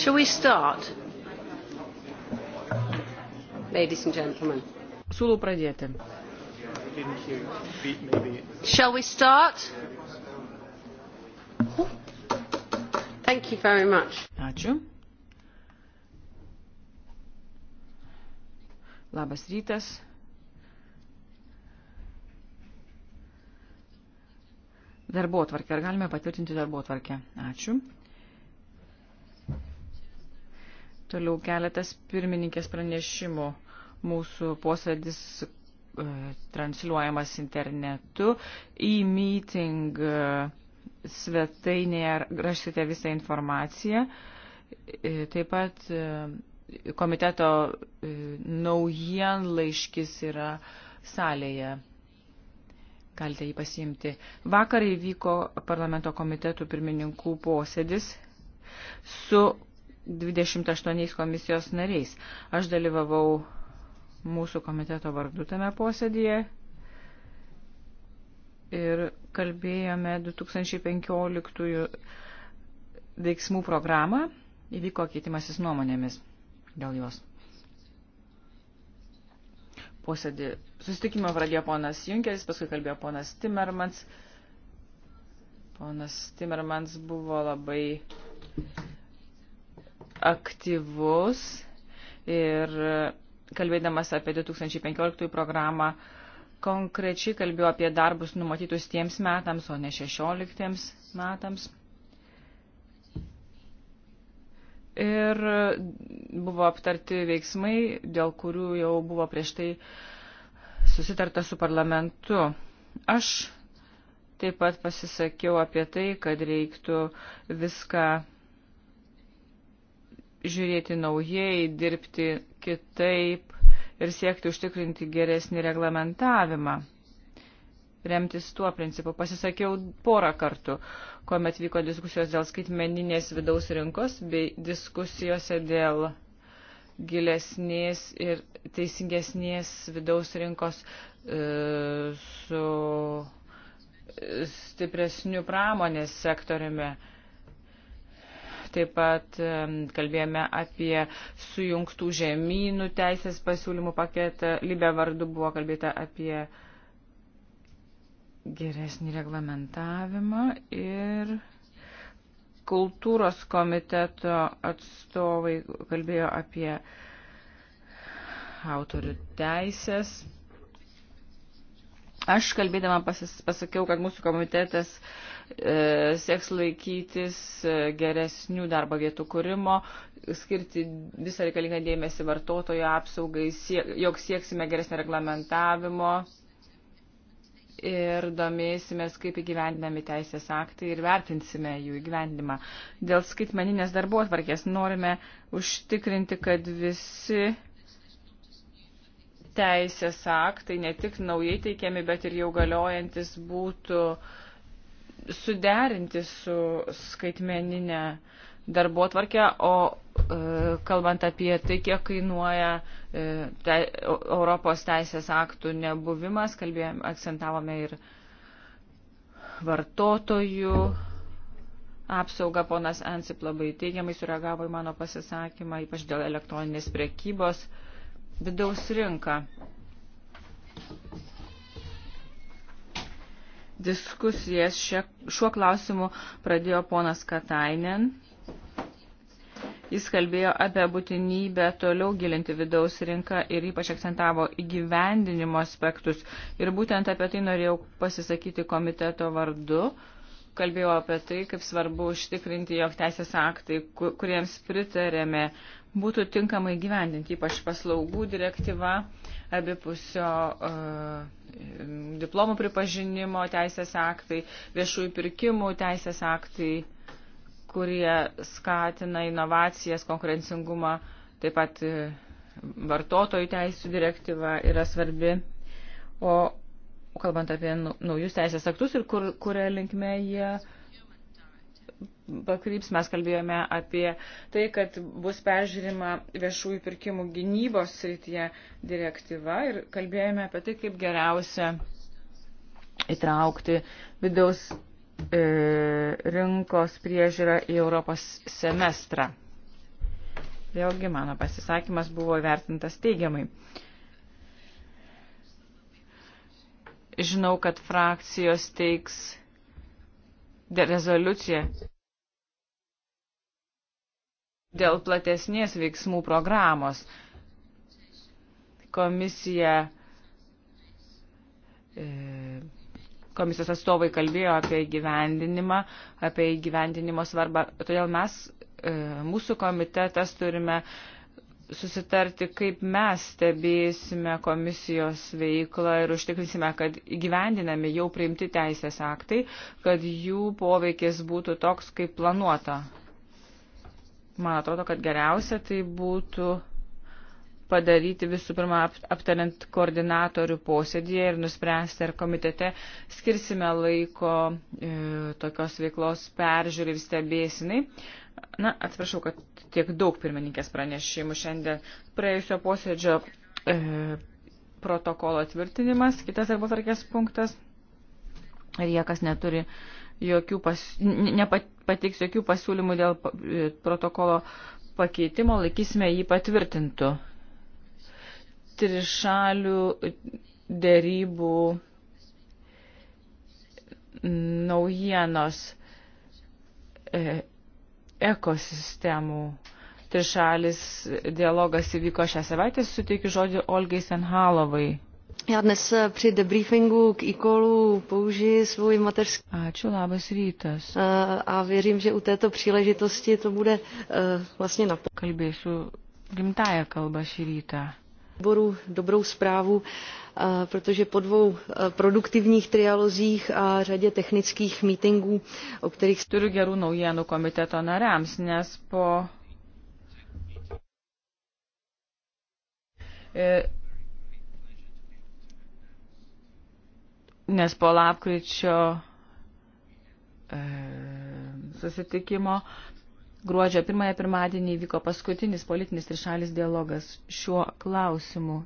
Shall we start? Ladies and gentlemen. Siūlau pradėti. Shall we start? Thank you very much. Ačiū. Labas rytas. Darbo tvarkė. Ar galime patvirtinti darbo tvarkę? Ačiū. Toliau keletas pirmininkės pranešimų. Mūsų posėdis e, transliuojamas internetu. E-meeting e, svetainėje rašysite visą informaciją. E, taip pat e, komiteto e, naujienlaiškis yra salėje. Galite jį pasiimti. Vakar įvyko parlamento komitetų pirmininkų posėdis su 28 komisijos nariais. Aš dalyvavau mūsų komiteto vardu tame posėdėje ir kalbėjome 2015 veiksmų programą, įvyko keitimasis nuomonėmis dėl jos. Posėdį susitikimą pradėjo ponas Junkeris, paskui kalbėjo ponas Timmermans. Ponas Timmermans buvo labai aktyvus ir kalbėdamas apie 2015 programą konkrečiai kalbėjau apie darbus numatytus tiems metams, o ne 16 metams. Ir buvo aptarti veiksmai, dėl kurių jau buvo prieš tai susitarta su parlamentu. Aš taip pat pasisakiau apie tai, kad reiktų viską žiūrėti naujai, dirbti kitaip ir siekti užtikrinti geresnį reglamentavimą. Remtis tuo principu pasisakiau porą kartų, kuomet vyko diskusijos dėl skaitmeninės vidaus rinkos bei diskusijose dėl gilesnės ir teisingesnės vidaus rinkos e, su e, stipresniu pramonės sektoriumi. E, Taip pat kalbėjome apie sujungtų žemynų teisės pasiūlymų paketą. Libė vardu buvo kalbėta apie geresnį reglamentavimą ir kultūros komiteto atstovai kalbėjo apie autorių teisės. Aš kalbėdama pasis, pasakiau, kad mūsų komitetas e, sieks laikytis e, geresnių darbo vietų kūrimo, skirti visą reikalingą dėmesį vartotojo apsaugai, siek, jog sieksime geresnio reglamentavimo ir domėsimės, kaip įgyvendinami teisės aktai ir vertinsime jų įgyvendimą. Dėl skaitmeninės darbo atvarkės norime užtikrinti, kad visi teisės aktai, ne tik naujai teikiami, bet ir jau galiojantis būtų suderinti su skaitmeninė darbo tvarkė, o e, kalbant apie tai, kiek kainuoja e, te, Europos teisės aktų nebuvimas, kalbėjom, akcentavome ir vartotojų apsaugą, ponas Ansip labai teigiamai sureagavo į mano pasisakymą, ypač dėl elektroninės prekybos. E, vidaus rinką. Diskusijas šia, šiuo klausimu pradėjo ponas Katainen. Jis kalbėjo apie būtinybę toliau gilinti vidaus rinką ir ypač akcentavo įgyvendinimo aspektus. Ir būtent apie tai norėjau pasisakyti komiteto vardu. Kalbėjau apie tai, kaip svarbu užtikrinti, jog teisės aktai, kuriems pritarėme, būtų tinkamai gyvendinti, ypač paslaugų direktyva, abipusio uh, diplomų pripažinimo teisės aktai, viešųjų pirkimų teisės aktai, kurie skatina inovacijas, konkurencingumą, taip pat e, vartotojų teisų direktyva yra svarbi. O kalbant apie naujus teisės aktus ir kur, kuria linkme jie uh, pakryps, mes kalbėjome apie tai, kad bus peržiūrima viešųjų pirkimų gynybos srityje direktyva ir kalbėjome apie tai, kaip geriausia įtraukti vidaus e, rinkos priežiūrą į Europos semestrą. Vėlgi mano pasisakymas buvo vertintas teigiamai. Žinau, kad frakcijos teiks rezoliuciją dėl platesnės veiksmų programos. Komisija, e, komisijos atstovai kalbėjo apie įgyvendinimą, apie įgyvendinimo svarbą. Todėl mes, e, mūsų komitetas, turime susitarti, kaip mes stebėsime komisijos veiklą ir užtikrinsime, kad įgyvendinami jau priimti teisės aktai, kad jų poveikis būtų toks, kaip planuota. Man atrodo, kad geriausia tai būtų padaryti visų pirma aptariant koordinatorių posėdėje ir nuspręsti, ar komitete skirsime laiko e, tokios veiklos peržiūrį ir stebėsinai. Na, atsiprašau, kad tiek daug pirmininkės pranešimų šiandien. Praėjusio posėdžio e, protokolo tvirtinimas, kitas arba tvarkės punktas. Ir jie, kas neturi jokių pas, nepatiks jokių pasiūlymų dėl e, protokolo pakeitimo, laikysime jį patvirtintų. Trišalių dėrybų naujienos e, ekosistemų. Trišalis dialogas įvyko šią savaitę, suteikiu žodį Olgai Senhalovai. Já dnes eh, při debriefingu k e-callu použiji svůj mateřský. Ačiū, labas rytas. A, eh, a věřím, že u této příležitosti to bude uh, vlastně na. Kalbėsiu gimtaja kalba šį rytą. Boru dobrou zprávu, protože po dvou produktivních trialozích a řadě technických mítingů, o kterých... Turiu gerų naujienų komiteto nariams, nes po... E nes po lapkričio e, susitikimo gruodžio pirmąją pirmadienį vyko paskutinis politinis ir šalis dialogas šiuo klausimu.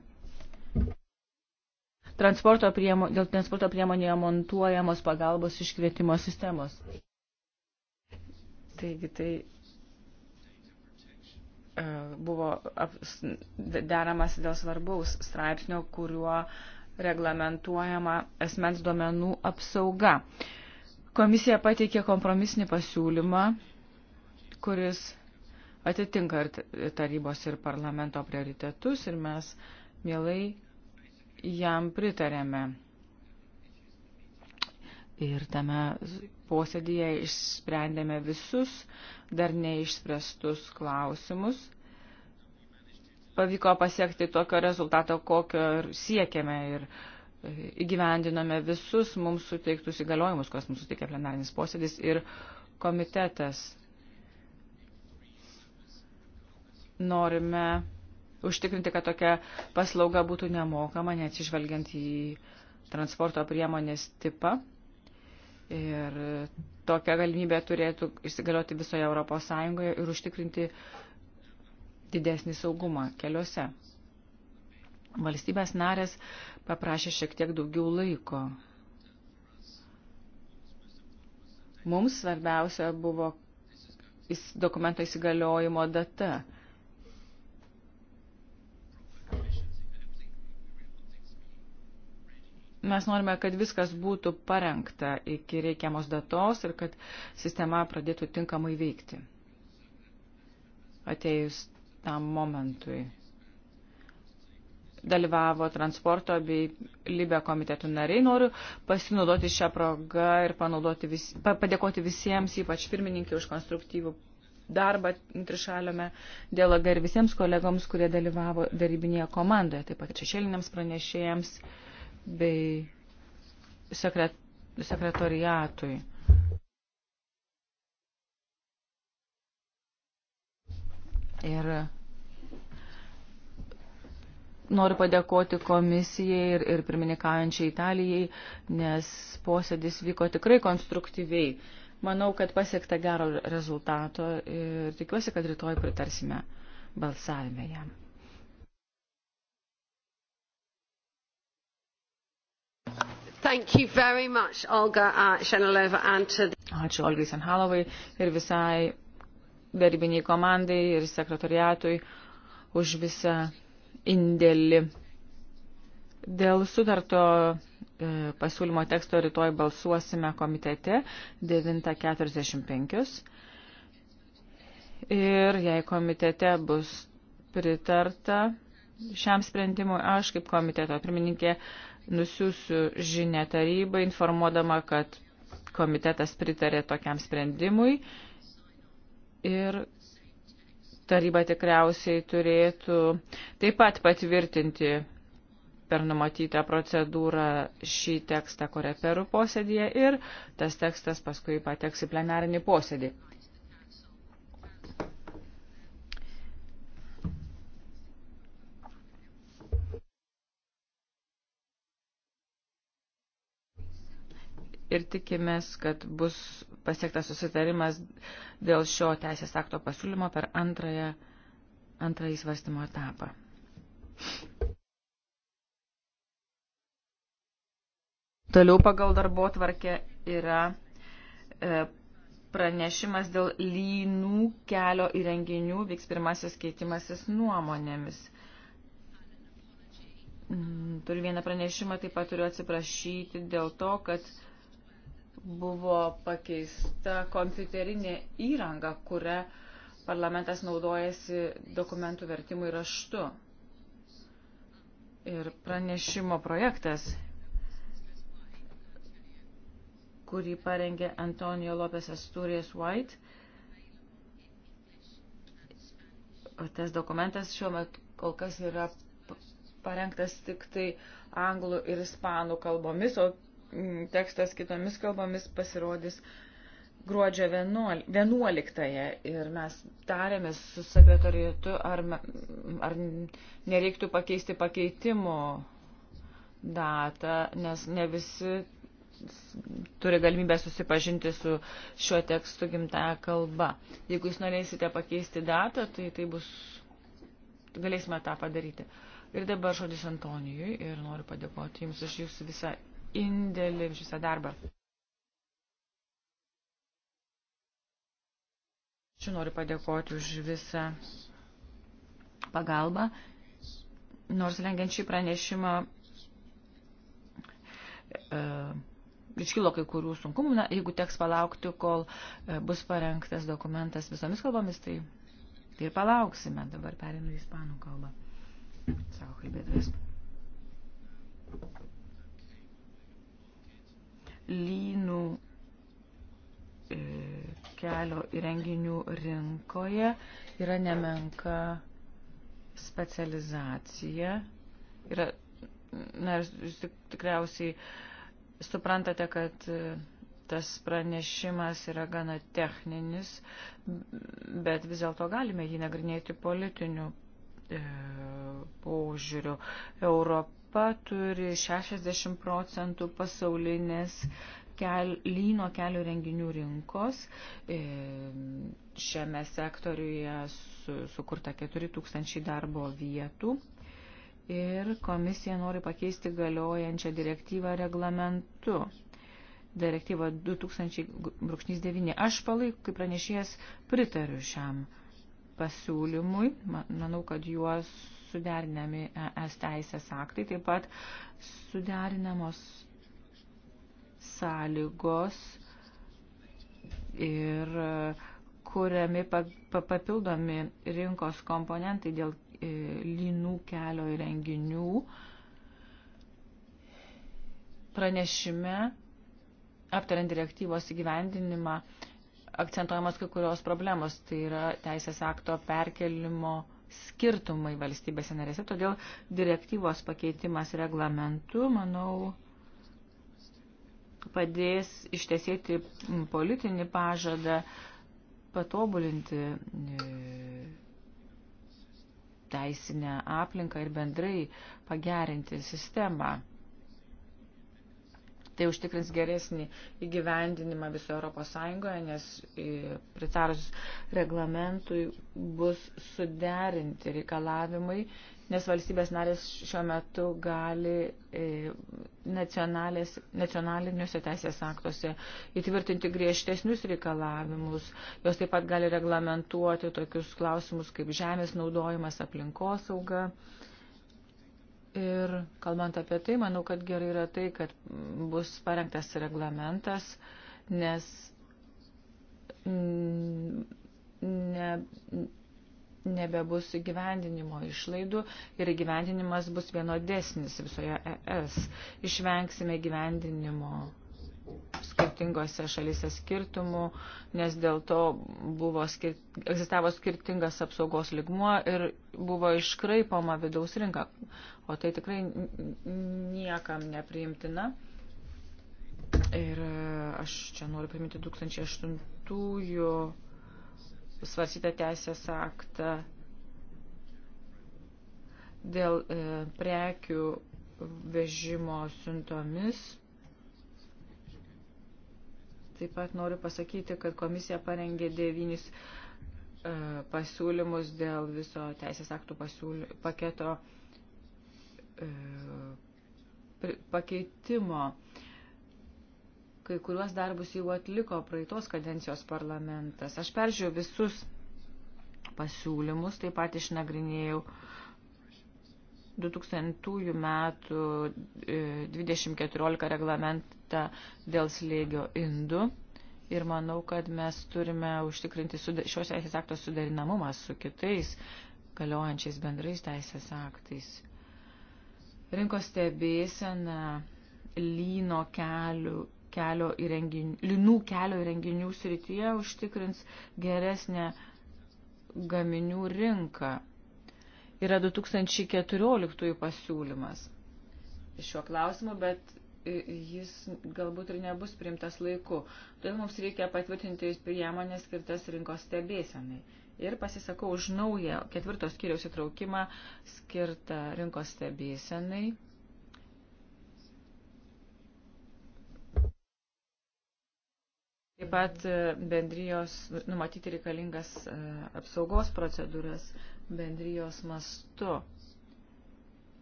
Transporto priemo, dėl transporto priemonėje montuojamos pagalbos iškvietimo sistemos. Taigi tai e, buvo deramas dėl svarbaus straipsnio, kuriuo uh, reglamentuojama esmens duomenų apsauga. Komisija pateikė kompromisinį pasiūlymą, kuris atitinka ir tarybos ir parlamento prioritetus ir mes mielai jam pritarėme. Ir tame posėdėje išsprendėme visus dar neišspręstus klausimus pavyko pasiekti tokio rezultato, kokio ir siekėme ir e, įgyvendinome visus mums suteiktus įgaliojimus, kas mums suteikė plenarinis posėdis ir komitetas. Norime užtikrinti, kad tokia paslauga būtų nemokama, neatsižvelgiant į transporto priemonės tipą. Ir tokia galimybė turėtų įsigalioti visoje Europos Sąjungoje ir užtikrinti uh, didesnį saugumą keliuose. Valstybės narės paprašė šiek tiek daugiau laiko. Mums svarbiausia buvo dokumento įsigaliojimo data. mes norime, kad viskas būtų parengta iki reikiamos datos ir kad sistema pradėtų tinkamai veikti. Atėjus tam momentui. Dalyvavo transporto bei Libė komitetų nariai. Noriu pasinaudoti šią progą ir vis, padėkoti visiems, ypač pirmininkiai, už konstruktyvų darbą trišaliame dialogą ir visiems kolegoms, kurie dalyvavo darybinėje komandoje, taip pat šešėliniams pranešėjams bei sekret, sekretoriatui. Ir noriu padėkoti komisijai ir, ir pirmininkaujančiai Italijai, nes posėdis vyko tikrai konstruktyviai. Manau, kad pasiekta gero rezultato ir tikiuosi, kad rytoj pritarsime balsavime jam. Thank you very much, Olga uh, Shenalova, and to the... Ačiū Olgai Senhalovai ir visai darybiniai komandai ir sekretariatui už visą indėlį. Dėl sutarto e, pasiūlymo teksto rytoj balsuosime komitete 9.45. Ir jei komitete bus pritarta šiam sprendimui, aš kaip komiteto pirmininkė nusiųsiu žinę tarybai, informuodama, kad komitetas pritarė tokiam sprendimui ir taryba tikriausiai turėtų taip pat patvirtinti per numatytą procedūrą šį tekstą koreperų posėdėje ir tas tekstas paskui pateks į plenarinį posėdį. Ir tikimės, kad bus pasiektas susitarimas dėl šio teisės akto pasiūlymo per antrąją, antrąjį svarstymo etapą. Toliau pagal darbo tvarkę yra e, pranešimas dėl lynų kelio įrenginių vyks pirmasis keitimasis nuomonėmis. Mm, turiu vieną pranešimą, taip pat turiu atsiprašyti dėl to, kad buvo pakeista kompiuterinė įranga, kurią parlamentas naudojasi dokumentų vertimui raštu. Ir pranešimo projektas, kurį parengė Antonio Lopes Asturijas White. O tas dokumentas šiuo metu kol kas yra parengtas tik tai anglų ir ispanų kalbomis, o Mm, tekstas kitomis kalbomis pasirodys gruodžio 11-ąją ir mes tarėmės su sekretariatu, ar, ar nereiktų pakeisti pakeitimo datą, nes ne visi turi galimybę susipažinti su šiuo tekstu gimtaja kalba. Jeigu jūs norėsite pakeisti datą, tai tai bus, galėsime tą padaryti. Ir dabar žodis Antonijui ir noriu padėkoti jums už jūsų visą indėlį visą darbą. Ačiū noriu padėkoti už visą pagalbą. Nors rengiant šį pranešimą e, iškilo kai kurių sunkumų, na, jeigu teks palaukti, kol e, bus parengtas dokumentas visomis kalbomis, tai, tai ir palauksime. Dabar perinu į ispanų kalbą. Savo kalbėtojas lynų e, kelio įrenginių rinkoje yra nemenka specializacija. Yra, na, jūs tikriausiai suprantate, kad e, tas pranešimas yra gana techninis, bet vis dėlto galime jį nagrinėti politiniu e, požiūriu. Europą Europa turi 60 procentų pasaulinės kel, lyno kelių renginių rinkos. E, šiame sektoriuje su, sukurta 4000 darbo vietų. Ir komisija nori pakeisti galiojančią direktyvą reglamentu. Direktyva 2009. Aš palaikau, kaip pranešėjas, pritariu šiam pasiūlymui. Manau, kad juos suderinami ES teisės aktai, taip pat suderinamos sąlygos ir kuriami papildomi rinkos komponentai dėl e, lynų kelio įrenginių. Pranešime, aptariant direktyvos įgyvendinimą, akcentuojamos kai kurios problemos, tai yra teisės akto perkelimo skirtumai valstybėse narėse, todėl direktyvos pakeitimas reglamentu, manau, padės ištesėti politinį pažadą, patobulinti e, teisinę aplinką ir bendrai pagerinti sistemą. Tai užtikrins geresnį įgyvendinimą viso Europos Sąjungoje, nes e, pritarus reglamentui bus suderinti reikalavimai, nes valstybės narės šiuo metu gali e, nacionaliniuose teisės aktuose įtvirtinti griežtesnius reikalavimus. Jos taip pat gali reglamentuoti tokius klausimus kaip žemės naudojimas, aplinkosauga. sauga Ir kalbant apie tai, manau, kad gerai yra tai, kad bus parengtas reglamentas, nes ne, nebebus įgyvendinimo išlaidų ir įgyvendinimas bus vienodesnis visoje ES. Išvengsime įgyvendinimo skirtingose šalise skirtumų, nes dėl to buvo skir... egzistavo skirtingas apsaugos ligmuo ir buvo iškraipoma vidaus rinka, o tai tikrai niekam nepriimtina. Ir e, aš čia noriu priminti 2008-ųjų svarsytą teisės aktą dėl e, prekių vežimo siuntomis Taip pat noriu pasakyti, kad komisija parengė devynis e, pasiūlymus dėl viso teisės aktų pasiūly, paketo e, pakeitimo. Kai kuriuos darbus jau atliko praeitos kadencijos parlamentas. Aš peržiūrėjau visus pasiūlymus, taip pat išnagrinėjau uh, 2000 metų 2014 e, reglamentą dėl slėgio indų. Ir manau, kad mes turime užtikrinti šios teisės aktos sudarinamumą su kitais galiojančiais bendrais teisės aktais. Rinkos stebėsena lyno kelių, kelio įrenginių, linų kelio įrenginių srityje užtikrins geresnę gaminių rinką yra 2014 pasiūlymas šiuo klausimu, bet e, jis galbūt ir nebus priimtas laiku. Todėl mums reikia patvirtinti priemonės skirtas rinkos stebėsenai. Ir pasisakau už naują ketvirtos kiriaus įtraukimą skirtą rinkos stebėsenai Taip pat e, bendrijos numatyti reikalingas e, apsaugos procedūras bendrijos mastu.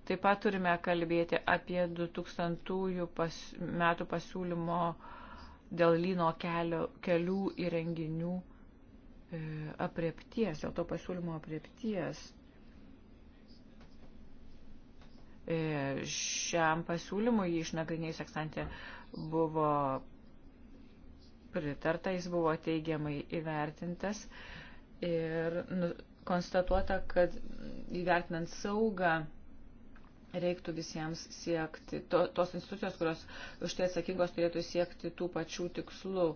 Taip pat turime kalbėti apie 2000 pas, metų pasiūlymo dėl lyno kelio, kelių įrenginių e, apriepties, dėl to pasiūlymo apriepties. E, šiam pasiūlymui išnagrinėjus ekstantė buvo pritarta, jis buvo teigiamai įvertintas ir nu, konstatuota, kad įvertinant saugą reiktų visiems siekti, to, tos institucijos, kurios už tai atsakingos, turėtų siekti tų pačių tikslų.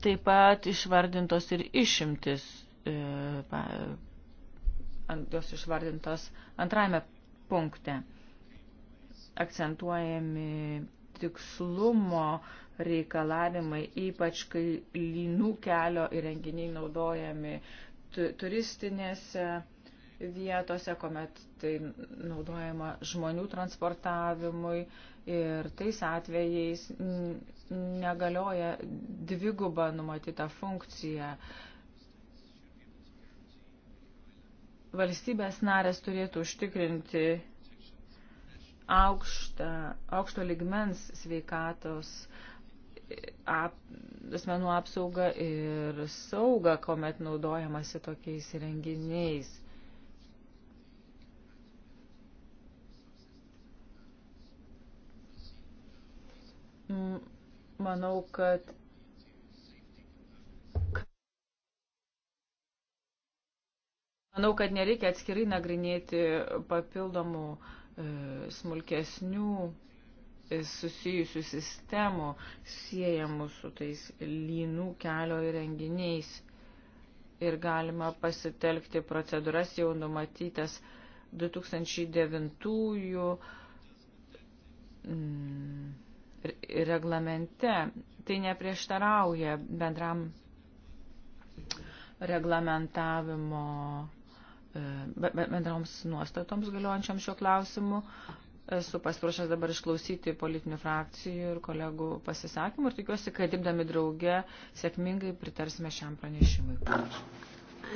Taip pat išvardintos ir išimtis, e, jos išvardintos antrajame punkte akcentuojami tikslumo reikalavimai, ypač kai lynų kelio įrenginiai naudojami turistinėse vietose, kuomet tai naudojama žmonių transportavimui ir tais atvejais negalioja dviguba numatyta funkcija. Valstybės narės turėtų užtikrinti aukštą, aukšto ligmens sveikatos ap, asmenų apsaugą ir saugą, kuomet naudojamasi tokiais renginiais. Manau, kad Manau, kad nereikia atskirai nagrinėti papildomų uh, E, smulkesnių e, susijusių sistemų siejamų su tais lynų kelio įrenginiais ir galima pasitelkti procedūras jau numatytas 2009 mm, reglamente. Tai neprieštarauja bendram reglamentavimo E, bendroms nuostatoms galiojančiam šiuo klausimu. Esu pasiruošęs dabar išklausyti politinių frakcijų ir kolegų pasisakymų ir tikiuosi, kad dirbdami drauge sėkmingai pritarsime šiam pranešimui.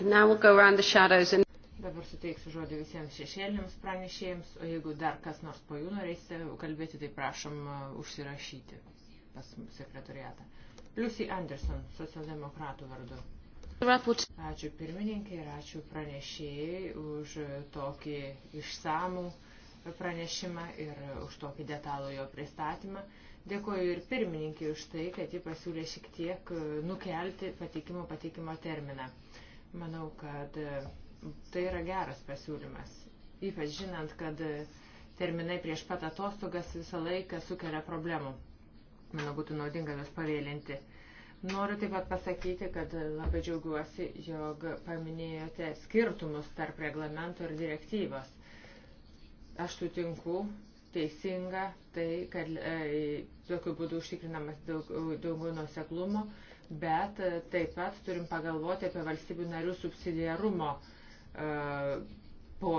We'll dabar suteiksiu žodį visiems šešėliniams pranešėjams, o jeigu dar kas nors po jų norėsite kalbėti, tai prašom e, užsirašyti pas sekretoriatą. Liucy Anderson, socialdemokratų vardu. Ačiū pirmininkai ir ačiū pranešėjai už tokį išsamų pranešimą ir už tokį detalų jo pristatymą. Dėkuoju ir pirmininkai už tai, kad ji pasiūlė šiek tiek nukelti pateikimo pateikimo terminą. Manau, kad tai yra geras pasiūlymas. Ypač žinant, kad terminai prieš pat atostogas visą laiką sukelia problemų. Manau, būtų naudinga juos pavėlinti. Noriu taip pat pasakyti, kad labai džiaugiuosi, jog paminėjote skirtumus tarp reglamento ir direktyvos. Aš sutinku, teisinga tai, kad e, tokiu būdu užtikrinamas daugiau daug nuseklumo, bet e, taip pat turim pagalvoti apie valstybių narių subsidiarumo e, po,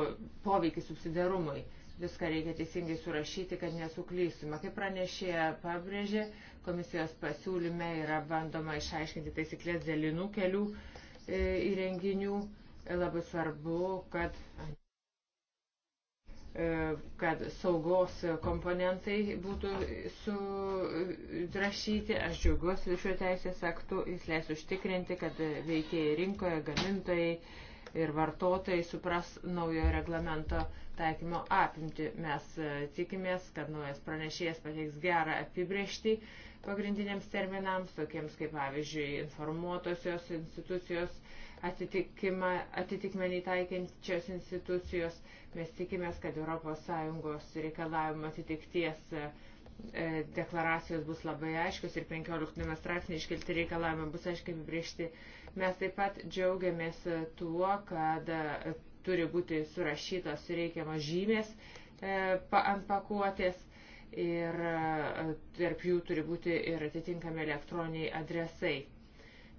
poveikį subsidiarumui viską reikia teisingai surašyti, kad nesuklysime. Kaip pranešėja pabrėžė, Komisijos pasiūlyme yra bandoma išaiškinti taisyklės dėl linų kelių e, įrenginių. E, labai svarbu, kad, e, kad saugos komponentai būtų surašyti. Aš džiaugiuosi šiuo teisės aktu. Jis leis užtikrinti, kad veikėjai rinkoje, gamintojai ir vartotojai supras naujo reglamento taikymo apimti. Mes tikimės, kad naujas pranešėjas pateiks gerą apibriežtį pagrindiniams terminams, tokiems kaip pavyzdžiui informuotosios institucijos, atitikmenį taikiančios institucijos. Mes tikimės, kad ES reikalavimo atitikties e, deklaracijos bus labai aiškios ir 15 straipsnė iškelti reikalavimai bus aiškiai apibriežti. Mes taip pat džiaugiamės e, tuo, kad e, turi būti surašytos reikiamos žymės ant pakuotės ir e, tarp jų turi būti ir atitinkami elektroniniai adresai.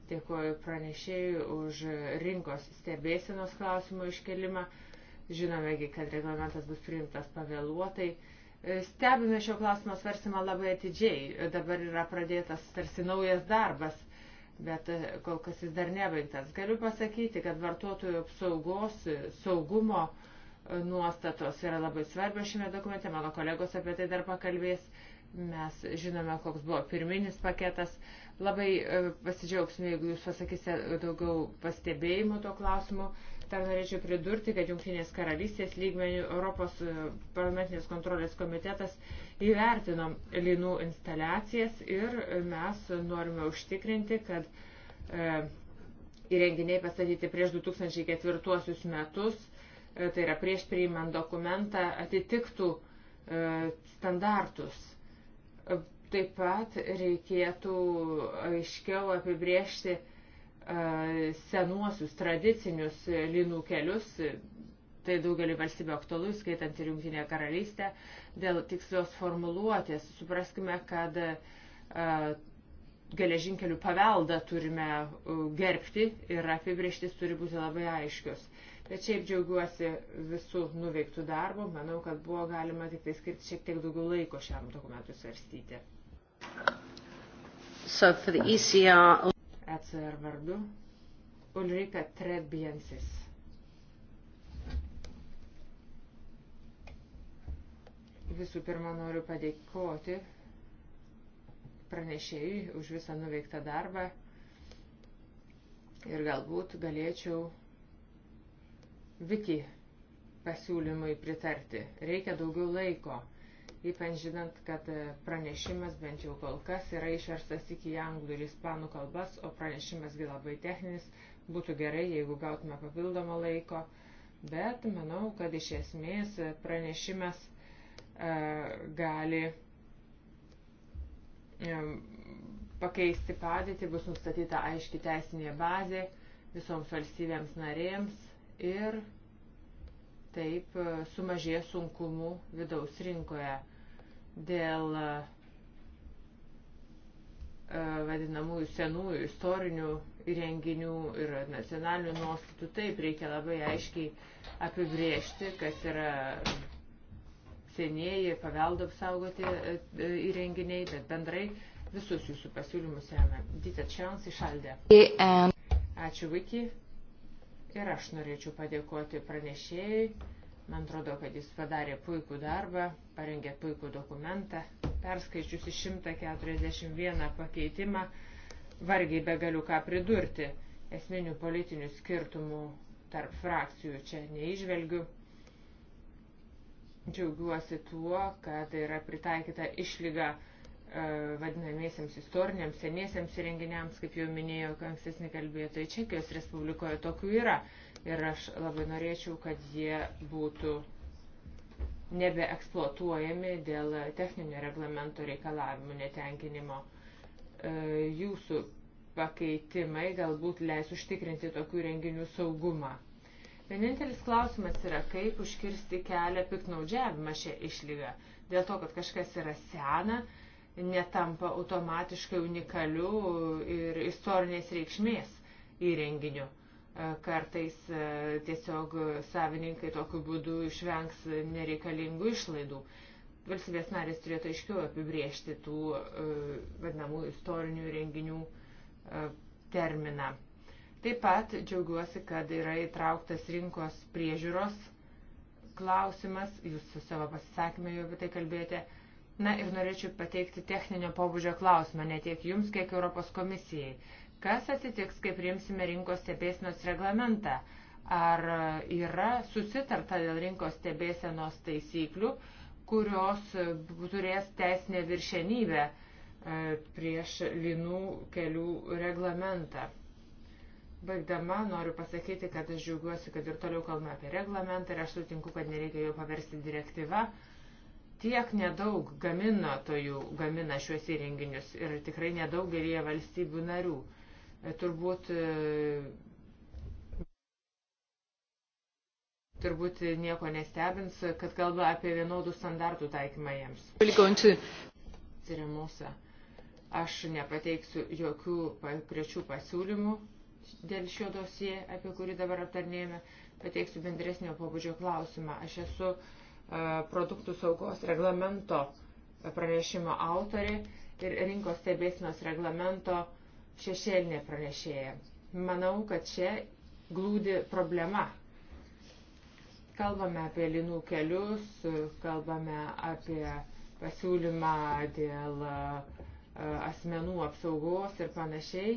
Dėkuoju pranešėjui už rinkos stebėsenos klausimų iškelimą. Žinomegi, kad reglamentas bus priimtas pavėluotai. E, stebime šio klausimo svarstymą labai atidžiai. E, dabar yra pradėtas tarsi naujas darbas, bet kol kas jis dar nebaigtas. Galiu pasakyti, kad vartotojų apsaugos, saugumo uh, nuostatos yra labai svarbios šiame dokumente, mano kolegos apie tai dar pakalbės. Mes žinome, koks buvo pirminis paketas. Labai e, pasidžiaugsime, jeigu jūs pasakysite daugiau pastebėjimų tuo klausimu. Dar norėčiau pridurti, kad Junktinės karalystės lygmenių Europos e, parlamentinės kontrolės komitetas įvertino linų instaliacijas ir mes norime užtikrinti, kad e, įrenginiai pastatyti prieš 2004 metus E, tai yra prieš priimant dokumentą, atitiktų e, standartus. E, taip pat reikėtų aiškiau apibriežti senuosius tradicinius linų kelius, tai daugelį valstybių aktualu, skaitant ir Junktinę karalystę, dėl tikslios formuluotės. Supraskime, kad geležinkelių paveldą turime gerbti ir apibrieštis turi būti labai aiškios. Bet šiaip džiaugiuosi visų nuveiktų darbų. Manau, kad buvo galima tik tai skirti šiek tiek daugiau laiko šiam dokumentui svarstyti. So ECR... E ECR vardu Ulrika Trebiensis. Visų pirma, noriu padėkoti pranešėjui už visą nuveiktą darbą ir galbūt galėčiau Viki pasiūlymui pritarti. Reikia daugiau laiko, ypač žinant, kad e, pranešimas bent jau kol kas yra išverstas iki anglų ir ispanų kalbas, o pranešimasgi labai techninis. Būtų gerai, jeigu gautume papildomą laiko, bet manau, kad iš esmės pranešimas e, gali e, pakeisti padėtį, bus nustatyta aiški teisinė bazė visoms valstybėms narėms ir taip e, sumažėjo sunkumų vidaus rinkoje dėl e, vadinamųjų senųjų istorinių įrenginių ir nacionalinių nuostatų. Taip reikia labai aiškiai apibriežti, kas yra senieji paveldo apsaugoti e, įrenginiai, bet bendrai visus jūsų pasiūlymus remia. Dita Čians išaldė. Ačiū, Viki. Ir aš norėčiau padėkoti pranešėjai. Man atrodo, kad jis padarė puikų darbą, parengė puikų dokumentą, perskaičiusi 141 pakeitimą, vargiai be galiu ką pridurti. Esminių politinių skirtumų tarp frakcijų čia neižvelgiu. Džiaugiuosi tuo, kad yra pritaikyta išlyga E, vadinamiesiams istoriniams seniesiams įrenginiams, kaip jau minėjo ankstesnį kalbėtojai, Čekijos Respublikoje tokių yra. Ir aš labai norėčiau, kad jie būtų nebeeksploatuojami dėl techninio reglamento reikalavimų netenkinimo. E, jūsų pakeitimai galbūt leis užtikrinti tokių renginių saugumą. Vienintelis klausimas yra, kaip užkirsti kelią piknaudžiavimą šią išlygą. Dėl to, kad kažkas yra sena, netampa automatiškai unikaliu ir istorinės reikšmės įrenginiu. E, kartais e, tiesiog savininkai tokiu būdu išvengs nereikalingų išlaidų. Valstybės narės turėtų aiškiau apibriežti tų e, vadinamų istorinių renginių terminą. Taip pat džiaugiuosi, kad yra įtrauktas rinkos priežiūros klausimas, jūs su savo pasisakymė jau apie tai kalbėjote Na ir norėčiau pateikti techninio pobūdžio klausimą, ne tiek jums, kiek Europos komisijai. Kas atsitiks, kai priimsime rinkos stebėsinos reglamentą? Ar yra susitarta dėl rinkos stebėsenos taisyklių, kurios turės teisinę viršenybę e, prieš linų kelių reglamentą? Baigdama noriu pasakyti, kad aš džiaugiuosi, kad ir toliau kalbame apie reglamentą ir aš sutinku, kad nereikia jo paversti direktyvą tiek nedaug gaminatojų gamina šiuos įrenginius ir tikrai nedaugelie valstybių narių. E, turbūt, e, turbūt nieko nestebins, kad kalba apie vienodų standartų taikymą jiems. Ciremosa, aš nepateiksiu jokių konkrečių pasiūlymų dėl šio dosie, apie kurį dabar aptarnėjame, pateiksiu bendresnio pobūdžio klausimą. Aš esu uh, E, produktų saugos reglamento pranešimo autorė ir rinkos stebėsinos reglamento šešėlinė pranešėja. Manau, kad čia glūdi problema. Kalbame apie linų kelius, kalbame apie pasiūlymą dėl e, asmenų apsaugos ir panašiai.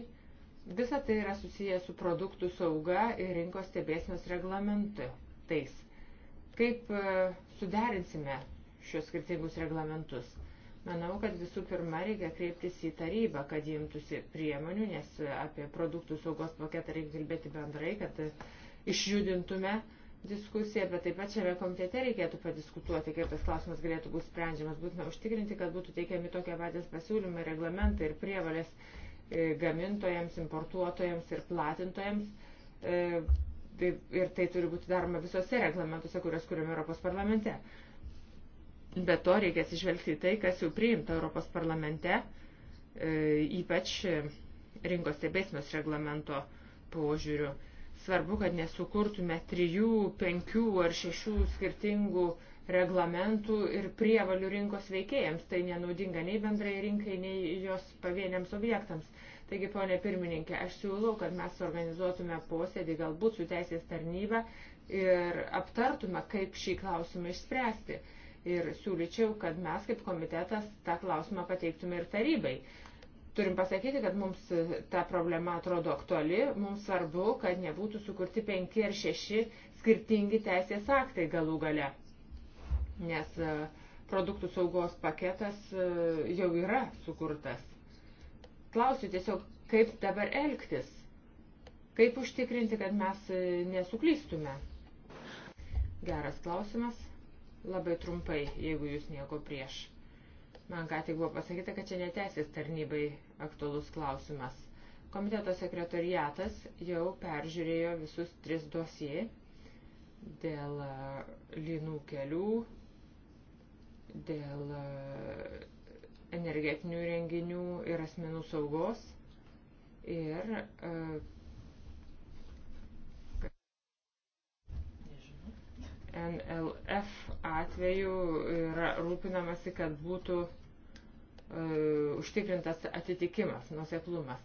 Visa tai yra susiję su produktų sauga ir rinkos stebėsinos reglamentu. Tais. Kaip e, suderinsime šios skirtingus reglamentus. Manau, kad visų pirma reikia kreiptis į tarybą, kad jie imtųsi priemonių, nes apie produktų saugos paketą reikia kalbėti bendrai, kad išjudintume diskusiją, bet taip pat šiame komitete reikėtų padiskutuoti, kaip tas klausimas galėtų būti sprendžiamas. Būtina užtikrinti, kad būtų teikiami tokie patys pasiūlymai, reglamentai ir prievalės e, gamintojams, importuotojams ir platintojams e, Tai ir tai turi būti daroma visose reglamentuose, kurios kuriame Europos parlamente. Be to reikia atsižvelgti į tai, kas jau priimta Europos parlamente, e, ypač rinkos stebėsinos reglamento požiūriu. Svarbu, kad nesukurtume trijų, penkių ar šešių skirtingų reglamentų ir prievalių rinkos veikėjams. Tai nenaudinga nei bendrai rinkai, nei jos pavieniams objektams. Taigi, ponė pirmininkė, aš siūlau, kad mes organizuotume posėdį galbūt su teisės tarnyba ir aptartume, kaip šį klausimą išspręsti. Ir siūlyčiau, kad mes kaip komitetas tą klausimą pateiktume ir tarybai. Turim pasakyti, kad mums ta problema atrodo aktuali, mums svarbu, kad nebūtų sukurti penki ar šeši skirtingi teisės aktai galų gale. Nes e, produktų saugos paketas e, jau yra sukurtas Klausiu tiesiog, kaip dabar elgtis, kaip užtikrinti, kad mes e, nesuklystume. Geras klausimas, labai trumpai, jeigu jūs nieko prieš. Man ką tik buvo pasakyta, kad čia neteisės tarnybai aktualus klausimas. Komiteto sekretariatas jau peržiūrėjo visus tris dosijai dėl e, linų kelių, dėl e, energetinių renginių ir asmenų saugos ir e, NLF atveju yra rūpinamasi, kad būtų e, užtikrintas atitikimas, nuseklumas.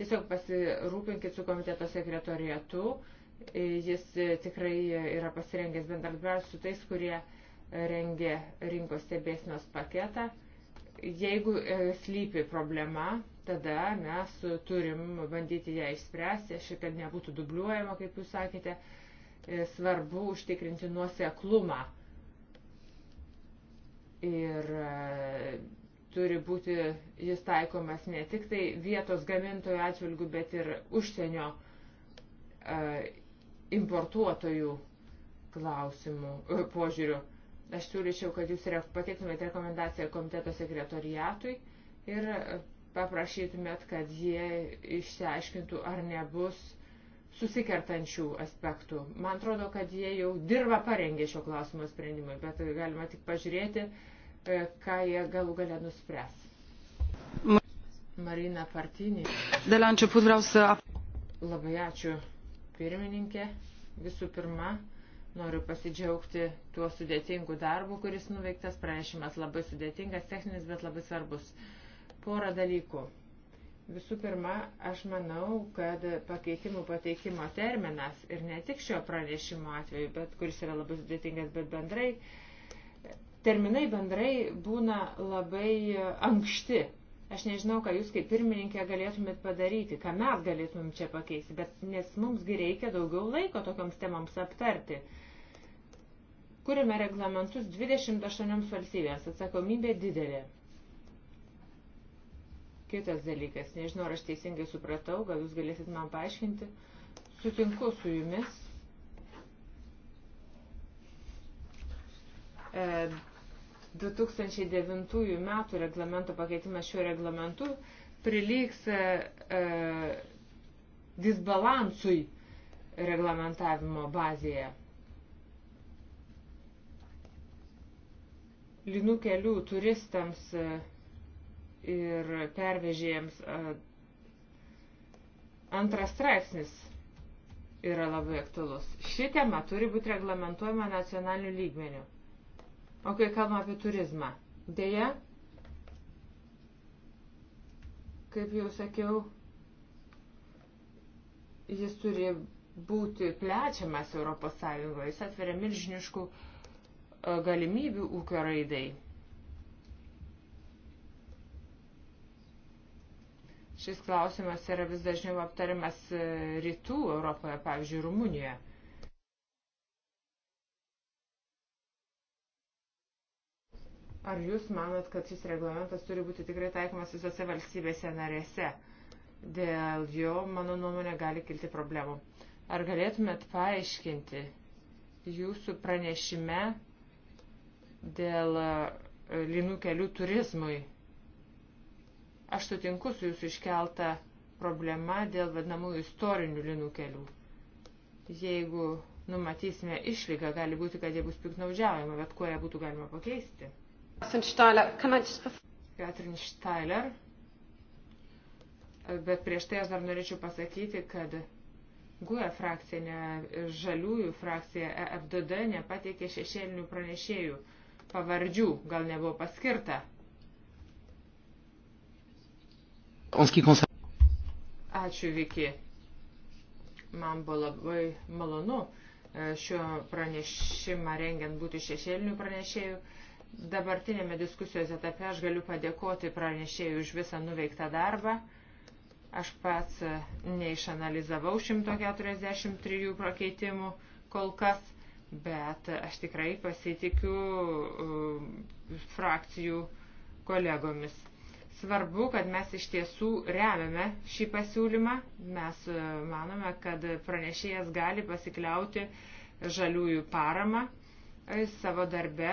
Tiesiog pasirūpinkit su komiteto sekretoriatu, e, jis tikrai yra pasirengęs bendradarbiauti su tais, kurie rengė rinkos stebėsinos paketą. Jeigu e, slypi problema, tada mes turim bandyti ją išspręsti, šitą nebūtų dubliuojama, kaip jūs sakėte, e, svarbu užtikrinti nuoseklumą. Ir e, turi būti jis taikomas ne tik tai vietos gamintojų atžvilgių, bet ir užsienio importuotojų klausimų požiūrių. Aš siūlyčiau, kad jūs pateiktumėte rekomendaciją komiteto sekretoriatui ir e, paprašytumėt, kad jie išsiaiškintų, ar nebus susikertančių aspektų. Man atrodo, kad jie jau dirba parengė šio klausimo sprendimui, bet galima tik pažiūrėti, e, ką jie galų galę nuspręs. Marina Partinė. Dėlančių pudrausia. Labai ačiū, pirmininkė. Visų pirma, Noriu pasidžiaugti tuo sudėtingu darbu, kuris nuveiktas. Pranešimas labai sudėtingas, techninis, bet labai svarbus. Porą dalykų. Visų pirma, aš manau, kad pakeitimų pateikimo terminas ir ne tik šio pranešimo atveju, bet kuris yra labai sudėtingas, bet bendrai, terminai bendrai būna labai ankšti. Aš nežinau, ką jūs kaip pirmininkė galėtumėt padaryti, ką mes galėtumėm čia pakeisti, bet nes mumsgi reikia daugiau laiko tokioms temams aptarti. Kuriame reglamentus 28 valstybėms. Atsakomybė didelė. Kitas dalykas, nežinau, ar aš teisingai supratau, gal jūs galėsit man paaiškinti. Sutinku su jumis. E, 2009 metų reglamento pakeitimas šiuo reglamentu prilygs e, e disbalansui reglamentavimo bazėje. linų kelių turistams e, ir pervežėjams e, antras straipsnis yra labai aktualus. Ši tema turi būti reglamentuojama nacionaliniu lygmeniu. O kai kalbame apie turizmą, dėja, kaip jau sakiau, jis turi būti plečiamas Europos Sąjungoje, jis atveria milžiniškų uh, E, galimybių ūkio raidai. Šis klausimas yra vis dažniau aptariamas e, rytų Europoje, pavyzdžiui, Rumunijoje. Ar jūs manot, kad šis reglamentas turi būti tikrai taikomas visose valstybėse narėse? Dėl jo, mano nuomonė, gali kilti problemų. Ar galėtumėt paaiškinti jūsų pranešime dėl e, linų kelių turizmui. Aš sutinku su jūsų iškelta problema dėl vadinamųjų istorinių linų kelių. Jeigu numatysime išlygą, gali būti, kad jie bus piknaudžiaujama, bet kuo ją būtų galima pakeisti. Katrin Steiler. Bet prieš tai aš dar norėčiau pasakyti, kad GUE frakcija, ne, žaliųjų frakcija EFDD nepateikė šešėlinių pranešėjų pavardžių, gal nebuvo paskirta. Ačiū Viki. Man buvo labai malonu e, šio pranešimą rengiant būti šešėlinių pranešėjų. Dabartinėme diskusijos etape aš galiu padėkoti pranešėjų už visą nuveiktą darbą. Aš pats e, neišanalizavau 143 prakeitimų kol kas bet aš tikrai pasitikiu um, frakcijų kolegomis. Svarbu, kad mes iš tiesų remiame šį pasiūlymą. Mes uh, manome, kad pranešėjas gali pasikliauti žaliųjų paramą e, savo darbe,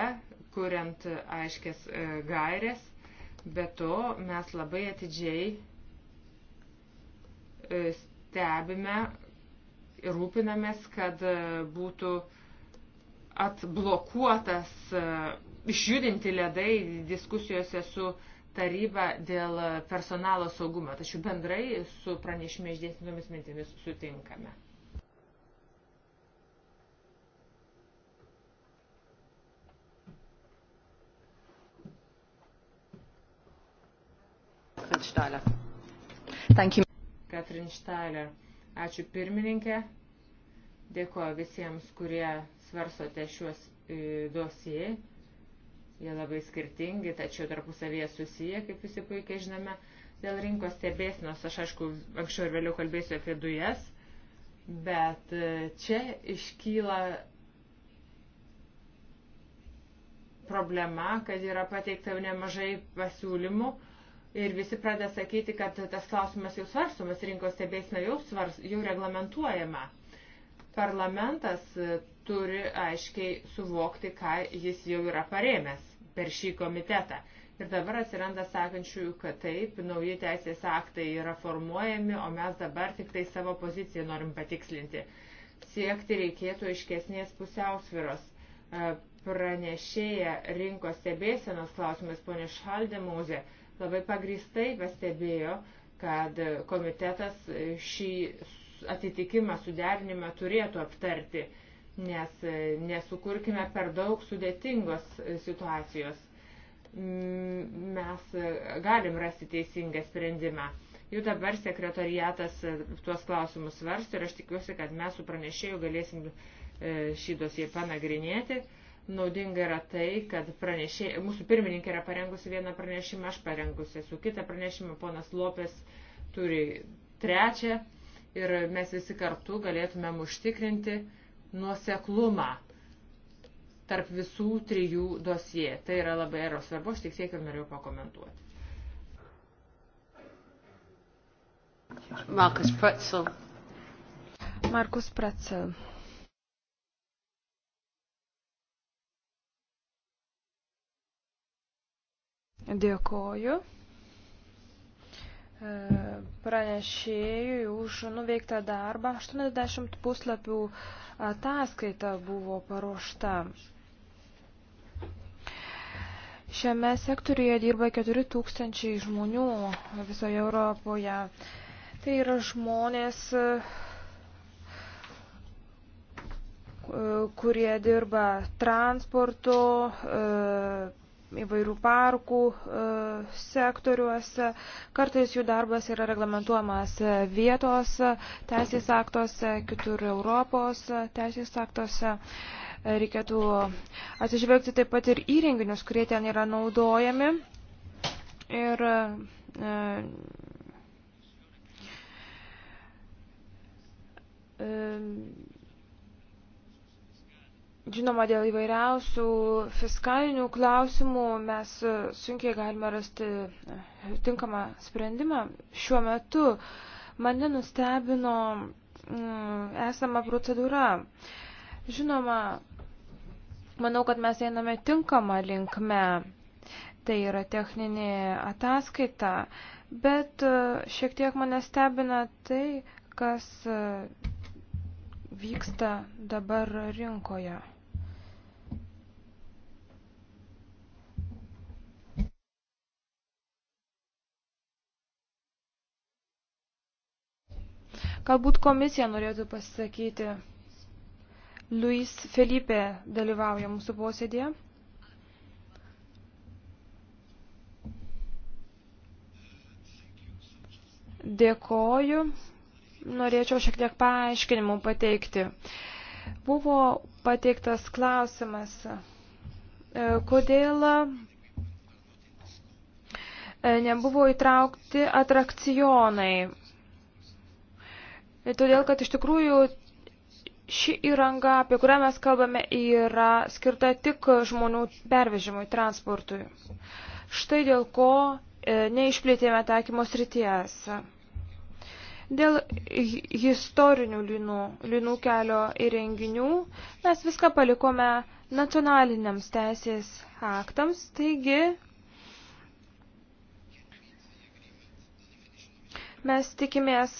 kuriant aiškės e, gairės. Be to, mes labai atidžiai e, stebime ir rūpinamės, kad būtų uh, atblokuotas, e, išjudinti ledai diskusijose su taryba dėl personalo saugumo. Tačiau bendrai su pranešime išdėstinomis mintimis sutinkame. Katrin Štalė. Ačiū pirmininkė. Dėkuoju visiems, kurie svarstote šiuos e, dosijai. Jie labai skirtingi, tačiau tarpusavėje susiję, kaip visi puikiai žinome. Dėl rinkos stebėsinos aš aišku anksčiau ir vėliau kalbėsiu apie dujas, bet e, čia iškyla problema, kad yra pateikta jau nemažai pasiūlymų ir visi pradeda sakyti, kad tas klausimas jau svarstomas, rinkos stebėsina jau, svars, jau reglamentuojama. Parlamentas turi aiškiai suvokti, ką jis jau yra paremęs per šį komitetą. Ir dabar atsiranda sakančiųjų, kad taip, nauji teisės aktai yra formuojami, o mes dabar tik tai savo poziciją norim patikslinti. Siekti reikėtų aiškesnės pusiausviros. E, pranešėja rinkos stebėsenos klausimais ponė Šaldemūzė labai pagristai pastebėjo, kad komitetas šį atitikimą suderinimą turėtų aptarti nes e, nesukurkime per daug sudėtingos e, situacijos. Mes e, galim rasti teisingą sprendimą. Jau dabar sekretariatas tuos klausimus svarsto ir aš tikiuosi, kad mes su pranešėju galėsim šį dosiją panagrinėti. Naudinga yra tai, kad pranešė, mūsų pirmininkė yra parengusi vieną pranešimą, aš parengusi su kitą pranešimą, ponas Lopės turi trečią ir mes visi kartu galėtumėm užtikrinti, nuoseklumą tarp visų trijų dosie. Tai yra labai yra svarbu, aš tik tiek ir norėjau pakomentuoti. Markus Pretzel. Markus Pretzel. Dėkoju pranešėjui už nuveiktą darbą. 80 puslapių ataskaita buvo paruošta. Šiame sektoriuje dirba 4000 žmonių visoje Europoje. Tai yra žmonės, kurie dirba transporto, įvairių parkų e, sektoriuose. Kartais jų darbas yra reglamentuojamas vietos e, teisės aktuose, kitur Europos e, teisės aktuose. Reikėtų atsižvelgti taip pat ir įrenginius, kurie ten yra naudojami. Ir e, e, Žinoma, dėl įvairiausių fiskalinių klausimų mes e, sunkiai galime rasti e, tinkamą sprendimą. Šiuo metu mane nustebino mm, esama procedūra. Žinoma, manau, kad mes einame tinkamą linkmę. Tai yra techninė ataskaita, bet e, šiek tiek mane stebina tai, kas vyksta dabar rinkoje. Galbūt komisija norėtų pasisakyti. Luis Felipe dalyvauja mūsų posėdėje. Dėkoju. Norėčiau šiek tiek paaiškinimų pateikti. Buvo pateiktas klausimas, e, kodėl e, nebuvo įtraukti atrakcionai. Ir todėl, kad iš tikrųjų ši įranga, apie kurią mes kalbame, yra skirta tik žmonių pervežimui, transportui. Štai dėl ko e, neišplėtėme taikymo srities. Dėl istorinių linų, linų kelio įrenginių mes viską palikome nacionaliniams teisės aktams, taigi mes tikimės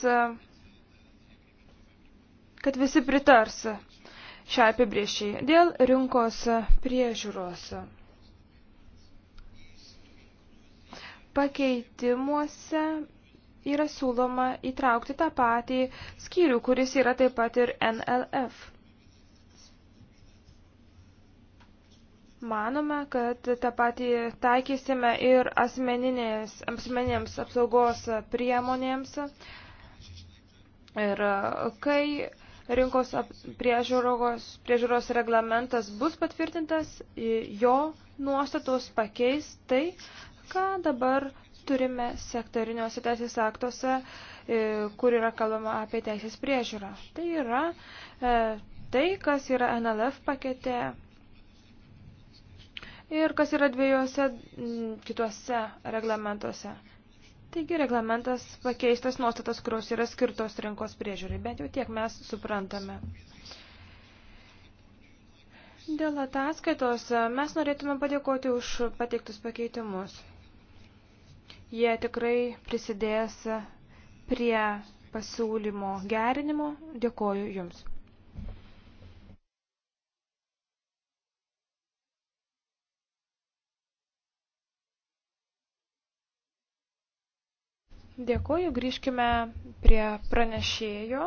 kad visi pritars šią apibriešiai dėl rinkos priežiūros. Pakeitimuose yra siūloma įtraukti tą patį skyrių, kuris yra taip pat ir NLF. Manome, kad tą patį taikysime ir asmeninėms apsaugos priemonėms. Ir kai rinkos priežiūros, priežiūros reglamentas bus patvirtintas, jo nuostatos pakeis tai, ką dabar turime sektoriniuose teisės aktuose, kur yra kalbama apie teisės priežiūrą. Tai yra e, tai, kas yra NLF pakete ir kas yra dviejose kituose reglamentuose. Taigi reglamentas pakeistas nuostatas, kurios yra skirtos rinkos priežiūrai, bent jau tiek mes suprantame. Dėl ataskaitos e, mes norėtume padėkoti už pateiktus pakeitimus. Jie tikrai prisidės prie pasiūlymo gerinimo. Dėkoju Jums. Dėkuoju, grįžkime prie pranešėjo.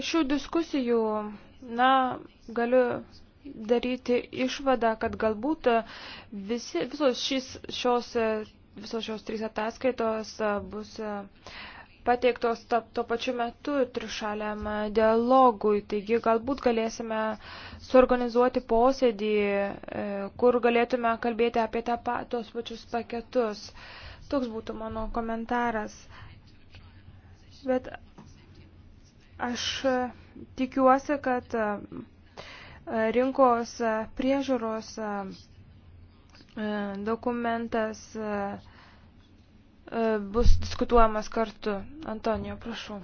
Iš šių diskusijų, na, galiu daryti išvadą, kad galbūt visi, visos, šis, šios, visos šios trys ataskaitos bus pateiktos to, to pačiu metu trišaliam dialogui. Taigi galbūt galėsime suorganizuoti posėdį, e, kur galėtume kalbėti apie tą, tos pačius paketus. Toks būtų mano komentaras. Bet aš tikiuosi, kad e, rinkos priežiūros e, dokumentas uh, E, bus diskutuojamas kartu. Antonijo, prašau.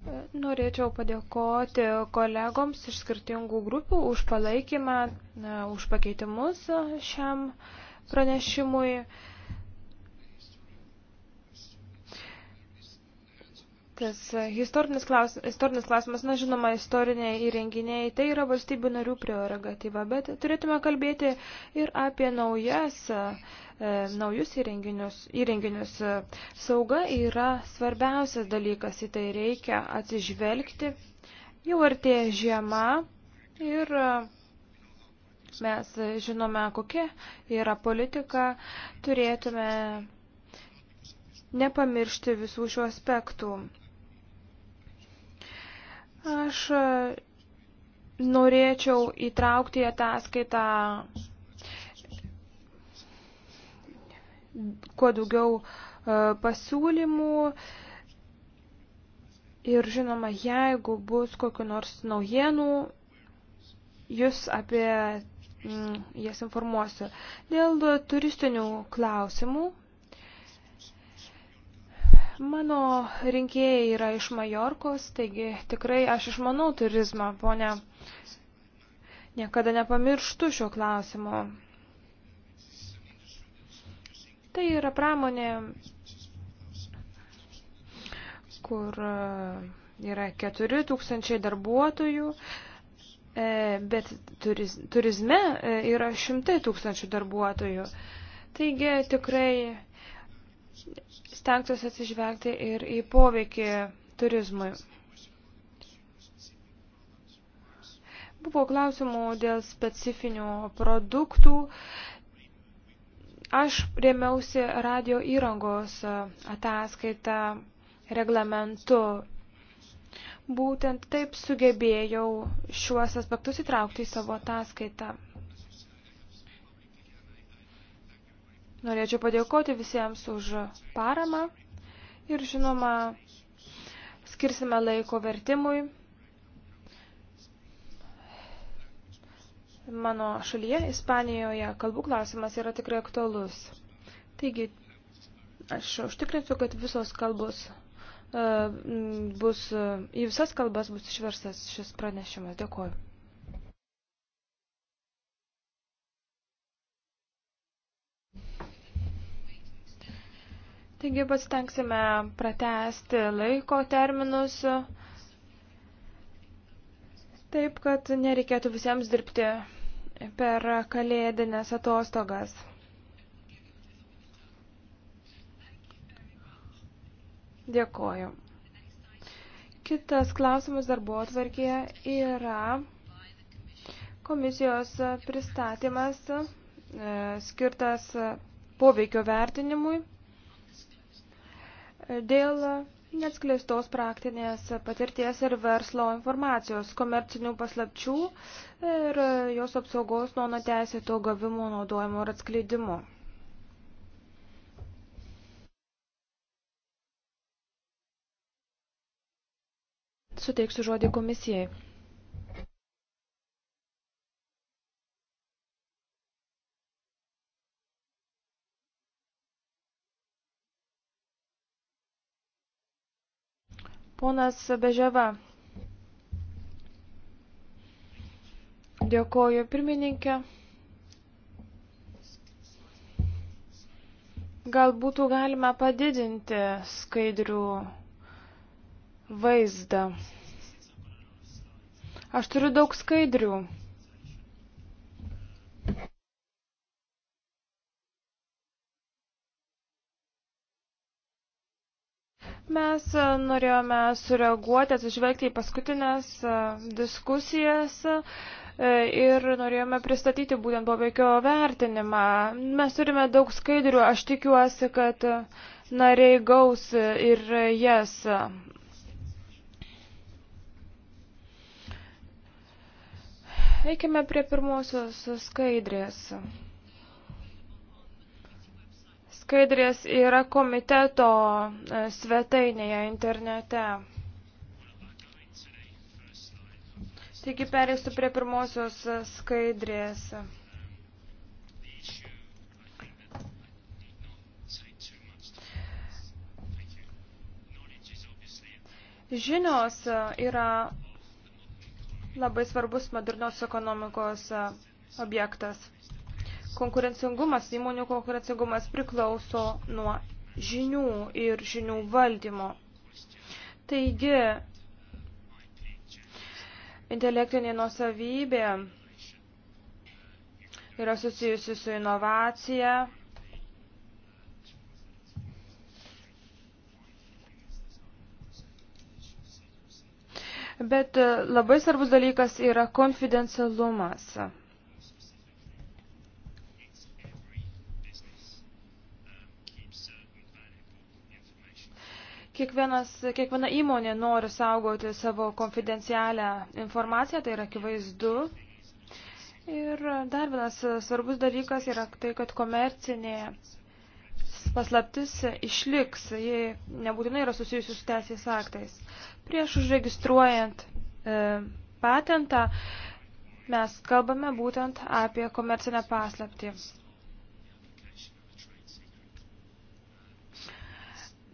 E, norėčiau padėkoti kolegoms iš skirtingų grupių už palaikymą, e, už pakeitimus šiam pranešimui. Tas e, istorinis klausimas, istorinis klausimas, na žinoma, istoriniai įrenginiai, tai yra valstybių narių prerogatyva, bet turėtume kalbėti ir apie naujas, e, naujus įrenginius. įrenginius. Sauga yra svarbiausias dalykas, į tai reikia atsižvelgti. Jau artėja žiema ir e, mes žinome, kokia yra politika, turėtume nepamiršti visų šių aspektų. Aš e, norėčiau įtraukti į ataskaitą kuo daugiau e, pasiūlymų. Ir žinoma, jeigu bus kokiu nors naujienų, jūs apie mm, jas informuosiu. Dėl turistinių klausimų Mano rinkėjai yra iš Majorkos, taigi tikrai aš išmanau turizmą, ponia. Niekada nepamirštu šio klausimo. Tai yra pramonė, kur e, yra 4000 darbuotojų, e, bet turizme e, yra šimtai tūkstančių darbuotojų. Taigi tikrai stengtos atsižvelgti ir į poveikį turizmui. Buvo klausimų dėl specifinių produktų. Aš rėmiausi radio įrangos ataskaitą reglamentu. Būtent taip sugebėjau šiuos aspektus įtraukti į savo ataskaitą. Norėčiau padėkoti visiems už paramą ir žinoma, skirsime laiko vertimui. Mano šalyje, Ispanijoje, kalbų klausimas yra tikrai aktualus. Taigi, aš užtikrinsiu, kad visos kalbos e, bus, į visas kalbas bus išverstas šis pranešimas. Dėkuoju. Taigi pasitengsime pratesti laiko terminus taip, kad nereikėtų visiems dirbti per kalėdinės atostogas. Dėkoju. Kitas klausimas darbo atvarkėje yra komisijos pristatymas e, skirtas poveikio vertinimui dėl neatskleistos praktinės patirties ir verslo informacijos, komercinių paslapčių ir jos apsaugos nuo neteisėto gavimo, naudojimo ir atskleidimo. Suteiksiu žodį komisijai. Ponas Beževa. Dėkoju pirmininkė. Gal būtų galima padidinti skaidrių vaizdą. Aš turiu daug skaidrių. Mes e, norėjome sureaguoti, atsižvelgti į paskutinės e, diskusijas e, ir norėjome pristatyti būtent poveikio vertinimą. Mes turime daug skaidrių, aš tikiuosi, kad nariai gaus ir jas. Eikime prie pirmosios skaidrės skaidrės yra komiteto e, svetainėje internete. Taigi perėsiu prie pirmosios skaidrės. Žinios yra labai svarbus modernios ekonomikos objektas. Konkurencingumas, įmonių konkurencingumas priklauso nuo žinių ir žinių valdymo. Taigi, intelektinė nuosavybė yra susijusi su inovacija. Bet labai svarbus dalykas yra konfidencialumas. Kiekvienas, kiekviena įmonė nori saugoti savo konfidencialią informaciją, tai yra akivaizdu. Ir dar vienas svarbus dalykas yra tai, kad komercinė paslaptis išliks, ji nebūtinai yra susijusi su teisės aktais. Prieš užregistruojant e, patentą mes kalbame būtent apie komercinę paslaptį.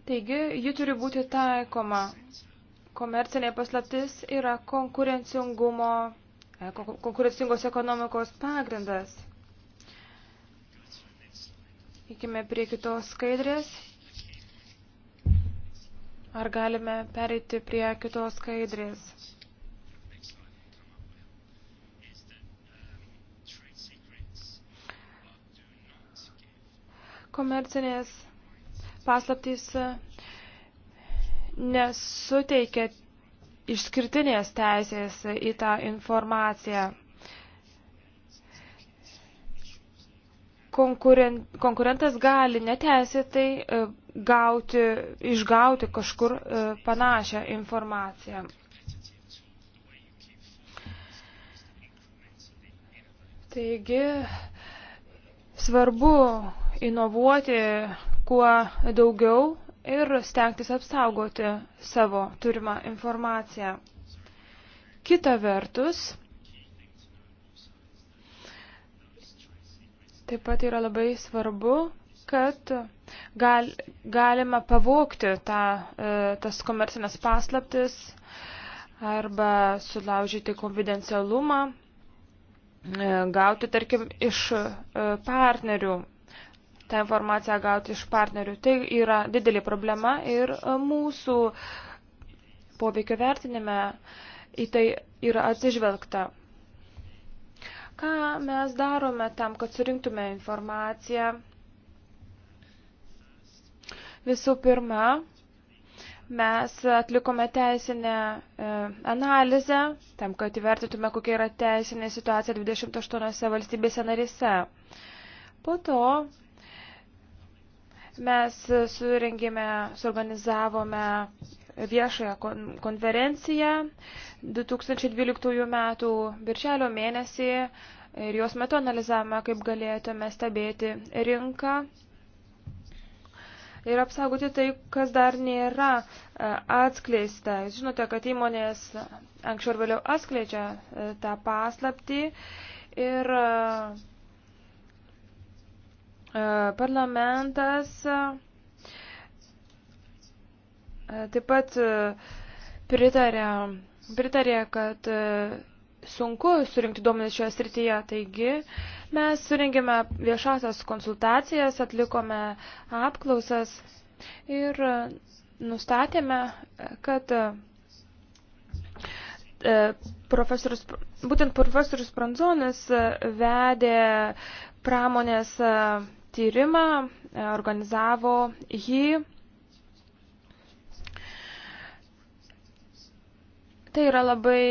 Taigi, ji turi būti taikoma. Komercinė paslaptis yra konkurencingumo, e, konkurencingos ekonomikos pagrindas. Ikime prie kitos skaidrės. Ar galime pereiti prie kitos skaidrės? Komercinės paslaptys e, nesuteikia išskirtinės teisės į tą informaciją. Konkuren, konkurentas gali neteisėtai e, gauti, išgauti kažkur e, panašią informaciją. Taigi, svarbu inovuoti kuo daugiau ir stengtis apsaugoti savo turimą informaciją. Kita vertus, taip pat yra labai svarbu, kad gal, galima pavokti tą, e, tas komercinės paslaptis arba sulaužyti konfidencialumą, e, gauti, tarkim, iš e, partnerių tą informaciją gauti iš partnerių. Tai yra didelė problema ir e, mūsų poveikio vertinime į tai yra atsižvelgta. Ką mes darome tam, kad surinktume informaciją? Visų pirma, mes atlikome teisinę e, analizę, tam, kad įvertytume, kokia yra teisinė situacija 28 valstybėse narise. Po to Mes surengėme, suorganizavome viešąją konferenciją 2012 m. birželio mėnesį ir jos metu analizavome, kaip galėtume stebėti rinką ir apsaugoti tai, kas dar nėra e, atskleista. Žinote, kad įmonės anksčiau ir vėliau atskleidžia e, tą paslaptį ir e, E, parlamentas e, taip pat e, pritarė, pritarė kad sunku surinkti duomenis šioje srityje. Taigi mes surengėme viešasias konsultacijas, atlikome apklausas ir nustatėme, kad profesorius, būtent profesorius Pranzonis vedė pramonės tyrimą, organizavo jį. Tai yra labai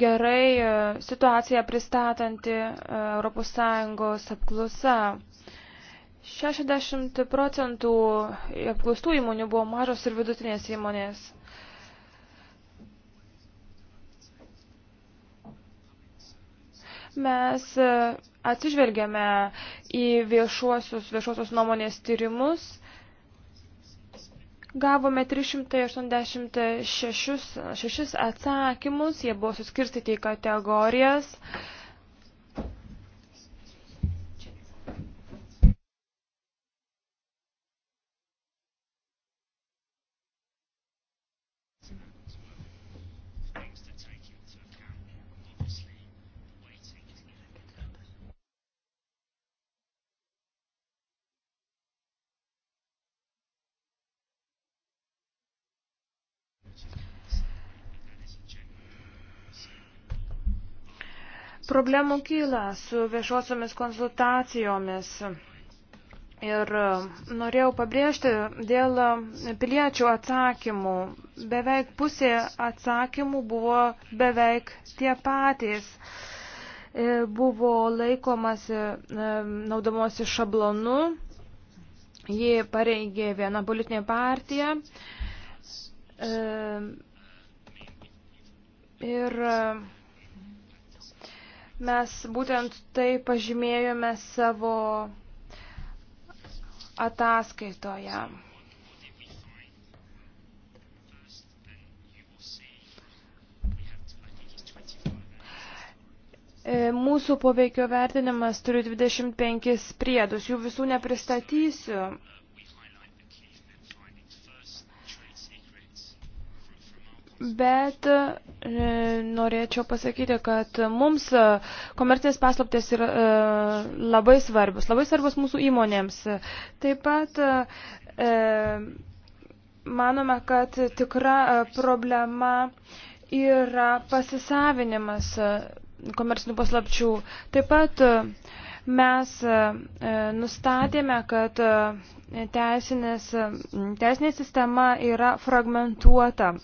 gerai situaciją pristatanti ES apklausa. 60 procentų apklaustų įmonių buvo mažos ir vidutinės įmonės. Mes e, atsižvelgiame į viešuosius, viešosios nuomonės tyrimus. Gavome 386 atsakymus, jie buvo suskirstyti į kategorijas. Uh, Problemų kyla su viešosiomis konsultacijomis. Ir e, norėjau pabrėžti dėl e, piliečių atsakymų. Beveik pusė atsakymų buvo beveik tie patys. E, buvo laikomasi naudomosi šablonu. Jį pareigė viena politinė partija. Ir Mes būtent tai pažymėjome savo ataskaitoje. E, mūsų poveikio vertinimas turi 25 priedus, jų visų nepristatysiu. Bet e, norėčiau pasakyti, kad mums komercinės paslaptės yra e, labai svarbios, labai svarbios mūsų įmonėms. Taip pat e, manome, kad tikra problema yra pasisavinimas komercinių paslapčių. Taip pat mes nustatėme, kad teisinės, teisinė sistema yra fragmentuota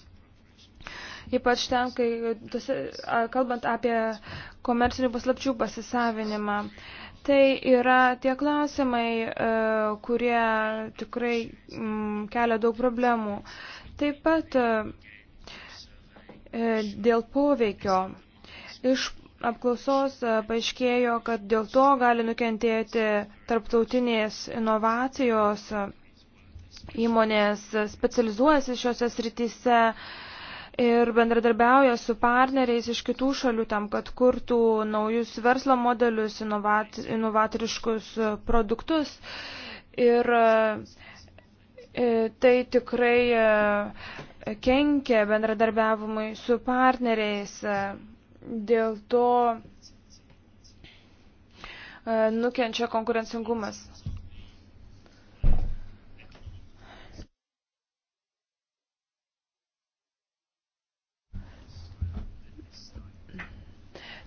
ypač ten, kai tose, kalbant apie komercinių paslapčių pasisavinimą. Tai yra tie klausimai, e, kurie tikrai mm, kelia daug problemų. Taip pat e, e, dėl poveikio. Iš apklausos paaiškėjo, kad dėl to gali nukentėti tarptautinės inovacijos įmonės specializuojasi šiuose srityse ir bendradarbiauja su partneriais iš kitų šalių tam, kad kurtų naujus verslo modelius, inovat, inovatoriškus e, produktus. Ir e, e, tai tikrai kenkia bendradarbiavimui su partneriais. Dėl to nukenčia konkurencingumas.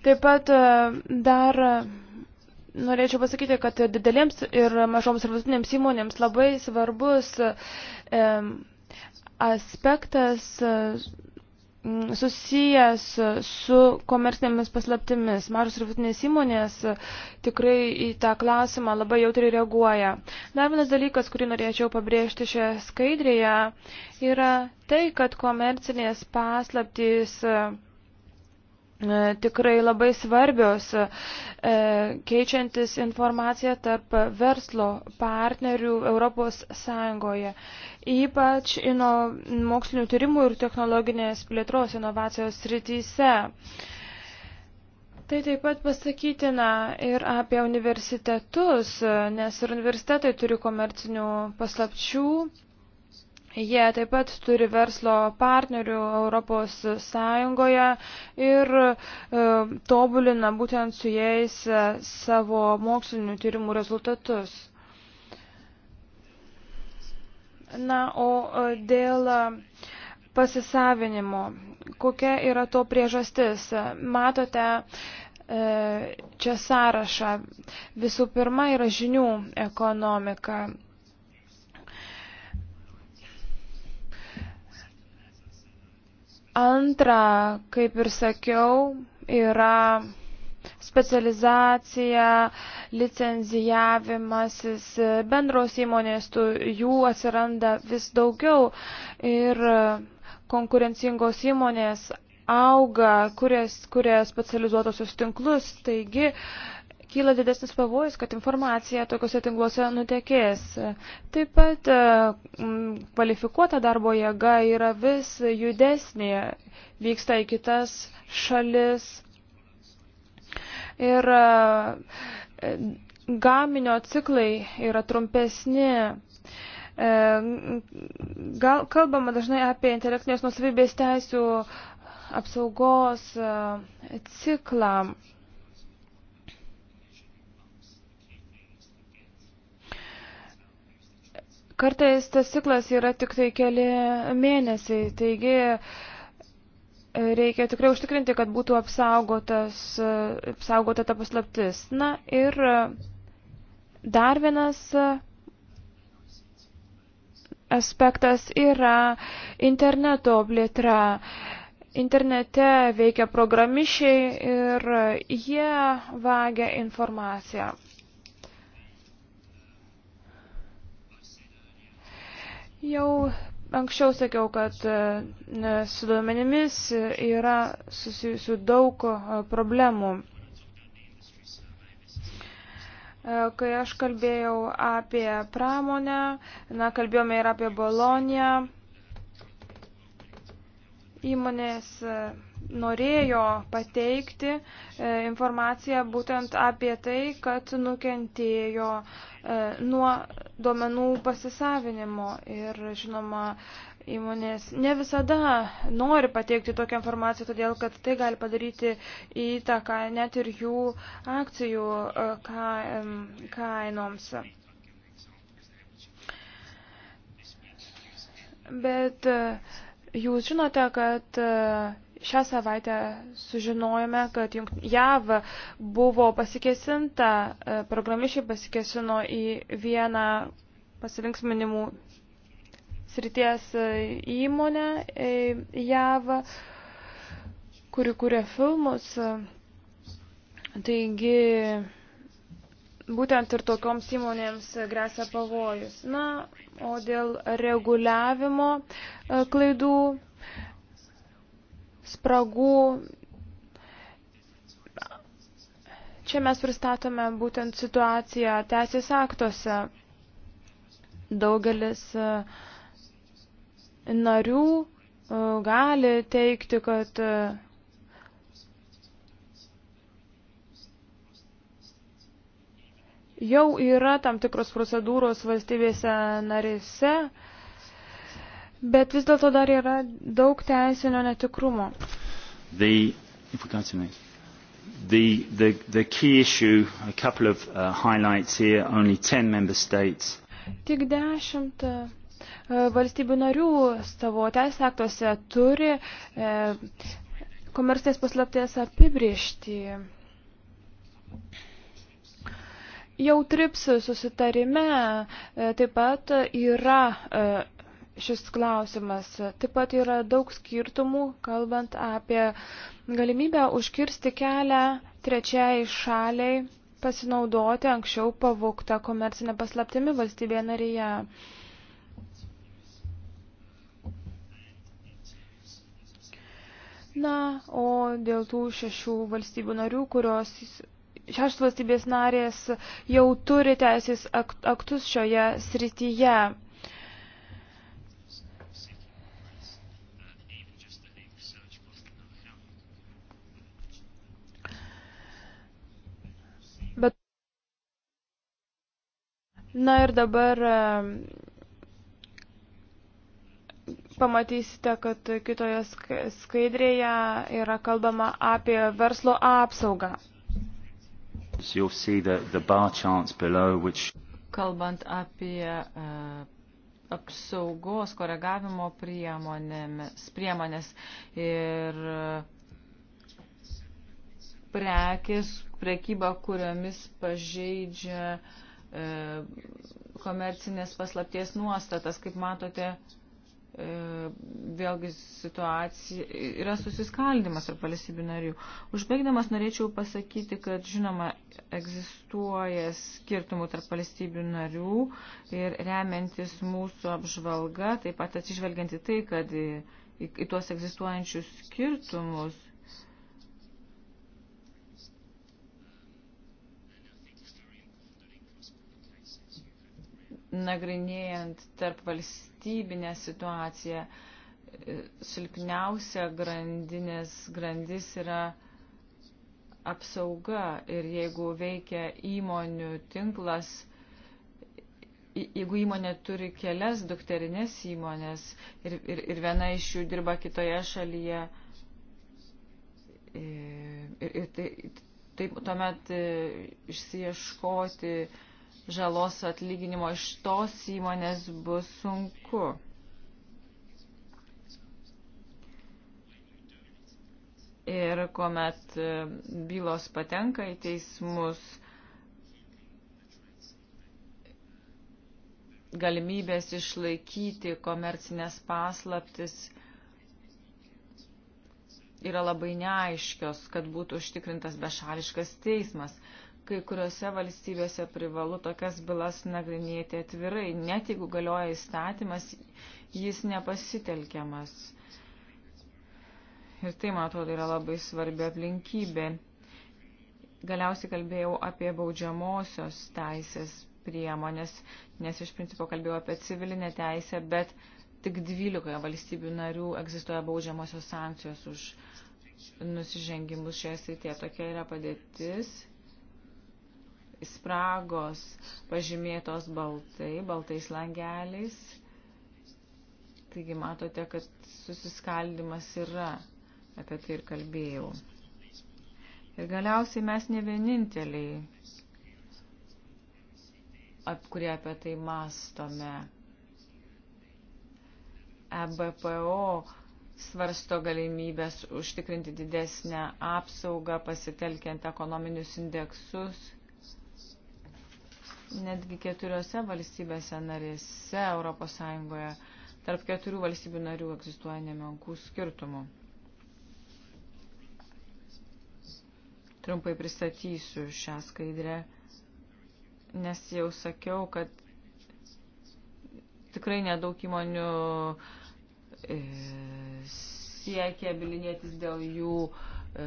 Taip pat e, dar e, norėčiau pasakyti, kad didelėms ir mažoms ir vidutinėms įmonėms labai svarbus e, aspektas susijęs su komercinėmis paslaptimis. Mažos ir vidutinės įmonės tikrai į tą klausimą labai jautriai reaguoja. Dar vienas dalykas, kurį norėčiau pabrėžti šioje skaidrėje, yra tai, kad komercinės paslaptys E, tikrai labai svarbios, e, keičiantis informaciją tarp verslo partnerių Europos Sąjungoje, ypač ino, mokslinių tyrimų ir technologinės plėtros inovacijos srityse. Tai taip pat pasakytina ir apie universitetus, nes ir universitetai turi komercinių paslapčių Jie taip pat turi verslo partnerių Europos Sąjungoje ir e, tobulina būtent su jais e, savo mokslinių tyrimų rezultatus. Na, o e, dėl e, pasisavinimo, kokia yra to priežastis? Matote, čia sąrašą. Visų pirma yra žinių ekonomika. Antra, kaip ir sakiau, yra specializacija, licenzijavimasis, bendros įmonės, tų, jų atsiranda vis daugiau ir konkurencingos įmonės auga, kuria specializuotosios tinklus, taigi kyla didesnis pavojus, kad informacija tokiuose tinkluose nutekės. Taip pat e, kvalifikuota darbo jėga yra vis judesnė, vyksta į kitas šalis. Ir e, gaminio ciklai yra trumpesni. E, gal, kalbama dažnai apie intelektinės nusavybės teisų apsaugos ciklą. Kartais tas ciklas yra tik tai keli mėnesiai, taigi e, reikia tikrai užtikrinti, kad būtų apsaugotas, e, apsaugota ta paslaptis. Na ir e, dar vienas aspektas yra interneto plėtra. Internete veikia programišiai ir jie vagia informaciją. Jau anksčiau sakiau, kad e, su duomenimis yra susijusių daug e, problemų. E, kai aš kalbėjau apie pramonę, na, kalbėjome ir apie Boloniją, įmonės norėjo pateikti informaciją būtent apie tai, kad nukentėjo uh, E, nuo duomenų pasisavinimo ir, žinoma, įmonės ne visada nori pateikti tokią informaciją, todėl kad tai gali padaryti įtaką net ir jų akcijų e, kainoms. Bet e, jūs žinote, kad Šią savaitę sužinojome, kad JAV buvo pasikesinta, e, programišiai pasikesino į vieną pasilinksminimų srities e, įmonę e, JAV, kuri kūrė filmus. Taigi, būtent ir tokioms įmonėms grėsia pavojus. Na, o dėl reguliavimo klaidų spragų. Čia mes pristatome būtent situaciją teisės aktuose. Daugelis e, narių e, gali teikti, kad e, jau yra tam tikros procedūros valstybėse narėse, bet vis dėlto dar yra daug teisinio netikrumo. The, The, the, the key issue, a couple of uh, highlights here, only 10 member states. Tik dešimt uh, valstybių narių savo teisės aktuose turi uh, e, komersinės paslapties apibriežti. Jau trips susitarime e, taip pat yra e, šis klausimas. Taip pat yra daug skirtumų, kalbant apie galimybę užkirsti kelią trečiai šaliai pasinaudoti anksčiau pavūktą komercinę paslaptimi valstybėje narėje. Na, o dėl tų šešių valstybių narių, kurios šeštos valstybės narės jau turi teisės aktus šioje srityje. Na ir dabar pamatysite, kad kitoje skaidrėje yra kalbama apie verslo apsaugą. So the, the below, which... Kalbant apie uh, apsaugos koregavimo priemonės ir e, prekis, prekyba, kuriomis pažeidžia uh, E, komercinės paslapties nuostatas. Kaip matote, e, vėlgi situacija yra susiskaldimas ar valstybių narių. Užbaigdamas norėčiau pasakyti, kad žinoma egzistuoja skirtumų tarp valstybių narių ir remiantis mūsų apžvalga, taip pat atsižvelgianti tai, kad į, į tuos egzistuojančius skirtumus nagrinėjant tarp valstybinę situaciją, silpniausia grandinės grandis yra apsauga ir jeigu veikia įmonių tinklas, jeigu įmonė turi kelias dukterinės įmonės ir, ir, ir viena iš jų dirba kitoje šalyje, ir, ir tai, taip tuomet e, išsieškoti žalos atlyginimo iš tos įmonės bus sunku. Ir kuomet e, bylos patenka į teismus, galimybės išlaikyti komercinės paslaptis yra labai neaiškios, kad būtų užtikrintas bešališkas teismas. Kai kuriuose valstybėse privalu tokias bylas nagrinėti atvirai, net jeigu galioja įstatymas, jis nepasitelkiamas. Ir tai, man atrodo, yra labai svarbi aplinkybė. Galiausiai kalbėjau apie baudžiamosios teisės priemonės, nes iš principo kalbėjau apie civilinę teisę, bet tik 12 valstybių narių egzistuoja baudžiamosios sankcijos už nusižengimus šioje srityje. Tokia yra padėtis spragos pažymėtos baltai, baltais langeliais. Taigi matote, kad susiskaldimas yra, apie tai ir kalbėjau. Ir galiausiai mes ne vieninteliai, ap, kurie apie tai mastome. EBPO svarsto galimybės užtikrinti didesnę apsaugą pasitelkiant ekonominius indeksus netgi keturiose valstybėse narėse Europos Sąjungoje tarp keturių valstybių narių egzistuoja nemenkų skirtumų. Trumpai pristatysiu šią skaidrę, nes jau sakiau, kad tikrai nedaug įmonių e, siekia bilinėtis dėl jų uh, E,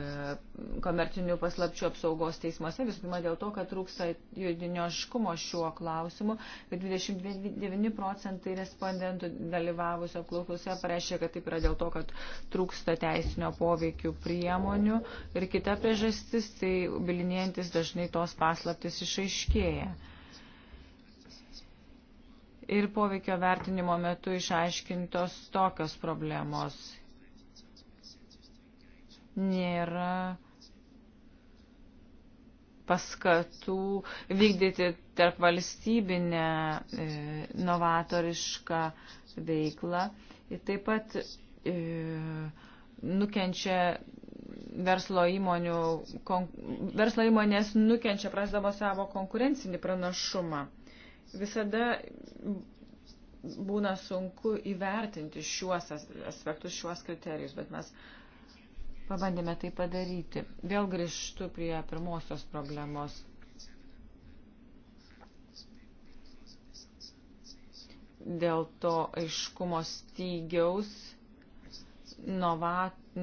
komercinių paslapčių apsaugos teismuose, visų pirma dėl to, kad trūksta juridinioškumo šiuo klausimu. 29 procentai respondentų dalyvavusio apklausose pareiškė, kad taip yra dėl to, kad trūksta teisinio poveikių priemonių. Ir kita priežastis, tai bilinėjantis dažnai tos paslaptis išaiškėja ir poveikio vertinimo metu išaiškintos tokios problemos nėra paskatų vykdyti tarp valstybinę e, novatorišką veiklą. Ir taip pat e, nukenčia verslo įmonių, kon, verslo įmonės nukenčia prasdavo savo konkurencinį pranašumą. Visada būna sunku įvertinti šiuos aspektus, šiuos kriterijus, bet mes Pabandėme tai padaryti. Vėl grįžtu prie pirmosios problemos. Dėl to aiškumo stygiaus nova,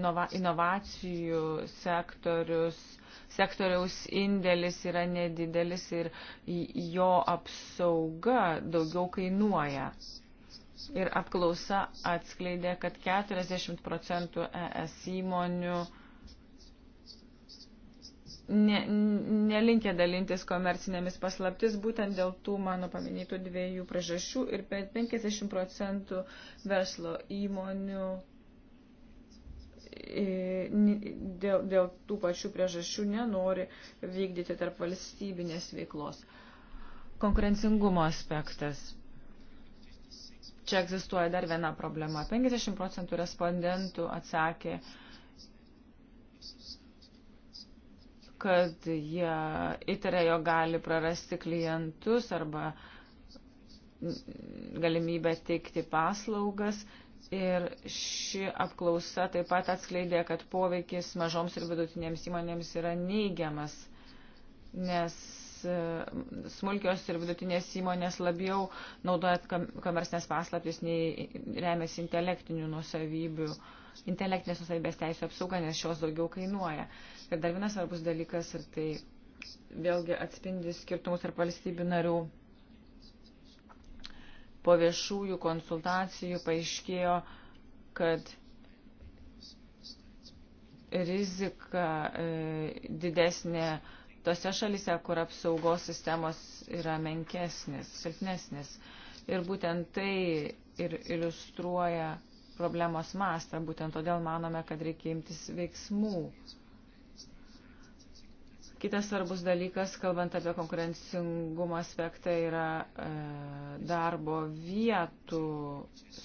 nova, inovacijų sektorius, sektoriaus indėlis yra nedidelis ir jo apsauga daugiau kainuoja. Ir apklausa atskleidė, kad 40 procentų ES įmonių ne, nelinkė dalintis komercinėmis paslaptis būtent dėl tų mano paminėtų dviejų priežasčių ir 50 procentų verslo įmonių dėl, dėl tų pačių priežasčių nenori vykdyti tarp valstybinės veiklos. Konkurencingumo aspektas. Čia egzistuoja dar viena problema. 50 procentų respondentų atsakė, kad jie įtarė, jo gali prarasti klientus arba galimybę teikti paslaugas. Ir ši apklausa taip pat atskleidė, kad poveikis mažoms ir vidutinėms įmonėms yra neigiamas, nes E, smulkios ir vidutinės įmonės labiau naudoja komersinės paslaptis, nei remiasi intelektinių nusavybių, intelektinės nusavybės teisų apsauga, nes šios daugiau kainuoja. Ir dar vienas svarbus dalykas, ir tai vėlgi atspindi skirtumus tarp valstybių narių. Po viešųjų konsultacijų paaiškėjo, kad rizika e, didesnė tose šalise, kur apsaugos sistemos yra menkesnis, silpnesnis. Ir būtent tai ir iliustruoja problemos mastą. Būtent todėl manome, kad reikia imtis veiksmų. Kitas svarbus dalykas, kalbant apie konkurencingumo aspektą, yra e, darbo vietų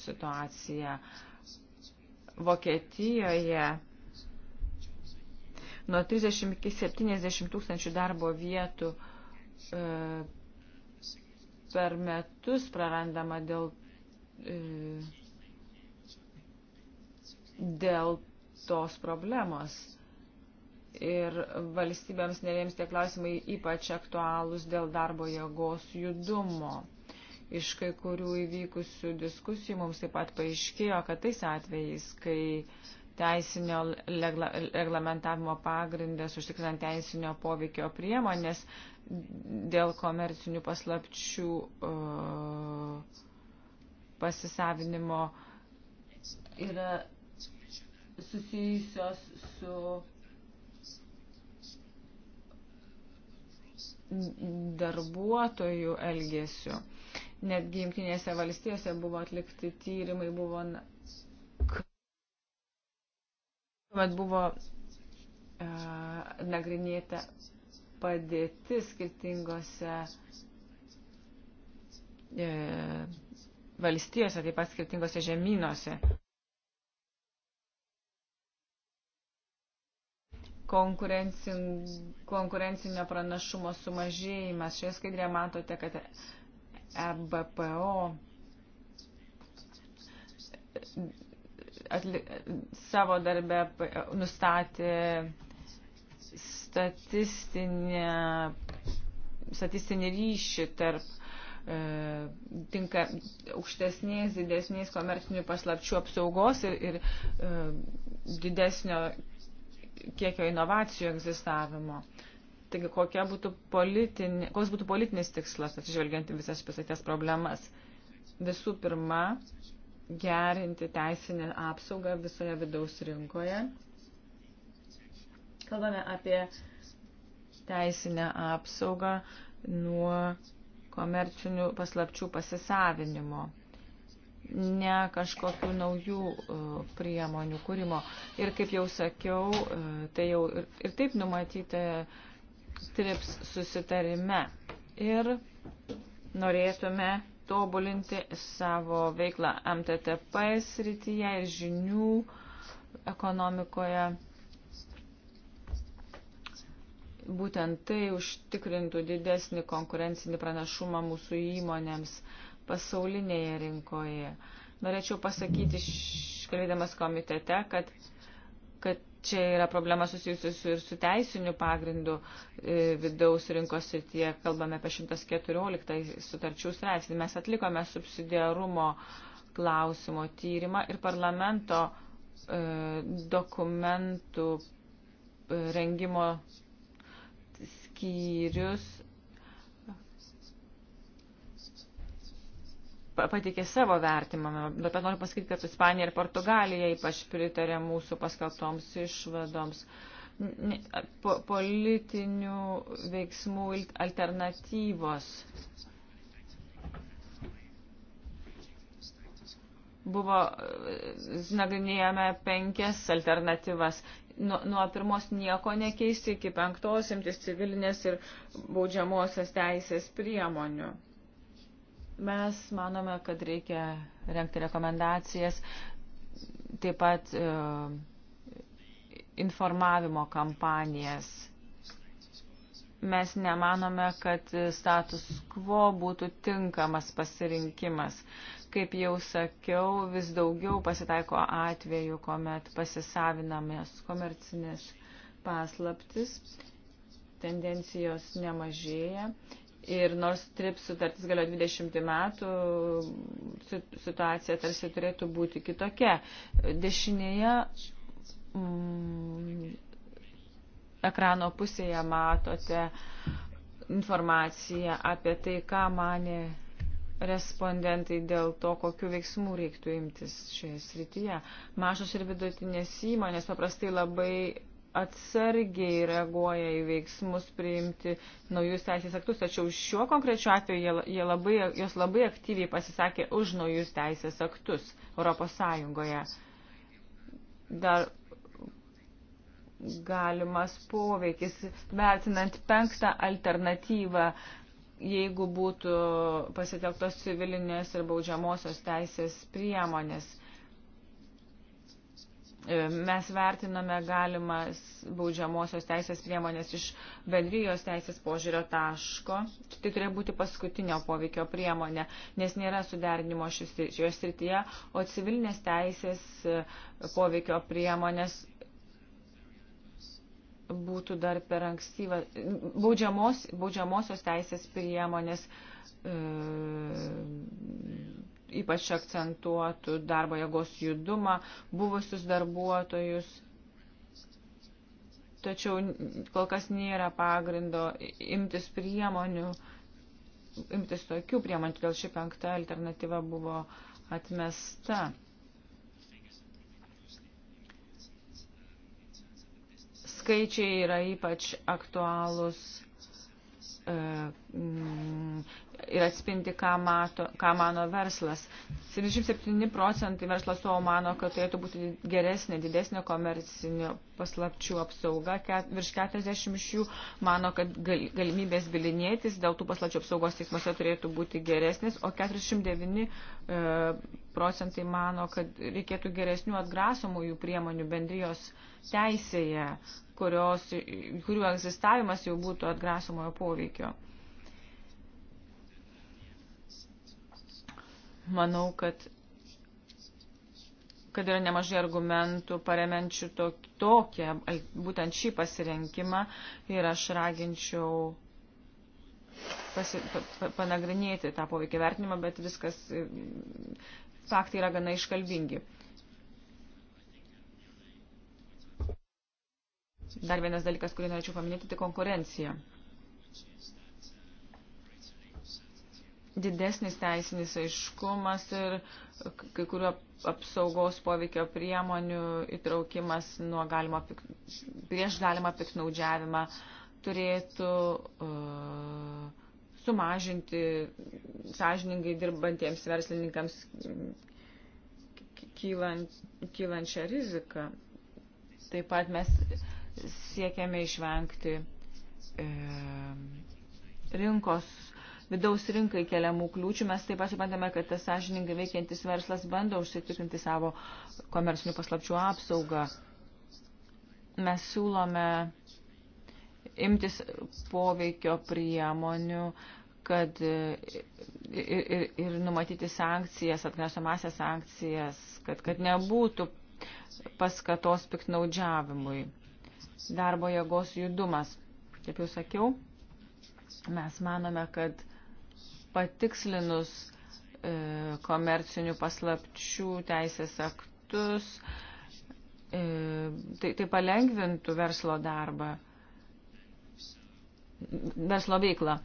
situacija. Vokietijoje nuo 30 iki 70 tūkstančių darbo vietų e, per metus prarandama dėl, e, dėl tos problemos. Ir valstybėms nerėms tie klausimai ypač aktualūs dėl darbo jėgos judumo. Iš kai kurių įvykusių diskusijų mums taip pat paaiškėjo, kad tais atvejais, kai uh, teisinio legla, reglamentavimo pagrindas, užtikrinant teisinio poveikio priemonės dėl komercinių paslapčių uh, pasisavinimo yra susijusios su darbuotojų elgesiu. Netgi jungtinėse valstijose buvo atlikti tyrimai, buvo Tuomet buvo e, nagrinėta padėtis skirtingose e, valstijose, taip pat skirtingose žemynuose. konkurencinio pranašumo sumažėjimas. Šioje skaidrėje matote, kad EBPO atli, savo darbę nustatė statistinį ryšį tarp e, tinka aukštesnės, didesnės komercinių paslapčių apsaugos ir, ir e, didesnio kiekio inovacijų egzistavimo. Taigi, kokia būtų politinė, koks būtų politinis tikslas, atsižvelgiant į visas pasakytas problemas? Visų pirma, gerinti teisinę apsaugą visoje vidaus rinkoje. Kalbame apie teisinę apsaugą nuo komercinių paslapčių pasisavinimo, ne kažkokių naujų e, priemonių kūrimo. Ir kaip jau sakiau, e, tai jau ir, ir taip numatyta TRIPS susitarime. Ir norėtume tobulinti savo veiklą MTTP srityje ir žinių ekonomikoje. Būtent tai užtikrintų didesnį konkurencinį pranašumą mūsų įmonėms pasaulinėje rinkoje. Norėčiau pasakyti, kalbėdamas komitete, kad Čia yra problema susijusi su, ir su teisiniu pagrindu e, vidaus rinkos srityje. Kalbame apie 114 sutarčių straipsnį. Mes atlikome subsidiarumo klausimo tyrimą ir parlamento e, dokumentų e, rengimo skyrius pateikė savo vertimą. Bet noriu pasakyti, kad Ispanija ir Portugalija ypač pritarė mūsų paskelbtoms išvadoms. Po, politinių veiksmų alternatyvos buvo, nagrinėjame penkias alternatyvas. Nuo, nuo pirmos nieko nekeisti iki penktos imtis civilinės ir baudžiamosios teisės priemonių. Mes manome, kad reikia renkti rekomendacijas, taip pat e, informavimo kampanijas. Mes nemanome, kad status quo būtų tinkamas pasirinkimas. Kaip jau sakiau, vis daugiau pasitaiko atvejų, kuomet pasisavinamės komercinės paslaptis, tendencijos nemažėja Ir nors TRIPS sutartis galio 20 metų, situacija tarsi turėtų būti kitokia. Dešinėje mm, ekrano pusėje matote informaciją apie tai, ką mane respondentai dėl to, kokiu veiksmu reiktų imtis šioje srityje. Mažos ir vidutinės įmonės paprastai labai atsargiai reaguoja į veiksmus priimti naujus teisės aktus, tačiau šiuo konkrečiu atveju jie labai, jos labai aktyviai pasisakė už naujus teisės aktus Europos Sąjungoje. Dar galimas poveikis, vertinant penktą alternatyvą, jeigu būtų pasitelktos civilinės ir baudžiamosios teisės priemonės E, mes vertiname galimas baudžiamosios teisės priemonės iš bendrijos teisės požiūrio taško. Tai turėjo būti paskutinio poveikio priemonė, nes nėra suderinimo šioje srityje, o civilinės teisės e, poveikio priemonės būtų dar per ankstyva. Baudžiamos, baudžiamosios teisės priemonės. E, ypač akcentuotų darbo jėgos judumą, buvusius darbuotojus. Tačiau kol kas nėra pagrindo imtis priemonių, imtis tokių priemonių, todėl ši penkta alternatyva buvo atmesta. Skaičiai yra ypač aktualūs e, ir atspinti, ką, mato, ką mano verslas. 77 procentai verslo savo mano, kad turėtų būti geresnė, didesnė komercinio paslapčių apsauga. Ket, virš 40 iš jų mano, kad gal, galimybės bilinėtis dėl tų paslapčių apsaugos teismuose turėtų būti geresnės, o 49 e, procentai mano, kad reikėtų geresnių atgrasomųjų priemonių bendrijos teisėje, kurios, kurių egzistavimas jau būtų atgrasomojo poveikio. Manau, kad, kad yra nemažai argumentų paremenčių tokią, būtent šį pasirinkimą ir aš raginčiau pasi, pa, panagrinėti tą poveikį vertinimą, bet viskas, faktai yra gana iškalbingi. Dar vienas dalykas, kurį norėčiau paminėti, tai konkurencija. didesnis teisinis aiškumas ir kai kuriuo apsaugos poveikio priemonių įtraukimas nuo galimo, prieš galimą piknaudžiavimą turėtų uh, sumažinti sąžiningai dirbantiems verslininkams kylant, kylančią riziką. Taip pat mes siekiame išvengti e, rinkos vidaus rinkai keliamų kliūčių. Mes taip pat suprantame, kad tas sąžiningai veikiantis verslas bando užsitikrinti savo komersinių paslapčių apsaugą. Mes siūlome imtis poveikio priemonių kad ir, ir, ir numatyti sankcijas, atgrasomasias sankcijas, kad, kad nebūtų paskatos piknaudžiavimui. Darbo jėgos judumas. Kaip jau sakiau, mes manome, kad patikslinus e, komercinių paslapčių teisės aktus, e, tai, tai palengvintų verslo darbą, verslo veiklą.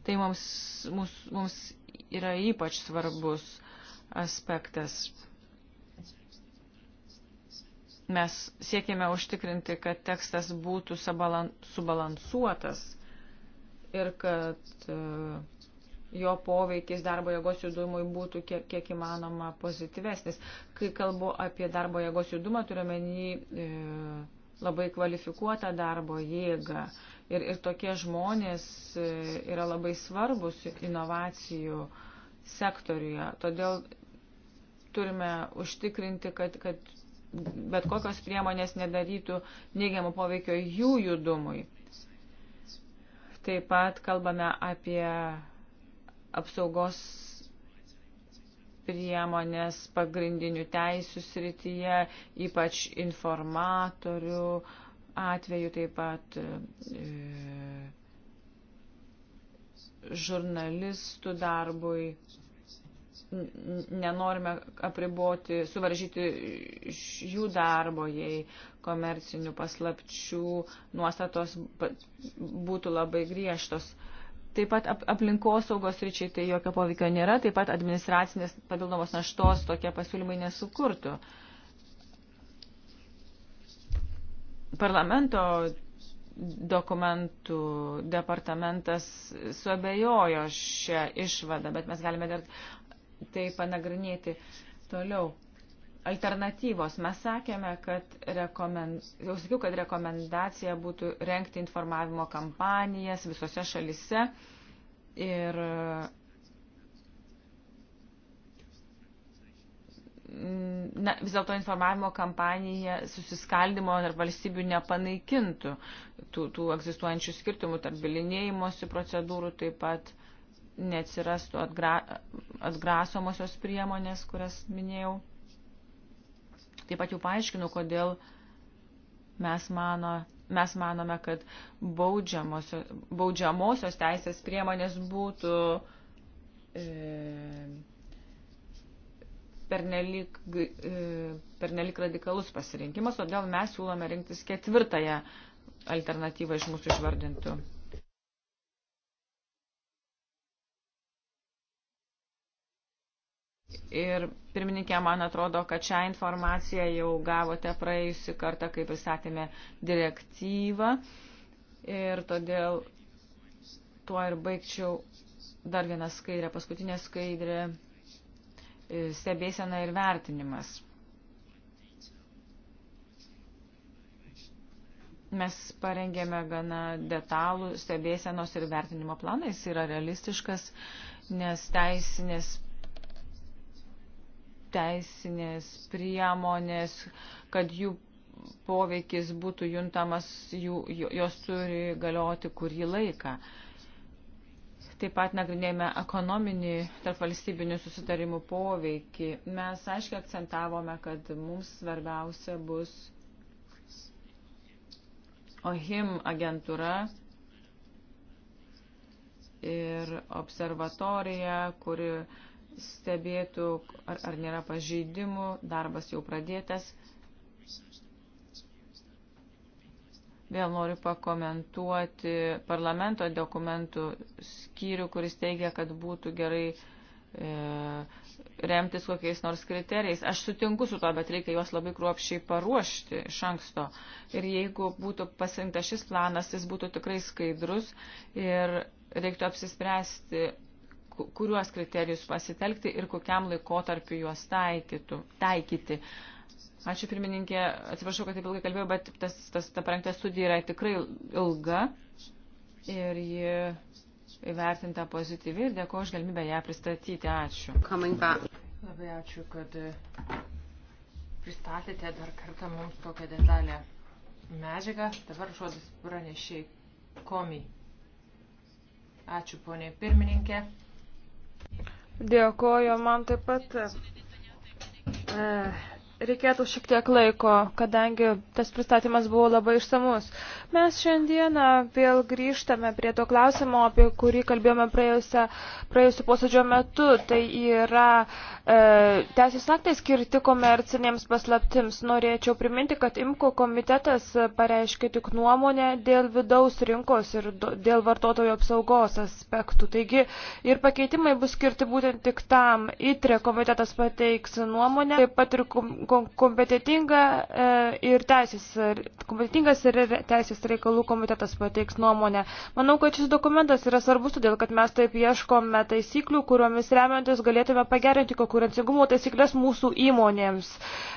Tai mums, mums, mums yra ypač svarbus aspektas. Mes siekėme užtikrinti, kad tekstas būtų subalansuotas ir kad e, jo poveikis darbo jėgos judumui būtų kiek, kiek įmanoma pozityvesnis. Kai kalbu apie darbo jėgos judumą, turiuomenį e, labai kvalifikuotą darbo jėgą. Ir, ir tokie žmonės e, yra labai svarbus inovacijų sektoriuje. Todėl turime užtikrinti, kad, kad bet kokios priemonės nedarytų neigiamo poveikio jų judumui. Taip pat kalbame apie apsaugos priemonės pagrindinių teisų srityje, ypač informatorių atveju taip pat e, žurnalistų darbui nenorime apriboti, suvaržyti jų darbo, jei komercinių paslapčių nuostatos būtų labai griežtos. Taip pat aplinkosaugos ryčiai tai jokio poveikio nėra, taip pat administracinės papildomos naštos tokie pasiūlymai nesukurtų. Parlamento dokumentų departamentas suabejojo šią išvadą, bet mes galime dar tai panagrinėti toliau. Alternatyvos. Mes sakėme, kad, rekomend... jau sakiau, kad rekomendacija būtų renkti informavimo kampanijas visose šalise ir mm, na, vis dėlto informavimo kampanija susiskaldimo tarp valstybių nepanaikintų tų, tų egzistuojančių skirtumų tarp bilinėjimosi procedūrų taip pat. Uh, neatsirastų atgra, atgrasomosios priemonės, kurias minėjau. Taip pat jau paaiškinu, kodėl mes, mano, mes manome, kad baudžiamosios, baudžiamosios teisės priemonės būtų e, pernelik, e, pernelik radikalus pasirinkimas, todėl mes siūlome rinktis ketvirtąją alternatyvą iš mūsų išvardintų. Ir pirmininkė, man atrodo, kad šią informaciją jau gavote praėjusi kartą, kai pristatėme direktyvą. Ir todėl tuo ir baigčiau dar vieną skaidrę, paskutinę skaidrę e, stebėsena ir vertinimas. Mes parengėme gana detalų stebėsenos ir vertinimo planą, jis yra realistiškas, nes teisinės teisinės priemonės, kad jų poveikis būtų juntamas, jų, jos turi galioti kurį laiką. Taip pat nagrinėjame ekonominį tarp valstybinių susitarimų poveikį. Mes aiškiai akcentavome, kad mums svarbiausia bus OHIM agentūra ir observatorija, kuri uh, stebėtų, ar, ar nėra pažeidimų, darbas jau pradėtas. Vėl noriu pakomentuoti parlamento dokumentų skyrių, kuris teigia, kad būtų gerai e, remtis kokiais nors kriterijais. Aš sutinku su to, bet reikia juos labai kruopščiai paruošti iš anksto. Ir jeigu būtų pasirinktas šis planas, jis būtų tikrai skaidrus ir reiktų apsispręsti, kuriuos kriterijus pasitelkti ir kokiam laikotarpiu juos taikytų, taikyti. Ačiū pirmininkė, atsiprašau, kad taip ilgai kalbėjau, bet tas, tas, ta parengta studija yra tikrai ilga ir ji įvertinta pozityvi ir dėkuoju už galimybę ją pristatyti. Ačiū. Labai ačiū, kad e, pristatėte dar kartą mums tokią detalę medžiagą. Dabar žodis pranešiai komi. Ačiū, ponė pirmininkė. Dėkoju, man taip pat. E, reikėtų šiek tiek laiko, kadangi tas pristatymas buvo labai išsamus. Mes šiandieną vėl grįžtame prie to klausimo, apie kurį kalbėjome praėjusią, praėjusiu posėdžio metu. Tai yra e, teisės aktai skirti komercinėms paslaptims. Norėčiau priminti, kad IMKO komitetas pareiškė tik nuomonę dėl vidaus rinkos ir dėl vartotojo apsaugos aspektų. Taigi ir pakeitimai bus skirti būtent tik tam. ITRE komitetas pateiks nuomonę, taip pat ir kompetitinga e, ir teisės, kompetitingas ir teisės reikalų komitetas pateiks nuomonę. Manau, kad šis dokumentas yra svarbus, todėl kad mes taip ieškome taisyklių, kuriomis remiantis galėtume pagerinti konkurencingumo taisyklės mūsų įmonėms.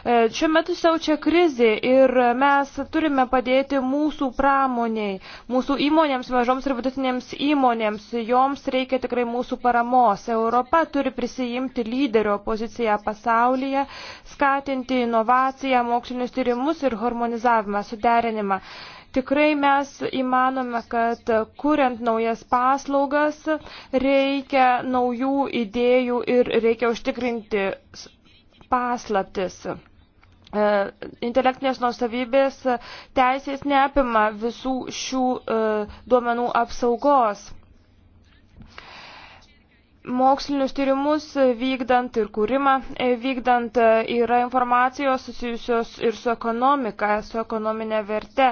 E, šiuo metu siaučia krizė ir mes turime padėti mūsų pramoniai, mūsų įmonėms, mažoms ir vidutinėms įmonėms. Joms reikia tikrai mūsų paramos. Europa turi prisijimti lyderio poziciją pasaulyje, skatinti skatinti inovaciją, mokslinius tyrimus ir harmonizavimą, suderinimą. Tikrai mes įmanome, kad kuriant naujas paslaugas reikia naujų idėjų ir reikia užtikrinti paslaptis. E, intelektinės nusavybės teisės neapima visų šių e, duomenų apsaugos mokslinius tyrimus e, vykdant ir kūrimą e, vykdant e, yra informacijos susijusios ir su ekonomika, su ekonominė verte,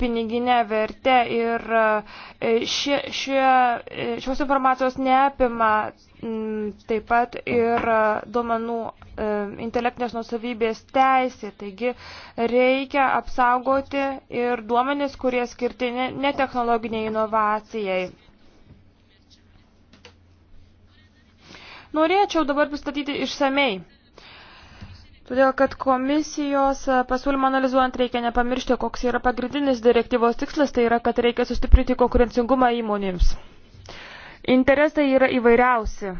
piniginė verte ir šie, šie, šios informacijos neapima taip pat ir duomenų intelektinės nusavybės teisė. Taigi reikia apsaugoti ir duomenis, kurie skirti netechnologiniai inovacijai norėčiau dabar pristatyti išsamei. Todėl, kad komisijos pasiūlymą analizuojant reikia nepamiršti, koks yra pagrindinis direktyvos tikslas, tai yra, kad reikia sustiprinti konkurencingumą įmonėms. Interesai yra įvairiausi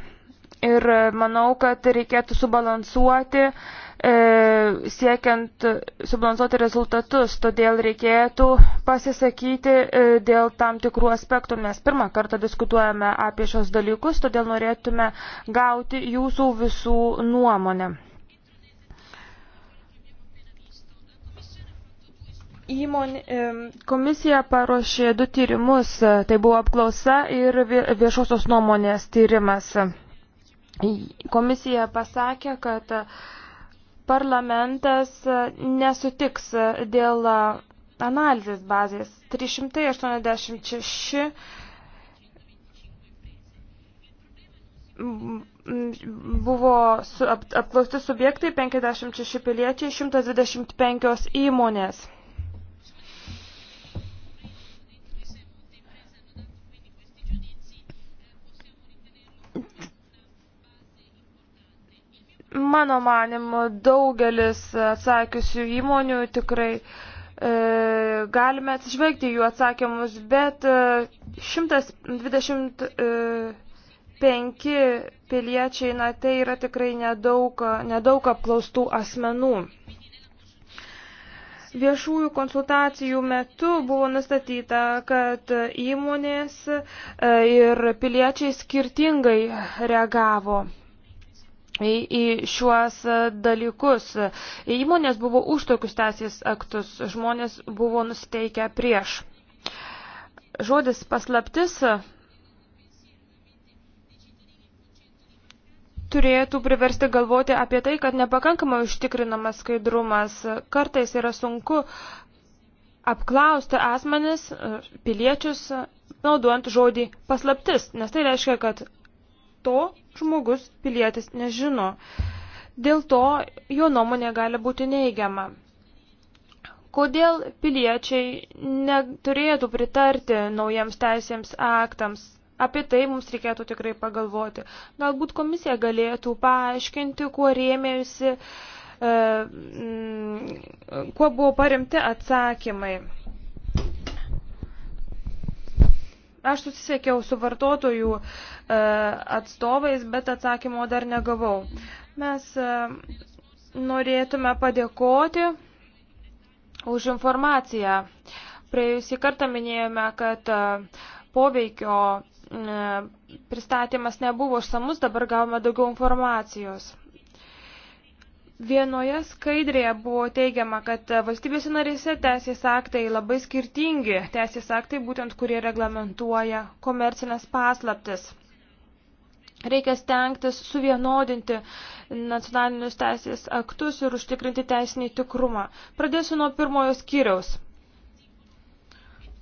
ir manau, kad reikėtų subalansuoti uh, E, siekiant subalansuoti rezultatus, todėl reikėtų pasisakyti e, dėl tam tikrų aspektų. Mes pirmą kartą diskutuojame apie šios dalykus, todėl norėtume gauti jūsų visų nuomonę. Įmonė, e, komisija paruošė du tyrimus, tai buvo apklausa ir viešosios nuomonės tyrimas. Komisija pasakė, kad uh, parlamentas e, nesutiks e, dėl e, analizės bazės. 386 buvo apklausti subjektai, 56 piliečiai, 125 įmonės. Mano manimu, daugelis atsakiusių įmonių tikrai e, galime atsižvelgti jų atsakymus, bet e, 125 e, piliečiai, na tai yra tikrai nedaug, nedaug apklaustų asmenų. Viešųjų konsultacijų metu buvo nustatyta, kad įmonės e, ir piliečiai skirtingai reagavo į, į šiuos e, dalykus. Įmonės buvo už tokius teisės aktus, žmonės buvo nusiteikę prieš. Žodis paslaptis turėtų priversti galvoti apie tai, kad nepakankamai užtikrinamas skaidrumas. Kartais yra sunku apklausti asmenis, piliečius, naudojant žodį paslaptis, nes tai reiškia, kad to žmogus pilietis nežino. Dėl to jo nuomonė gali būti neigiama. Kodėl piliečiai neturėtų pritarti naujiems teisėms aktams? Apie tai mums reikėtų tikrai pagalvoti. Galbūt komisija galėtų paaiškinti, kuo rėmėjusi, e, kuo buvo paremti atsakymai. Aš susisiekiau su vartotojų e, atstovais, bet atsakymo dar negavau. Mes e, norėtume padėkoti už informaciją. Praėjusį kartą minėjome, kad e, poveikio pristatymas nebuvo išsamus, dabar gavome daugiau informacijos. Vienoje skaidrėje buvo teigiama, kad valstybėse narėse teisės aktai labai skirtingi, teisės aktai būtent, kurie reglamentuoja komercinės paslaptis. Reikia stengtis suvienodinti nacionalinius teisės aktus ir užtikrinti teisinį tikrumą. Pradėsiu nuo pirmojo skyriaus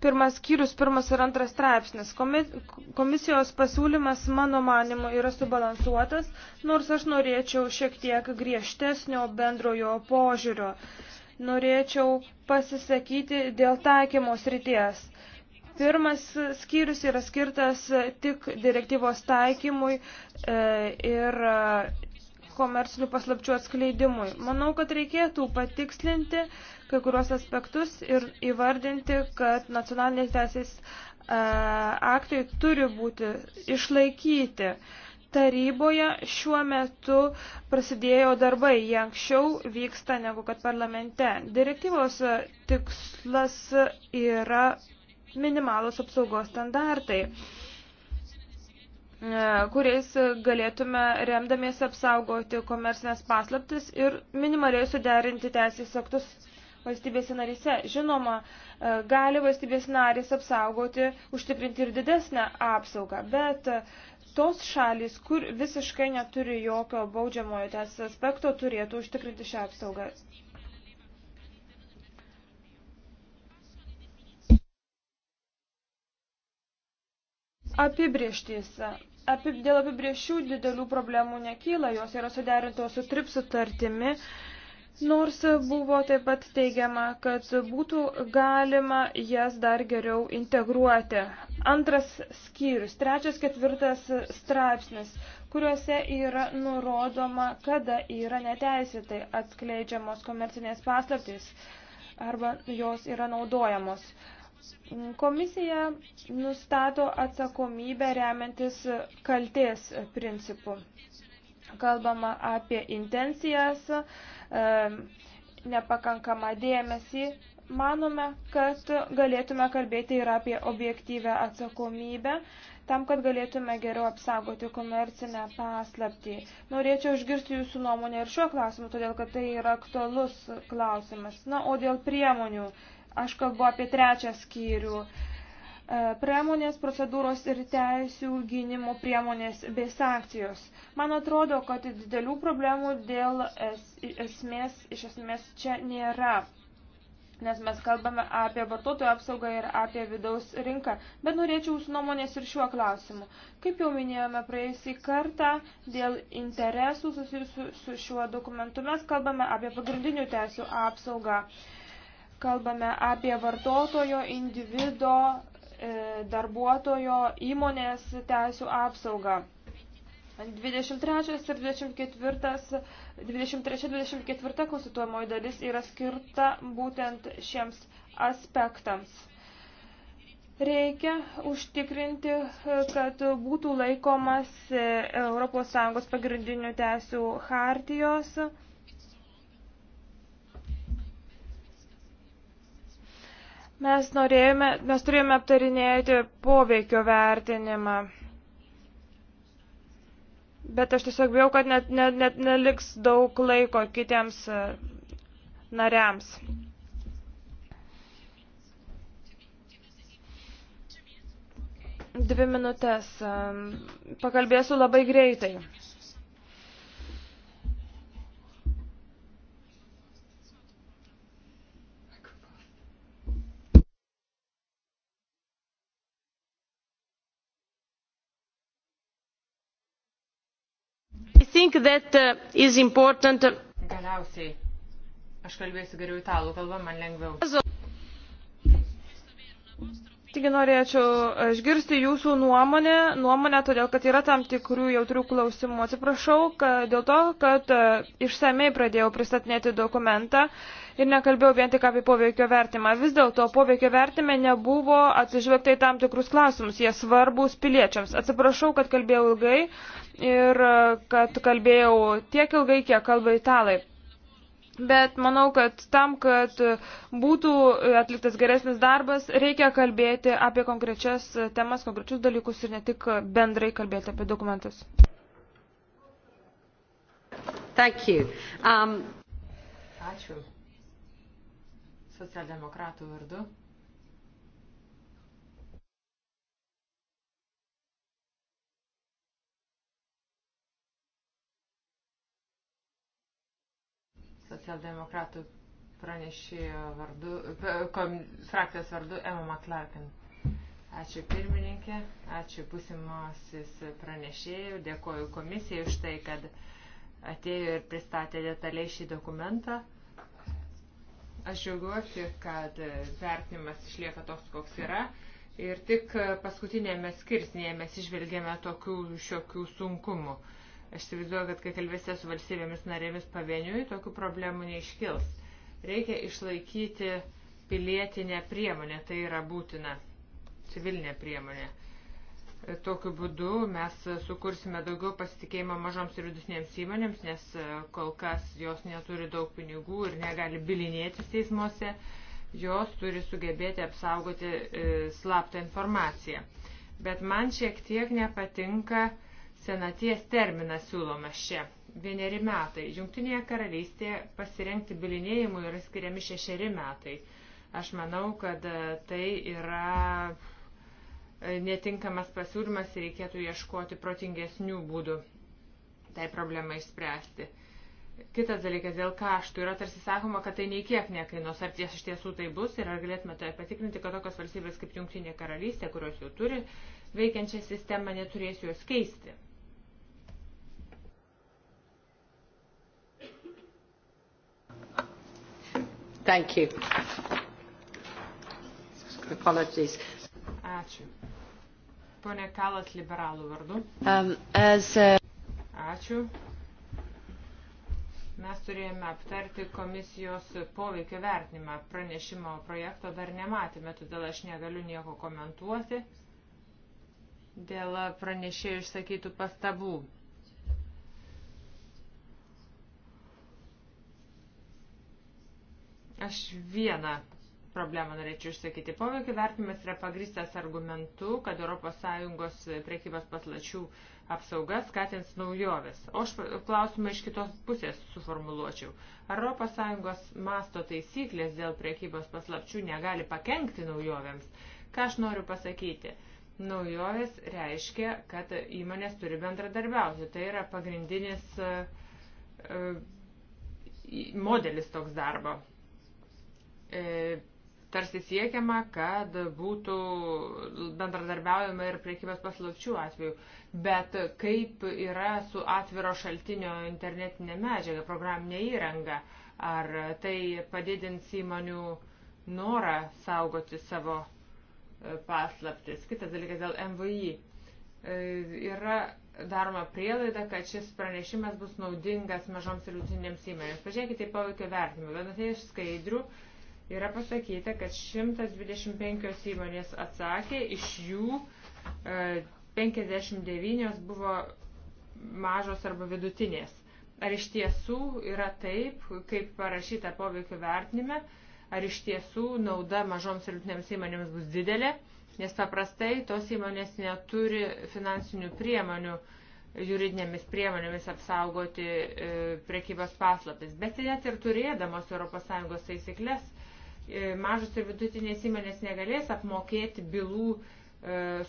pirmas skyrius, pirmas ir antras straipsnis. Komisijos pasiūlymas, mano manimu, yra subalansuotas, nors aš norėčiau šiek tiek griežtesnio bendrojo požiūrio. Norėčiau pasisakyti dėl taikymo srities. Pirmas skyrius yra skirtas tik direktyvos taikymui e, ir komercinių paslapčių atskleidimui. Manau, kad reikėtų patikslinti kai kurios aspektus ir įvardinti, kad nacionalinės teisės e, aktai turi būti išlaikyti. Taryboje šiuo metu prasidėjo darbai, jie anksčiau vyksta negu kad parlamente. Direktyvos tikslas yra minimalus apsaugos standartai. E, kuriais galėtume remdamiesi apsaugoti komersinės paslaptis ir minimaliai suderinti teisės aktus valstybėse narise. Žinoma, e, gali valstybės narys apsaugoti, užtikrinti ir didesnę apsaugą, bet e, tos šalys, kur visiškai neturi jokio baudžiamojo teisės aspekto, turėtų užtikrinti šią apsaugą. Apibrieštys apib, dėl apibriešių didelių problemų nekyla, jos yra suderintos su trip sutartimi. Nors buvo taip pat teigiama, kad būtų galima jas dar geriau integruoti. Antras skyrius, trečias, ketvirtas straipsnis, kuriuose yra nurodoma, kada yra neteisėtai atskleidžiamos komercinės paslaptys arba jos yra naudojamos. Uh, Komisija nustato atsakomybę remiantis kalties principu. Kalbama apie intencijas, nepakankamą dėmesį. Manome, kad galėtume kalbėti ir apie objektyvę atsakomybę, tam, kad galėtume geriau apsaugoti komercinę paslaptį. Norėčiau išgirsti jūsų nuomonę ir šiuo klausimu, todėl kad tai yra aktualus klausimas. Na, o dėl priemonių Aš kalbu apie trečią skyrių. E, priemonės, procedūros ir teisių gynimo priemonės bei sankcijos. Man atrodo, kad didelių problemų dėl es, esmės, iš esmės čia nėra. Nes mes kalbame apie vartotojų apsaugą ir apie vidaus rinką. Bet norėčiau jūsų nuomonės ir šiuo klausimu. Kaip jau minėjome praėjusį kartą, dėl interesų susijusių su šiuo dokumentu mes kalbame apie pagrindinių teisų apsaugą. Uh, kalbame apie vartotojo, individo, e, darbuotojo, įmonės teisų apsaugą. 23 ir 24, 23-24 konstituojamoji dalis yra skirta būtent šiems aspektams. Reikia užtikrinti, kad būtų laikomas ES pagrindinių teisų hartijos. Mes, norėjome, mes turėjome aptarinėti poveikio vertinimą. Bet aš tiesiog bijau, kad net, net, net neliks daug laiko kitiems e, nariams. Dvi minutės. E, pakalbėsiu labai greitai. think that uh, is important. Uh, Galiausiai, aš kalbėsiu geriau italų kalbą, man lengviau. Taigi norėčiau išgirsti jūsų nuomonę, nuomonę, todėl kad yra tam tikrų jautrių klausimų. Atsiprašau, kad dėl to, kad uh, išsamei pradėjau pristatinėti dokumentą. Uh, ir nekalbėjau vien tik apie poveikio vertimą. Vis dėlto poveikio vertime nebuvo atsižvelgta į tam tikrus klausimus, jie svarbus piliečiams. Atsiprašau, kad kalbėjau ilgai ir e, kad kalbėjau tiek ilgai, kiek kalba italai. Bet manau, kad tam, kad būtų atliktas geresnis darbas, reikia kalbėti apie konkrečias temas, konkrečius dalykus ir ne tik bendrai kalbėti apie dokumentus. Thank you. Um, Ačiū socialdemokratų vardu. Socialdemokratų pranešėjo vardu, kom, frakcijos vardu Emma McLarkin. Ačiū pirmininkė, ačiū pusimosius pranešėjų, dėkoju komisijai už tai, kad atėjo ir pristatė detaliai šį dokumentą. Aš džiaugiuosi, kad e, vertinimas išlieka toks, koks yra. Ir tik e, paskutinėme skirsnėje mes išvelgėme tokių šiokių sunkumų. Aš įsivaizduoju, kad kai kalbėsite su valstybėmis narėmis pavieniui, tokių problemų neiškils. Reikia išlaikyti pilietinę priemonę, tai yra būtina civilinė priemonė. Tokiu būdu mes sukursime daugiau pasitikėjimo mažoms ir vidutinėms įmonėms, nes e, kol kas jos neturi daug pinigų ir negali bilinėtis teismuose. Jos turi sugebėti apsaugoti e, slaptą informaciją. Bet man šiek tiek nepatinka senaties terminas siūlomas čia. Vieneri metai. Junktinėje karalystėje pasirengti bilinėjimui yra skiriami šešeri metai. Aš manau, kad e, tai yra netinkamas pasiūlymas ir reikėtų ieškoti protingesnių būdų tai problemai išspręsti. Kitas dalykas dėl kaštų yra tarsi sakoma, kad tai nei kiek nekainuos, ar ties iš tiesų tai bus ir ar galėtumėte tai patikrinti, kad tokios valstybės kaip Junktinė karalystė, kurios jau turi veikiančią sistemą, neturės jos keisti. Thank you. Apologies. Ačiū. Pone Kalas liberalų vardu. Um, as, uh... Ačiū. Mes turėjome aptarti komisijos poveikio vertinimą. Pranešimo projekto dar nematėme, todėl aš negaliu nieko komentuoti dėl pranešėjų išsakytų pastabų. Aš vieną problemą norėčiau išsakyti. Poveikio vertimas yra pagristas argumentu, kad ES priekybos paslačių apsauga skatins naujoves. O aš klausimą iš kitos pusės suformuluočiau. Ar ES masto taisyklės dėl priekybos paslapčių negali pakengti naujovėms? Ką aš noriu pasakyti? Naujovės reiškia, kad įmonės turi bendradarbiauti. Tai yra pagrindinis e, e, modelis toks darbo e, Tarsi siekiama, kad būtų bendradarbiaujama ir priekybės paslapčių atveju. Bet kaip yra su atviro šaltinio internetinė medžiaga, programinė įranga, ar tai padidins įmonių norą saugoti savo e, paslaptis. Kitas dalykas dėl MVI. E, yra daroma prielaida, kad šis pranešimas bus naudingas mažoms ir vidutinėms įmonėms. Pažiūrėkite į poveikio vertinimą. Vienas iš skaidrių yra pasakyta, kad 125 įmonės atsakė, iš jų 59 e, buvo mažos arba vidutinės. Ar iš tiesų yra taip, kaip parašyta poveikio vertinime, ar iš tiesų nauda mažoms ir vidutinėms įmonėms bus didelė, nes paprastai tos įmonės neturi finansinių priemonių juridinėmis priemonėmis apsaugoti e, prekybos paslapis. Bet net ir turėdamos ES taisyklės, E, mažos ir vidutinės įmonės negalės apmokėti bylų e,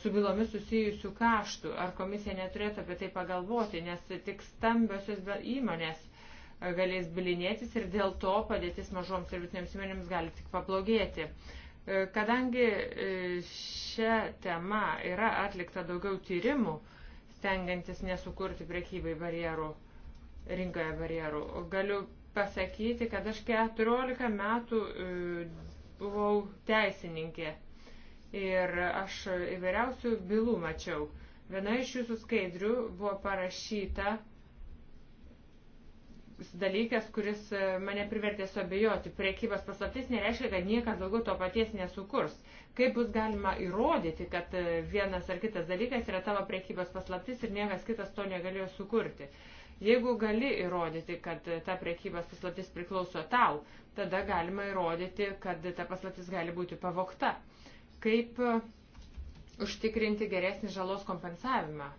su bylomis susijusių kaštų. Ar komisija neturėtų apie tai pagalvoti, nes tik stambiosios įmonės e, galės bilinėtis ir dėl to padėtis mažoms ir vidutinėms įmonėms gali tik pablogėti. Kadangi šią temą yra atlikta daugiau tyrimų, stengiantis nesukurti prekybai barjerų, rinkoje barjerų, galiu pasakyti, kad aš 14 metų e, buvau teisininkė ir aš įvairiausių bylų mačiau. Viena iš jūsų skaidrių buvo parašyta dalykas, kuris e, mane privertė suabejoti. Priekybos paslaptis nereiškia, kad niekas daugiau to paties nesukurs. Kaip bus galima įrodyti, kad e, vienas ar kitas dalykas yra tavo priekybos paslaptis ir niekas kitas to negalėjo sukurti? Uh, Jeigu gali įrodyti, kad ta priekybos paslaptis priklauso tau, tada galima įrodyti, kad ta paslaptis gali būti pavokta. Kaip e, užtikrinti geresnį žalos kompensavimą?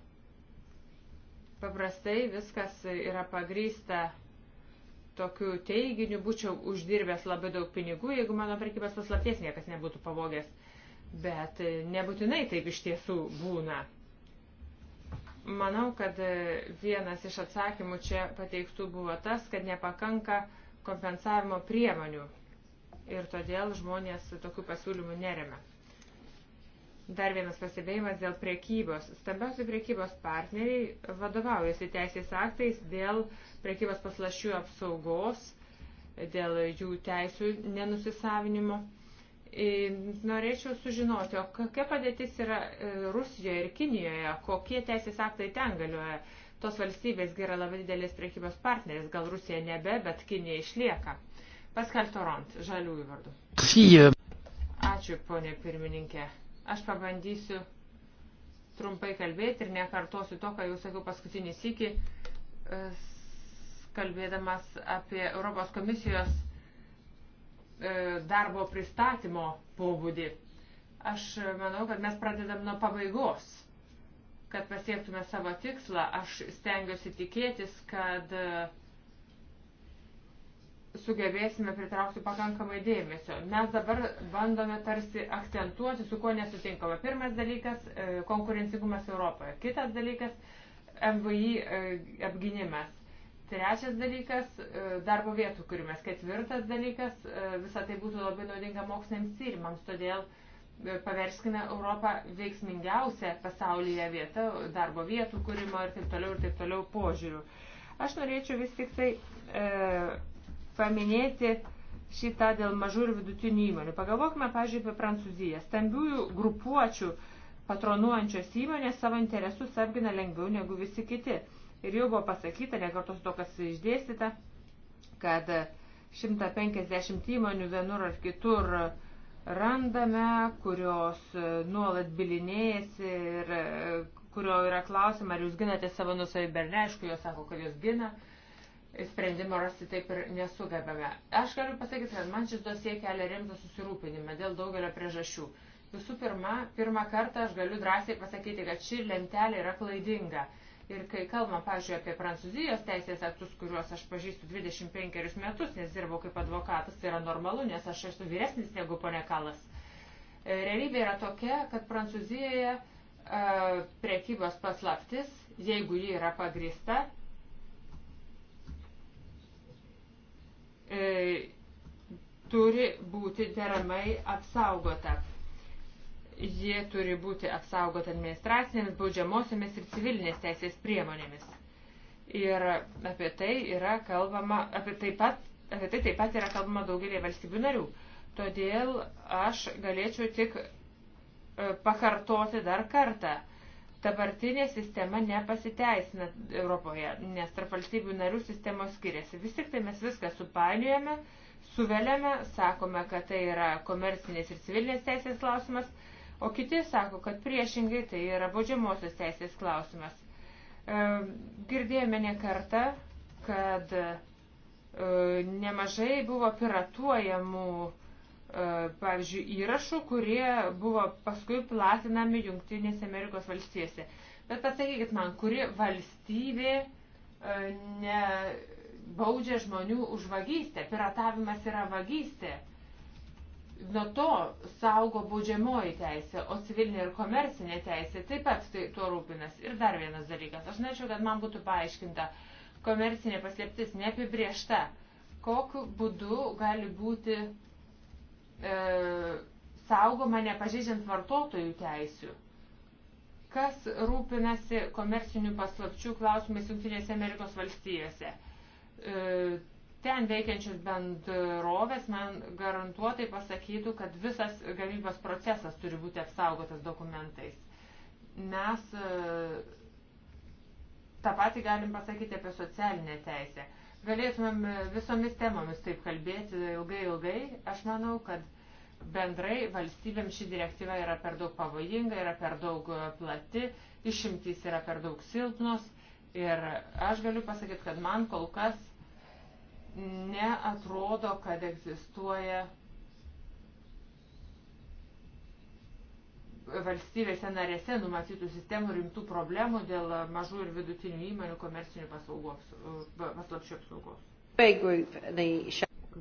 Paprastai viskas yra pagrysta tokiu teiginiu, būčiau uždirbęs labai daug pinigų, jeigu mano prekybės paslapties niekas nebūtų pavogęs. Bet e, nebūtinai taip iš tiesų būna. Manau, kad e, vienas iš atsakymų čia pateiktų buvo tas, kad nepakanka kompensavimo priemonių ir todėl žmonės tokių pasiūlymų neremia. Dar vienas pastebėjimas dėl priekybos. Stambiausi priekybos partneriai vadovaujasi teisės aktais dėl priekybos paslašių apsaugos, dėl jų teisų nenusisavinimo. E, norėčiau sužinoti, o kokia padėtis yra e, Rusijoje ir Kinijoje, kokie teisės aktai ten galioja. Tos valstybės yra labai didelės priekybos partneris, gal Rusija nebe, bet Kinija išlieka. Pascal Toront, žaliųjų vardu. E. Ačiū, ponė pirmininkė. Aš pabandysiu trumpai kalbėti ir nekartosiu to, ką jau sakiau paskutinį sykį, kalbėdamas apie Europos komisijos E, darbo pristatymo pobūdį. Aš manau, kad mes pradedam nuo pabaigos. Kad pasiektume savo tikslą, aš stengiuosi tikėtis, kad e, sugebėsime pritraukti pakankamai dėmesio. Mes dabar bandome tarsi akcentuoti, su kuo nesutinkama. Pirmas dalykas e, - konkurencingumas Europoje. Kitas dalykas - MVI apginimas Trečias dalykas e, - darbo vietų kūrimas. Ketvirtas dalykas e, - visa tai būtų labai naudinga moksliniams tyrimams, todėl e, paverskime Europą veiksmingiausią pasaulyje vietą darbo vietų kūrimo ir taip toliau ir taip toliau požiūrių. Aš norėčiau vis tik tai e, paminėti šitą dėl mažų ir vidutinių įmonių. Pagalvokime, pažiūrėjau, apie Prancūziją. Stambiųjų grupuočių patronuojančios įmonės savo interesus apgina lengviau negu visi kiti. Ir jau buvo pasakyta, nekartos to, kas išdėstyta, kad 150 įmonių vienur ar kitur randame, kurios nuolat bilinėjasi ir kurio yra klausima, ar jūs ginate savo nusavybę ar ne, aišku, jos sako, kad jūs gina, sprendimo rasti taip ir nesugebame. Aš galiu pasakyti, kad man šis dosie kelia rimtą susirūpinimą dėl daugelio priežasčių. Visų pirma, pirmą kartą aš galiu drąsiai pasakyti, kad ši lentelė yra klaidinga. Ir kai kalbam, pažiūrėjau, apie Prancūzijos teisės aktus, kuriuos aš pažįstu 25 metus, nes dirbau kaip advokatas, tai yra normalu, nes aš esu vyresnis negu ponė Kalas. E, realybė yra tokia, kad Prancūzijoje e, prekybos paslaptis, jeigu ji yra pagrįsta, e, turi būti deramai apsaugota. Jie turi būti apsaugoti administracinėmis, baudžiamosiomis ir civilinės teisės priemonėmis. Ir apie tai yra kalbama, apie, taip pat, apie tai taip pat yra kalbama daugelį valstybių narių. Todėl aš galėčiau tik e, pakartoti dar kartą. Dabartinė sistema nepasiteisina Europoje, nes tarp valstybių narių sistemos skiriasi. Vis tik tai mes viską supainiojame, suveliame, sakome, kad tai yra komercinės ir civilinės teisės klausimas, o kiti sako, kad priešingai tai yra baudžiamosios teisės klausimas. E, girdėjome ne kartą, kad e, nemažai buvo piratuojamų, e, pavyzdžiui, įrašų, kurie buvo paskui platinami Junktinėse Amerikos valstijose. Bet pasakykit man, kuri valstybė nebaudžia žmonių už vagystę? Piratavimas yra vagystė. Nuo to saugo baudžiamoji teisė, o civilinė ir komercinė teisė taip pat tai, tuo rūpinas. Ir dar vienas dalykas. Aš norėčiau, kad man būtų paaiškinta, komercinė paslėptis neapibriešta. Kokiu būdu gali būti e, saugoma nepažeidžiant vartotojų teisių? Kas rūpinasi komercinių paslapčių klausimais Junktinėse Amerikos valstijose? E, ten veikiančios bendrovės man garantuotai pasakytų, kad visas gamybos procesas turi būti apsaugotas dokumentais. Mes e, tą patį galim pasakyti apie socialinę teisę. Galėtumėm e, visomis temomis taip kalbėti ilgai, ilgai. Aš manau, kad bendrai valstybėm ši direktyva yra per daug pavojinga, yra per daug e, plati, išimtys yra per daug silpnos. Ir aš galiu pasakyti, kad man kol kas neatrodo, kad egzistuoja valstybėse narėse numatytų sistemų rimtų problemų dėl mažų ir vidutinių įmonių komercinių e, paslapčių apsaugos.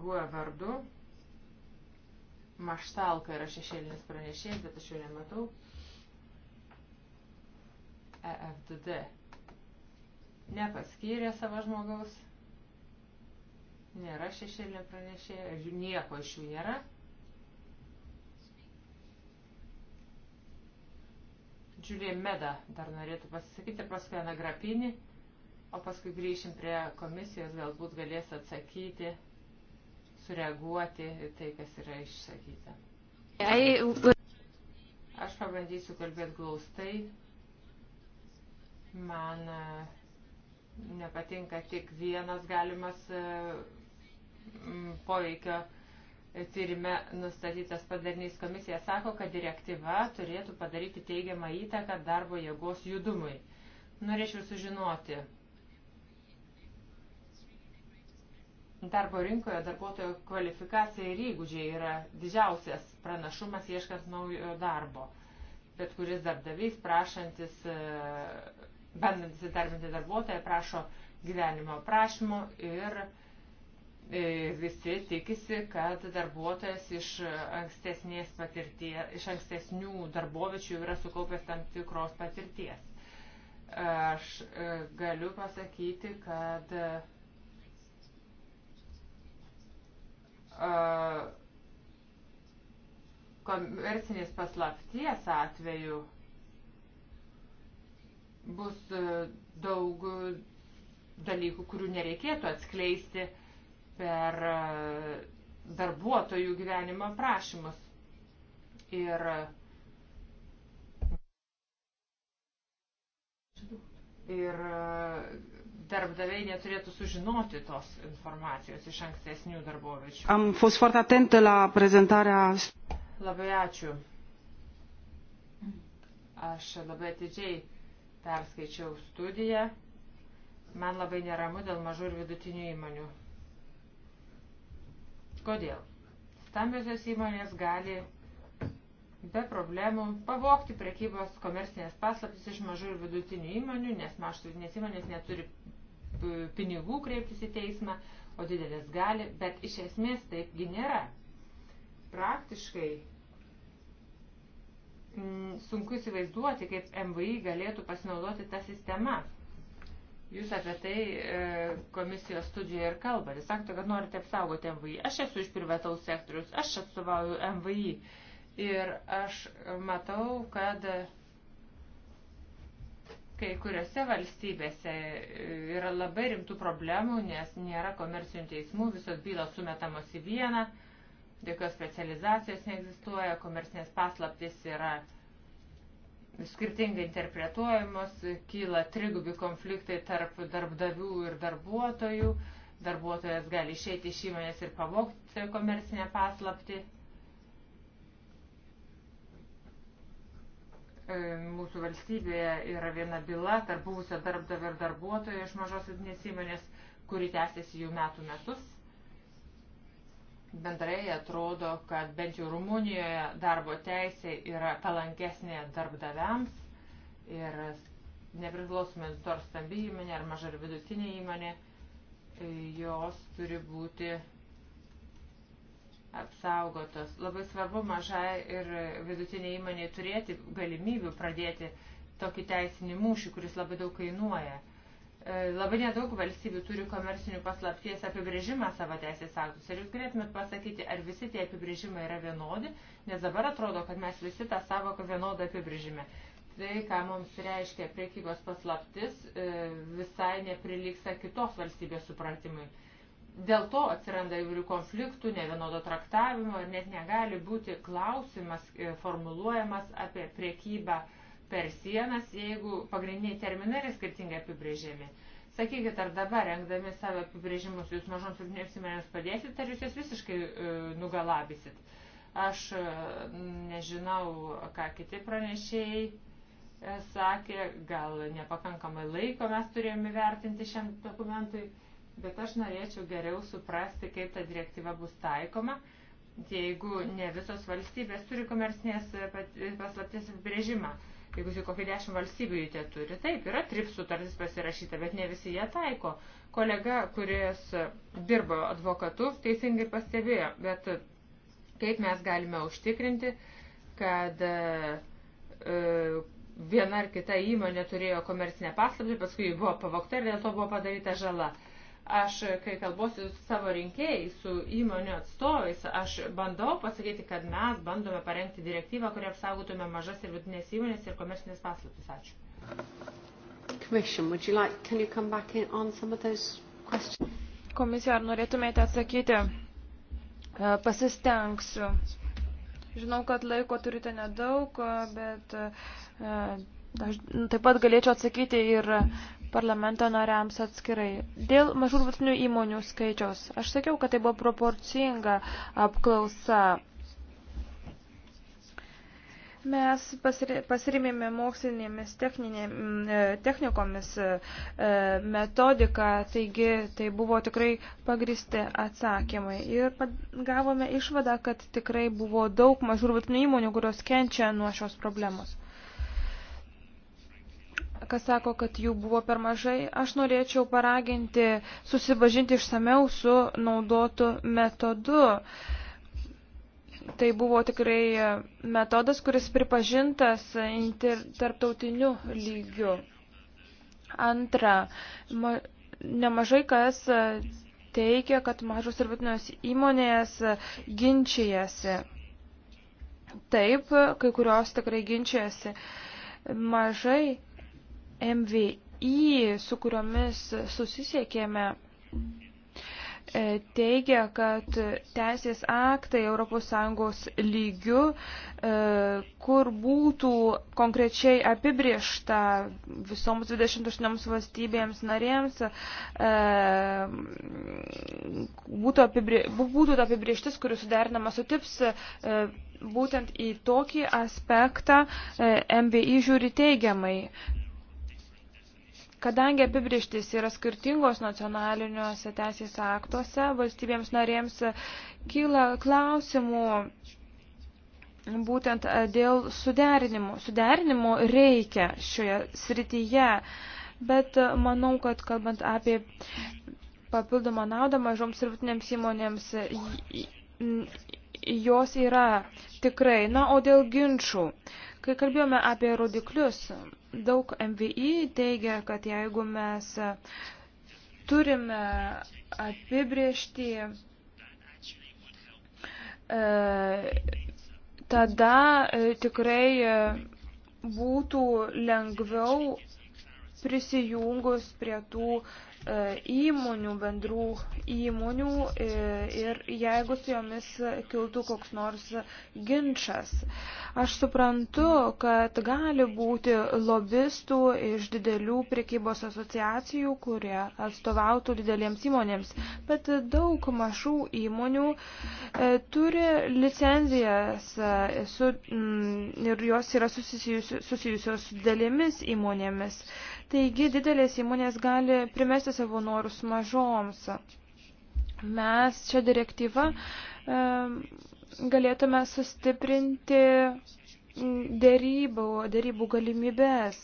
Guo e vardu. Maštalka yra šešėlinis pranešėjas, bet aš jo nematau. EFDD nepaskyrė savo žmogaus. Nėra šešėlinio pranešėjo, nieko iš jų nėra. Džiulė Meda dar norėtų pasisakyti, paskui Ana Grapinį, o paskui grįšim prie komisijos, galbūt galės atsakyti, sureaguoti tai, kas yra išsakyta. Aš pabandysiu kalbėti glaustai. Man e, nepatinka tik vienas galimas e, Mm, poveikio tyrime nustatytas padarnys komisija sako, kad direktyva turėtų padaryti teigiamą įtaką darbo jėgos judumui. Norėčiau sužinoti. Darbo rinkoje darbuotojo kvalifikacija ir įgūdžiai yra didžiausias pranašumas ieškant naujo darbo. Bet kuris darbdavys prašantis, e, bandantis įdarbinti darbuotoją, prašo gyvenimo prašymo ir uh, E, visi tikisi, kad darbuotojas iš, ankstesnės patirties, iš ankstesnių darbovičių yra sukaupęs tam tikros patirties. Aš e, galiu pasakyti, kad e, komercinės paslapties atveju bus daug dalykų, kurių nereikėtų atskleisti per e, darbuotojų gyvenimo prašymus. Ir Ir e, darbdaviai neturėtų sužinoti tos informacijos iš ankstesnių darbovečių. Am fost foarte atentă la prezentarea. Labai ačiū. Aš labai atidžiai perskaičiau studiją. Man labai neramu dėl mažų ir vidutinių įmonių. Kodėl? Stambiosios įmonės gali be problemų pavokti prekybos komercinės paslaptis iš mažų ir vidutinių įmonių, nes mažutinės įmonės neturi pinigų kreiptis į teismą, o didelis gali, bet iš esmės taipgi nėra. Praktiškai m, mm, sunku įsivaizduoti, kaip MVI galėtų pasinaudoti tą sistemą. Jūs apie tai e, komisijos studijoje ir kalbate. Sakote, kad norite apsaugoti MVI. Aš esu iš privataus sektorius, aš atstovauju MVI. Ir aš matau, kad kai kuriuose valstybėse e, yra labai rimtų problemų, nes nėra komercinių teismų, visos bylos sumetamos į vieną, jokios specializacijos neegzistuoja, komercinės paslaptis yra e, skirtingai interpretuojamos, kyla trigubi konfliktai tarp darbdavių ir darbuotojų, darbuotojas gali išeiti iš įmonės ir pavokti komercinę paslapti. E, mūsų valstybėje yra viena byla tarp buvusio darbdavio ir darbuotojo iš mažos vidinės įmonės, kuri tęsiasi jų metų metus bendrai atrodo, kad bent jau Rumunijoje darbo teisė yra palankesnė darbdaviams ir nepriklausomai to ar stambi įmonė, ar maža ar vidutinė įmonė, e, jos turi būti apsaugotos. Labai svarbu mažai ir vidutiniai įmonėje turėti galimybių pradėti tokį teisinį mūšį, kuris labai daug kainuoja. E, labai nedaug valstybių turi komersinių paslapties apibrėžimą savo teisės aktus. Ar jūs galėtumėt pasakyti, ar visi tie apibrėžimai yra vienodi, nes dabar atrodo, kad mes visi tą savoką vienodą apibrėžime. Tai, ką mums reiškia priekybos paslaptis, e, visai neprilyksa kitos valstybės supratimui. Dėl to atsiranda įvairių konfliktų, nevienodo traktavimo ir net negali būti klausimas e, formuluojamas apie priekybą per sienas, jeigu pagrindiniai terminai yra skirtingai apibrėžiami. Sakykit, ar dabar, rengdami savo apibrėžimus, jūs mažoms ir neapsimenėms padėsit, ar jūs jas visiškai e, nugalabysit? Aš e, nežinau, ką kiti pranešėjai e, sakė, gal nepakankamai laiko mes turėjome vertinti šiam dokumentui, bet aš norėčiau geriau suprasti, kaip ta direktyva bus taikoma, jeigu ne visos valstybės turi komersinės paslapties apibrėžimą. Pat, Jeigu tik kokį dešimt valstybių jie turi, taip, yra trips sutartis pasirašyta, bet ne visi jie taiko. Kolega, kuris dirbo advokatu, teisingai pastebėjo, bet kaip mes galime užtikrinti, kad e, viena ar kita įmonė turėjo komercinę paslaptį, paskui buvo pavokta ir dėl to buvo padaryta žala. E, Aš, kai kalbuosiu su savo rinkėjais, su įmonių atstovais, aš bandau pasakyti, kad mes bandome parengti direktyvą, kuria apsaugotume mažas ir vidutinės įmonės ir komersinės paslaptis. Ačiū. Commission, would you like, can you come back in on some of those questions? Komisija, ar norėtumėte atsakyti? E, pasistengsiu. Žinau, kad laiko turite nedaug, bet e, aš taip pat galėčiau atsakyti ir parlamento nariams atskirai. Dėl mažų ir vidutinių įmonių skaičiaus. Aš sakiau, kad tai buvo proporcinga apklausa. Mes pasirimėme mokslinėmis technikomis e, metodiką, taigi tai buvo tikrai pagristi atsakymai. Ir gavome išvadą, kad tikrai buvo daug mažų ir vidutinių įmonių, kurios kenčia nuo šios problemos kas sako, kad jų buvo per mažai, aš norėčiau paraginti susipažinti išsameu su naudotu metodu. Tai buvo tikrai metodas, kuris pripažintas inter, tarptautiniu lygiu. Antra, ma, nemažai kas teigia, kad mažos ir vidutinės įmonės ginčijasi. Taip, kai kurios tikrai ginčijasi. Mažai MVI, su kuriomis susisiekėme, e, teigia, kad teisės aktai ES lygių, e, kur būtų konkrečiai apibriešta visoms 28 valstybėms narėms, e, būtų, apibrie, būtų apibrieštis, kuris suderinama su TIPS, būtent į tokį aspektą MVI žiūri teigiamai. Kadangi apibrieštis yra skirtingos nacionaliniuose teisės aktuose, valstybėms narėms kyla klausimų būtent e, dėl suderinimo. Suderinimo reikia šioje srityje, bet e, manau, kad kalbant apie papildomą naudą mažoms ir vidutinėms įmonėms, jos yra tikrai. Na, o dėl ginčių, kai kalbėjome apie rodiklius, Daug MVI teigia, kad jeigu mes turime apibriežti, e, tada e, tikrai e, būtų lengviau prisijungus prie tų E, įmonių, bendrų įmonių e, ir jeigu su jomis kiltų koks nors ginčas. Aš suprantu, kad gali būti lobistų iš didelių prekybos asociacijų, kurie atstovautų didelėms įmonėms, bet daug mažų įmonių e, turi licenzijas su, mm, ir jos yra susijusios su didelėmis įmonėmis. Taigi didelės įmonės gali primesti savo norus mažoms. Mes šią direktyvą e, galėtume sustiprinti dėrybų, dėrybų galimybės.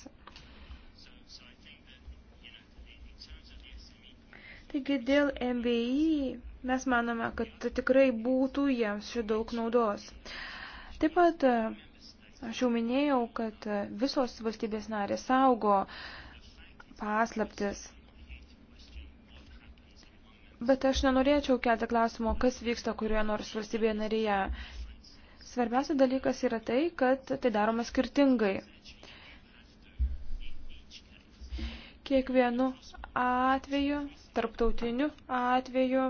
Taigi dėl MBI mes manome, kad tikrai būtų jiems šių daug naudos. Taip pat aš jau minėjau, kad visos valstybės narės saugo paslaptis. Bet aš nenorėčiau kelti klausimo, kas vyksta kurioje nors valstybėje narėje. Svarbiausia dalykas yra tai, kad tai daroma skirtingai. Kiekvienu atveju, tarptautiniu atveju,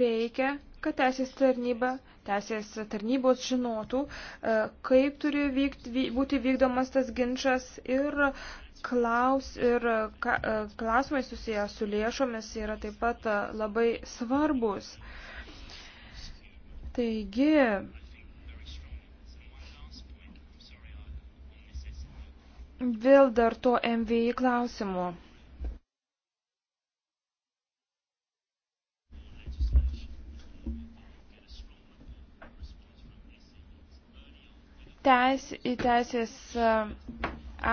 reikia, kad teisės tarnyba teisės tarnybos žinotų, e, kaip turi vykt, būti vykdomas tas ginčas ir, klaus, ir ka, e, klausimai susiję su lėšomis yra taip pat e, labai svarbus. Taigi, vėl dar to MVI klausimu. teis, į teisės e,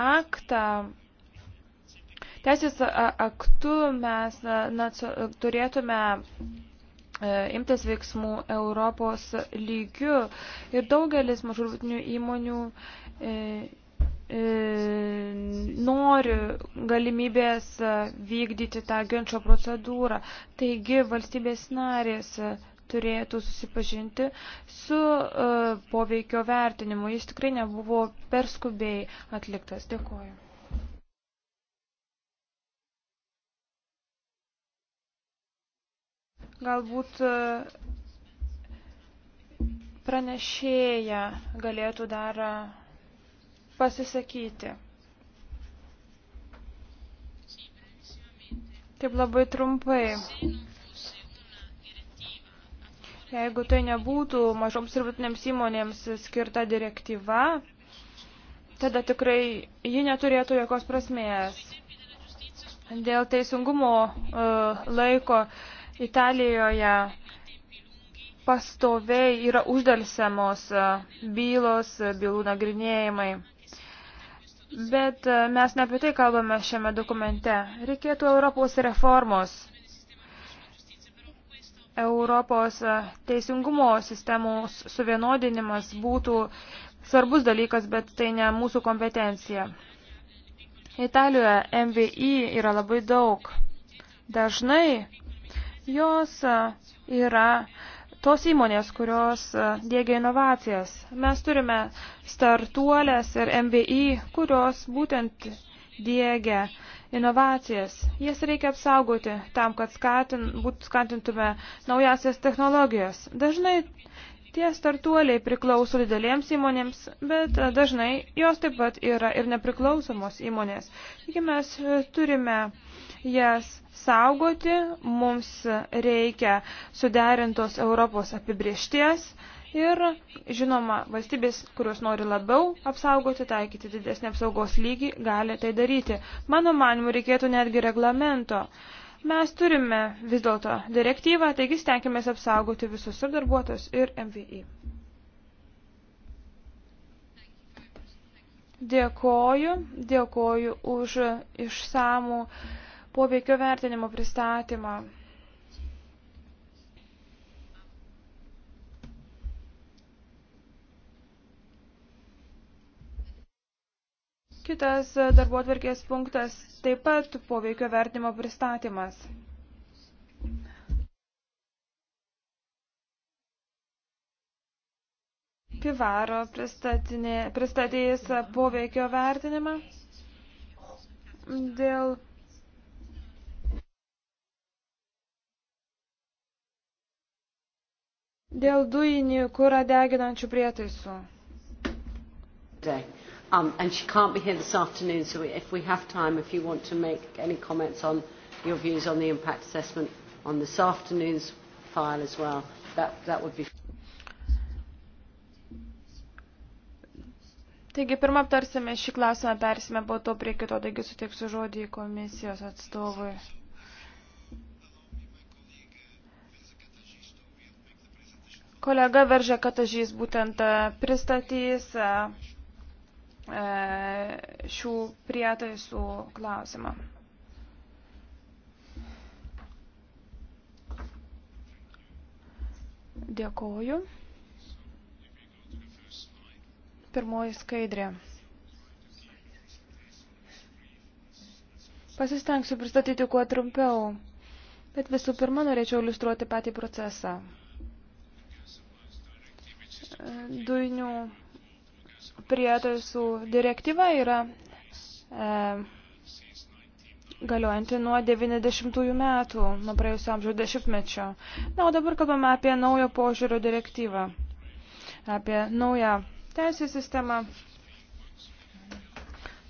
aktą. Teisės e, aktu mes e, na, turėtume imtis veiksmų Europos lygių ir daugelis mažurvutinių įmonių e, e, nori galimybės vykdyti tą ginčio procedūrą. Taigi valstybės narės turėtų susipažinti su uh, poveikio vertinimu. Jis tikrai nebuvo perskubiai atliktas. Dėkuoju. Galbūt e, pranešėja galėtų dar e, pasisakyti. Taip labai trumpai. Jeigu tai nebūtų mažoms ir vidutinėms įmonėms skirta direktyva, tada tikrai ji neturėtų jokios prasmės. Dėl teisingumo e, laiko Italijoje pastoviai yra uždelsiamos e, bylos, e, bylų nagrinėjimai. Bet mes ne apie tai kalbame šiame dokumente. Reikėtų Europos reformos. Europos teisingumo sistemos suvienodinimas būtų svarbus dalykas, bet tai ne mūsų kompetencija. Italijoje MVI yra labai daug. Dažnai jos yra tos įmonės, kurios dėgia inovacijas. Mes turime startuolės ir MVI, kurios būtent dėgia uh, inovacijas. Jas reikia apsaugoti tam, kad skatin, būt, skatintume naujasias technologijas. Dažnai tie startuoliai priklauso didelėms įmonėms, bet dažnai jos taip pat yra ir nepriklausomos įmonės. Taigi mes e, turime jas saugoti, mums reikia suderintos Europos apibriešties, Ir, žinoma, valstybės, kurios nori labiau apsaugoti, taikyti didesnį apsaugos lygį, gali tai daryti. Mano manimu, reikėtų netgi reglamento. Mes turime vis dėlto direktyvą, taigi stengiamės apsaugoti visus ir darbuotojus, ir MVI. Dėkoju, dėkoju už išsamų poveikio vertinimo pristatymą. Kitas darbo atverkės punktas taip pat poveikio vertimo pristatymas. Pivaro pristatys poveikio vertinimą dėl dėl dujinį kurą deginančių prietaisų. Day. Um, and she can't be here this afternoon, so if we have time, if you want to make any comments on your views on the impact assessment on this afternoon's file as well, that, that would be. Taigi, pirmą aptarsime šį klausimą, persime po to prie kito, taigi suteiksiu žodį komisijos atstovui. Kolega Veržė Katažys būtent e, pristatys e, E, šių prietaisų klausimą. Dėkoju. Pirmoji skaidrė. Pasistengsiu pristatyti kuo trumpiau, bet visų pirma norėčiau iliustruoti patį procesą. E, Dujinių prietaisų direktyva yra e, galiojanti nuo 90-ųjų metų, nuo praėjusio amžiaus dešimtmečio. Na, o dabar kalbame apie naujo požiūrio direktyvą, apie naują teisės sistemą,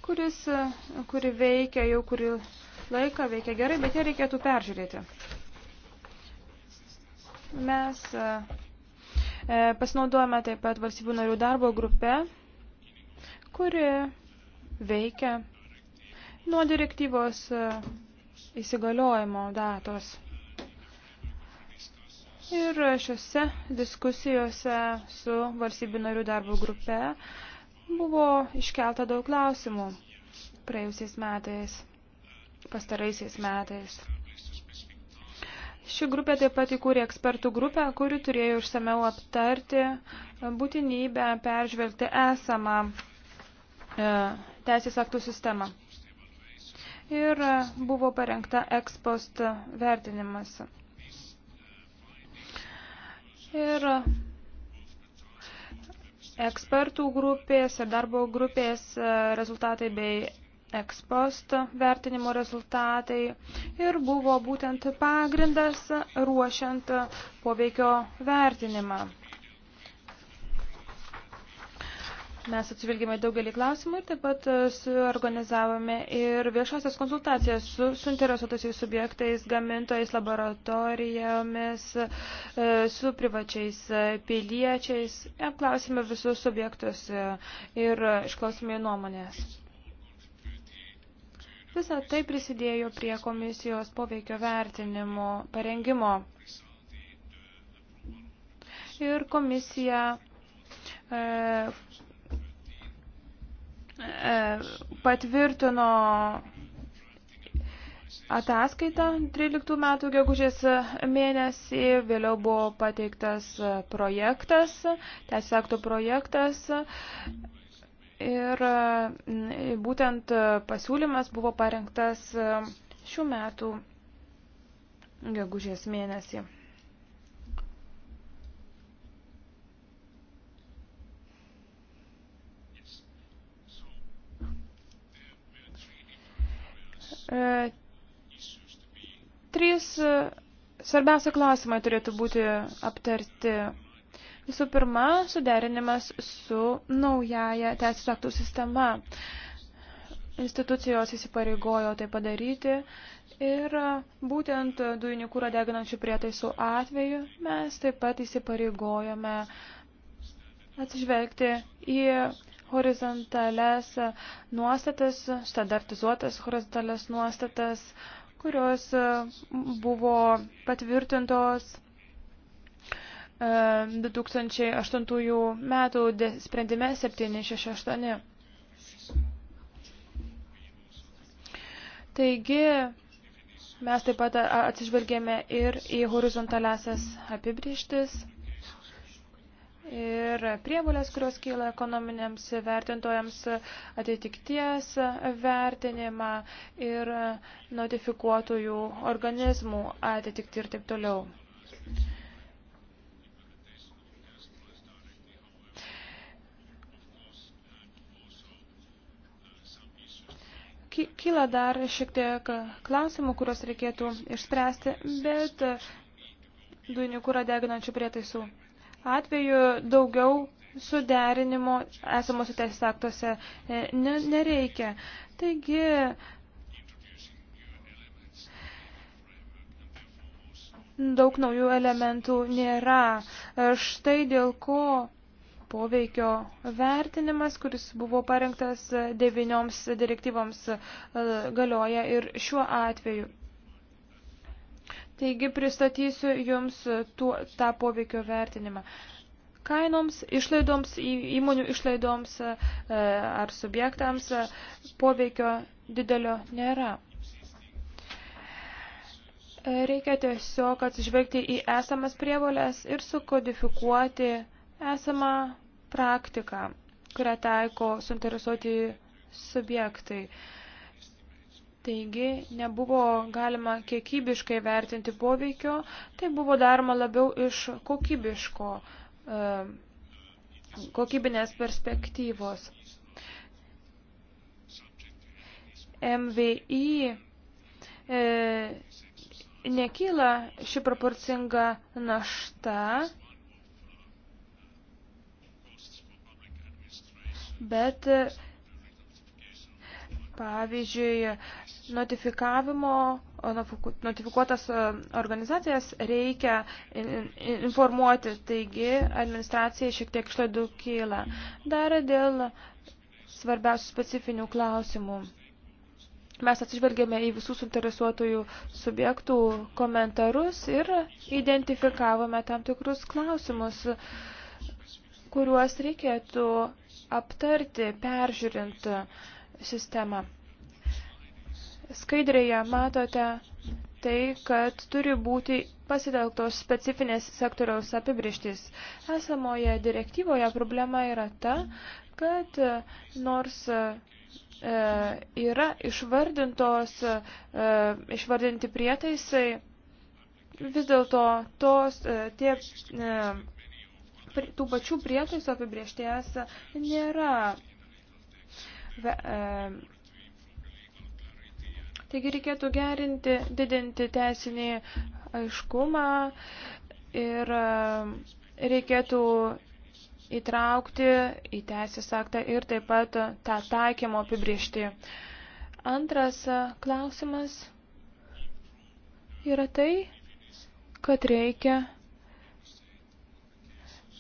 kuris, e, kuri veikia jau kurį laiką, veikia gerai, bet ją reikėtų peržiūrėti. Mes e, e, pasinaudojame taip pat valstybių narių darbo grupę kuri veikia nuo direktyvos e, įsigaliojimo datos. Ir šiuose diskusijose su valstybių narių darbo grupe buvo iškelta daug klausimų praėjusiais metais, pastaraisiais metais. Ši grupė taip pat įkūrė ekspertų grupę, kuri turėjo išsameu aptarti būtinybę peržvelgti esamą E, teisės aktų sistemą. Ir buvo parengta ekspost vertinimas. Ir ekspertų grupės ir darbo grupės e, rezultatai bei ekspost vertinimo rezultatai ir buvo būtent pagrindas ruošiant poveikio vertinimą. Mes atsivilgėme daugelį klausimų ir taip pat e, suorganizavome ir viešasias konsultacijas su suinteresuotaisiais subjektais, gamintojais, laboratorijomis, e, su privačiais e, piliečiais. Apklausėme visus subjektus ir išklausėme nuomonės. Visą tai prisidėjo prie komisijos poveikio vertinimo parengimo. Ir komisija E, patvirtino ataskaitą 13 metų gegužės mėnesį, vėliau buvo pateiktas projektas, teisės aktų projektas ir e, būtent pasiūlymas buvo parengtas šių metų gegužės mėnesį. E, trys svarbiausia klausimai turėtų būti aptarti. Visų pirma, suderinimas su naujaja teisės aktų sistema. Institucijos įsipareigojo tai padaryti ir būtent dujinį kūrą deginančių prietaisų atveju mes taip pat įsipareigojome atsižvelgti į horizontales nuostatas, standartizuotas horizontales nuostatas, kurios e, buvo patvirtintos 2008 e, metų sprendime 768. Taigi, mes taip pat atsižvelgėme ir į horizontaliasias apibrieštis ir prievolės, kurios kyla ekonominiams vertintojams atitikties vertinimą ir notifikuotojų organizmų atitikti ir taip toliau. Kyla dar šiek tiek klausimų, kuriuos reikėtų išspręsti, bet dujininkų yra deginančių prietaisų atveju daugiau suderinimo esamose teisės aktuose e, nereikia. Taigi, daug naujų elementų nėra. Štai dėl ko poveikio vertinimas, kuris buvo parengtas devinioms direktyvoms, e, galioja ir šiuo atveju. Taigi pristatysiu Jums tuo, tą poveikio vertinimą. Kainoms, išlaidoms, įmonių išlaidoms e, ar subjektams e, poveikio didelio nėra. E, reikia tiesiog atsižvelgti į esamas prievolės ir sukodifikuoti esamą praktiką, kurią taiko suinteresuoti subjektai. Uh, Taigi nebuvo galima kiekybiškai vertinti poveikio, tai buvo daroma labiau iš kokybiško, e, kokybinės perspektyvos. MVI e, nekyla ši proporcinga našta, bet pavyzdžiui, Notifikavimo, notifikuotas e, organizacijas reikia informuoti, taigi administracijai šiek tiek išlaidų kyla. Dar dėl svarbiausių specifinių klausimų. Mes atsižvelgėme į visus interesuotojų subjektų komentarus ir identifikavome tam tikrus klausimus, kuriuos reikėtų aptarti, peržiūrint sistemą. Skaidrėje matote tai, kad turi būti pasitelktos specifinės sektoriaus apibrištis. Esamoje direktyvoje problema yra ta, kad nors e, yra išvardintos, e, išvardinti prietaisai, vis dėlto tos e, tie tų pačių prietaisų apibriešties nėra Taigi reikėtų gerinti, didinti teisinį aiškumą ir e, reikėtų įtraukti į teisės aktą ir taip pat tą taikymo apibriežti. Antras e, klausimas yra tai, kad reikia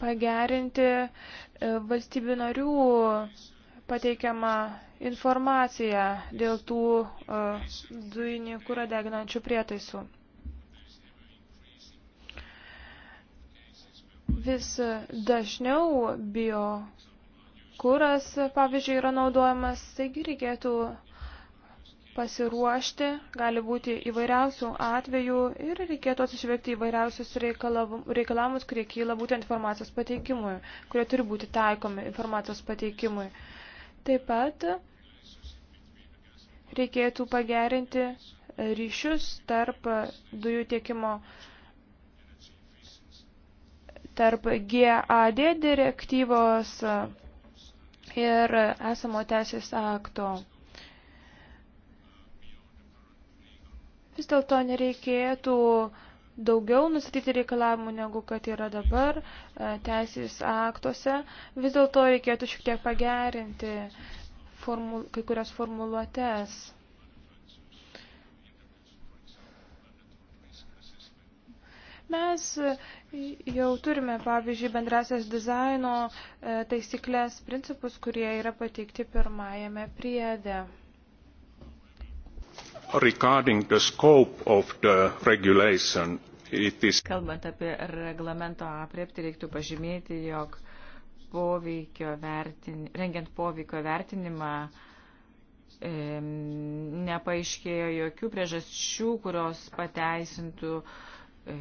pagerinti e, valstybių narių pateikiama informacija dėl tų e, dujinį kūrą deginančių prietaisų. Vis dažniau bio kuras, pavyzdžiui, yra naudojamas, taigi reikėtų pasiruošti, gali būti įvairiausių atvejų ir reikėtų atsižvelgti įvairiausius reikalavimus, kurie kyla būtent informacijos pateikimui, kurie turi būti taikomi informacijos pateikimui. Taip pat reikėtų pagerinti ryšius tarp dujų tiekimo tarp GAD direktyvos ir esamo teisės akto. Vis dėlto nereikėtų uh, daugiau nustatyti reikalavimų, negu kad yra dabar e, teisės aktuose. Vis dėlto reikėtų šiek tiek pagerinti formul, kai kurias formuluotės. Mes jau turime, pavyzdžiui, bendrasias dizaino e, taisyklės principus, kurie yra pateikti pirmajame priede regarding the scope of the regulation, it is. Kalbant apie reglamento apriepti, reiktų pažymėti, jog poveikio vertin, rengiant poveikio vertinimą e, nepaaiškėjo jokių priežasčių, kurios pateisintų e,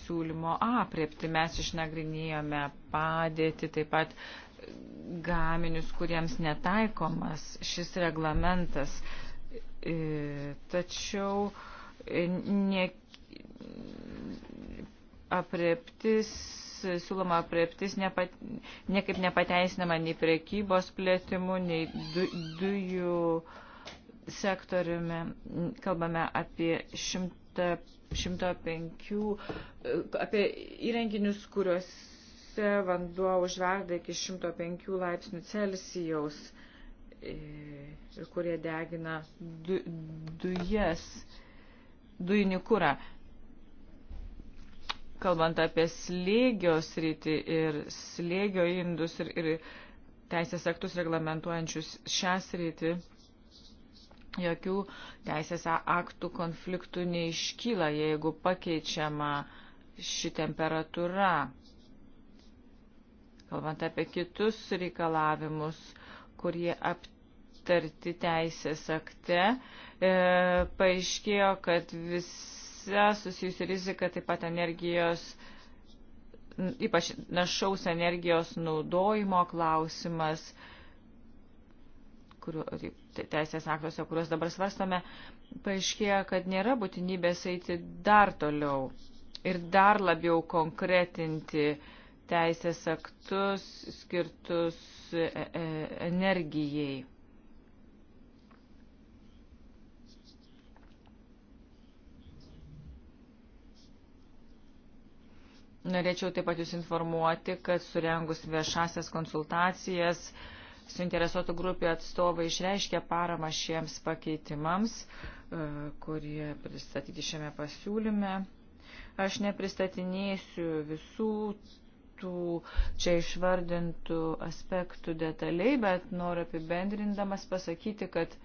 siūlymo apriepti. Mes išnagrinėjome padėti, taip pat gaminius, kuriems netaikomas šis reglamentas. E, tačiau e, ne, apreptis, siūloma apreptis nepat, niekaip nepateisinama nei priekybos plėtimu, nei du, dujų sektoriumi. Kalbame apie 100, 105, e, apie įrenginius, kuriuose vanduo užverda iki 105 laipsnių Celsijaus. E, kurie degina du, dujas, dujinį kurą. Kalbant apie slėgio sritį ir slėgio indus ir, ir teisės aktus reglamentuojančius šią sritį, jokių teisės aktų konfliktų neiškyla, jeigu pakeičiama ši temperatūra. Kalbant apie kitus reikalavimus, kurie apt aptarti teisės akte, e, paaiškėjo, kad visa susijusi rizika, taip pat energijos, ypač našaus energijos naudojimo klausimas, kuriuo, tai teisės aktuose, kuriuos dabar svarstome, paaiškėjo, kad nėra būtinybės eiti dar toliau ir dar labiau konkretinti teisės aktus skirtus e-, e-, energijai. Norėčiau taip pat Jūs informuoti, kad surengus viešasias konsultacijas suinteresuotų grupių atstovai išreiškė paramą šiems pakeitimams, e, kurie pristatyti šiame pasiūlyme. Aš nepristatinėsiu visų tų čia išvardintų aspektų detaliai, bet noriu apibendrindamas pasakyti, kad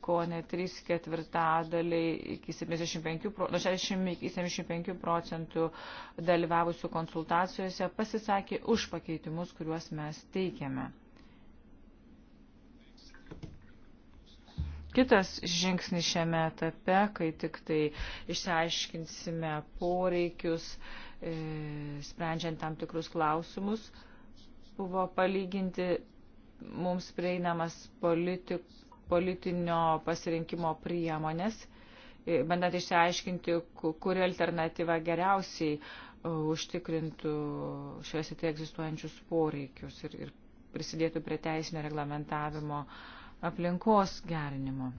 ko ne 3 ketvirtadaliai iki 75, nuo 60 iki 75 procentų dalyvavusių konsultacijose pasisakė už pakeitimus, kuriuos mes teikiame. Kitas žingsnis šiame etape, kai tik tai išsiaiškinsime poreikius, e, sprendžiant tam tikrus klausimus, buvo palyginti mums prieinamas politik, politinio pasirinkimo priemonės, bandant išsiaiškinti, kuri alternatyva geriausiai e, užtikrintų šioje srityje egzistuojančius poreikius ir, ir prisidėtų prie teisinio reglamentavimo aplinkos gerinimo.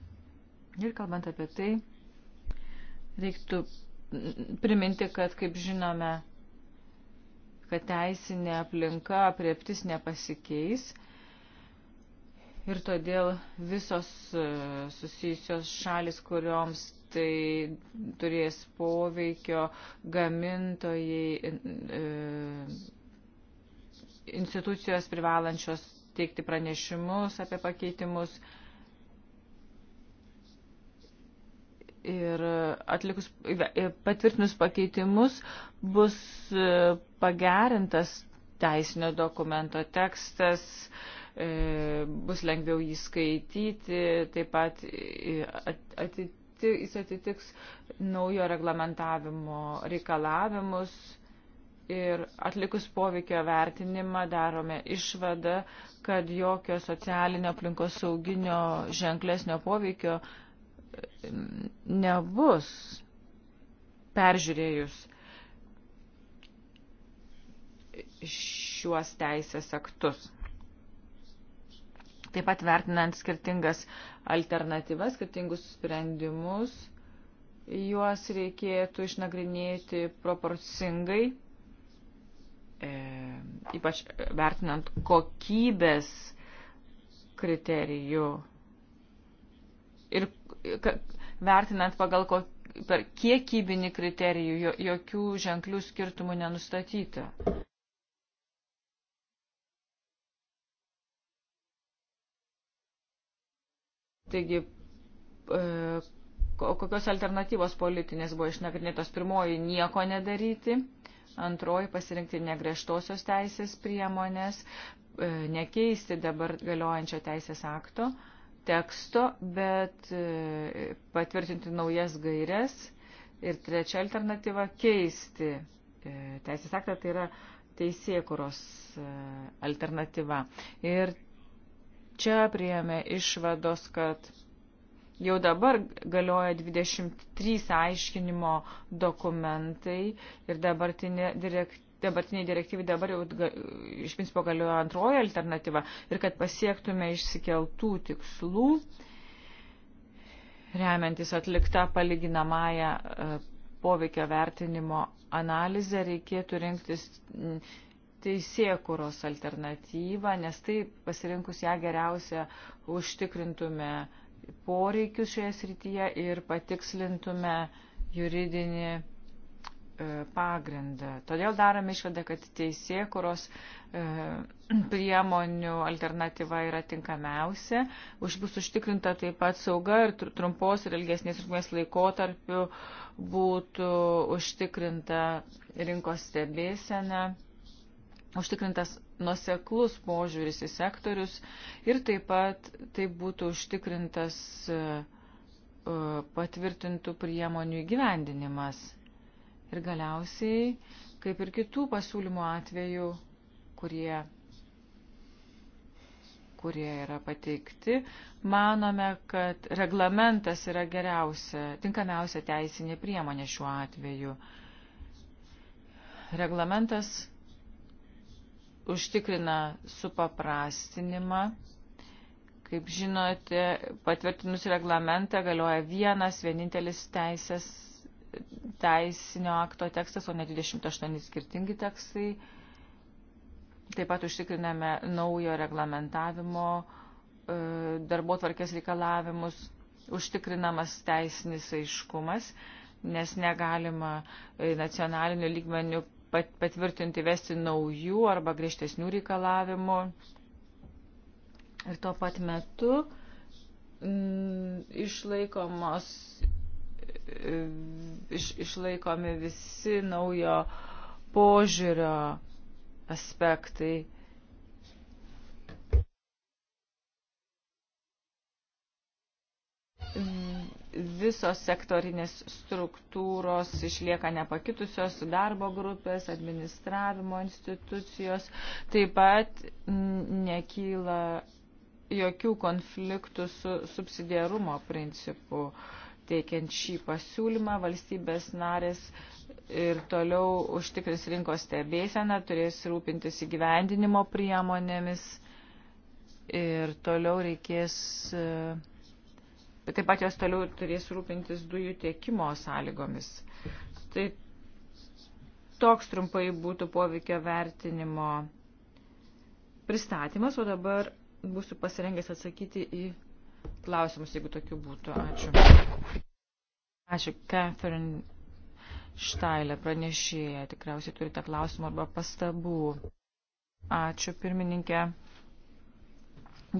Ir kalbant apie tai, reiktų priminti, kad, kaip žinome, kad teisinė aplinka prieptis nepasikeis ir todėl visos e, susijusios šalis, kurioms tai turės poveikio gamintojai, e, institucijos privalančios teikti pranešimus apie pakeitimus. Ir atlikus, e, patvirtinus pakeitimus bus pagerintas teisinio dokumento tekstas, uh, E, bus lengviau jį skaityti, taip pat atitikti jis atitiks naujo reglamentavimo reikalavimus ir atlikus poveikio vertinimą darome išvadą, kad jokio socialinio aplinkos sauginio ženklesnio poveikio e, nebus peržiūrėjus šiuos teisės aktus taip pat vertinant skirtingas alternatyvas, skirtingus sprendimus, juos reikėtų išnagrinėti proporcingai, e, ypač vertinant kokybės kriterijų ir vertinant pagal kokį per kiekybinį kriterijų jokių ženklių skirtumų nenustatyta. Taigi, e, kokios alternatyvos politinės buvo išnagrinėtos pirmoji - nieko nedaryti, antroji - pasirinkti negreštosios teisės priemonės, e, nekeisti dabar galiojančio teisės akto teksto, bet e, patvirtinti naujas gairias. Ir trečia alternatyva - keisti teisės aktą, tai yra teisėkuros alternatyva. Ir čia prieėmė išvados, kad jau dabar galioja 23 aiškinimo dokumentai ir dabartinė direktyva dabartiniai direktyvai dabar jau iš principo galioja antroji alternatyva ir kad pasiektume išsikeltų tikslų, remiantis atlikta palyginamąją e, poveikio vertinimo analizę, reikėtų rinktis teisėkuros alternatyvą, nes tai pasirinkus ją geriausia užtikrintume poreikius šioje srityje ir patikslintume juridinį e, pagrindą. Todėl darome išvadą, kad teisėkuros e, priemonių alternatyva yra tinkamiausia. Už bus užtikrinta taip pat sauga ir trumpos ir ilgesnės trukmės laikotarpių būtų užtikrinta rinkos stebėsena užtikrintas nuseklus požiūris į sektorius ir taip pat taip būtų užtikrintas e, e, patvirtintų priemonių įgyvendinimas. Ir galiausiai, kaip ir kitų pasiūlymų atveju, kurie, kurie yra pateikti, manome, kad reglamentas yra geriausia, tinkamiausia teisinė priemonė šiuo atveju. Reglamentas užtikrina supaprastinimą. Kaip žinote, patvirtinus reglamentą galioja vienas vienintelis teisės, teisinio akto tekstas, o ne 28 skirtingi tekstai. Taip pat užtikriname naujo reglamentavimo e, darbo tvarkės reikalavimus, užtikrinamas teisinis aiškumas, nes negalima e, nacionaliniu lygmeniu patvirtinti vesti naujų arba griežtesnių reikalavimų. Ir tuo pat metu m, mm, išlaikomos, e, iš, išlaikomi visi naujo požiūrio aspektai. Mm visos sektorinės struktūros išlieka nepakitusios, darbo grupės, administravimo institucijos, taip pat nekyla jokių konfliktų su subsidiarumo principu. Teikiant šį pasiūlymą, valstybės narės ir toliau užtikrins rinkos stebėseną, turės rūpintis įgyvendinimo priemonėmis ir toliau reikės uh, bet taip pat jos toliau turės rūpintis dujų tiekimo sąlygomis. Tai toks trumpai būtų poveikio vertinimo pristatymas, o dabar būsiu pasirengęs atsakyti į klausimus, jeigu tokių būtų. Ačiū. Ačiū, Catherine Štailė, pranešėja. Tikriausiai turite klausimų arba pastabų. Ačiū, pirmininkė.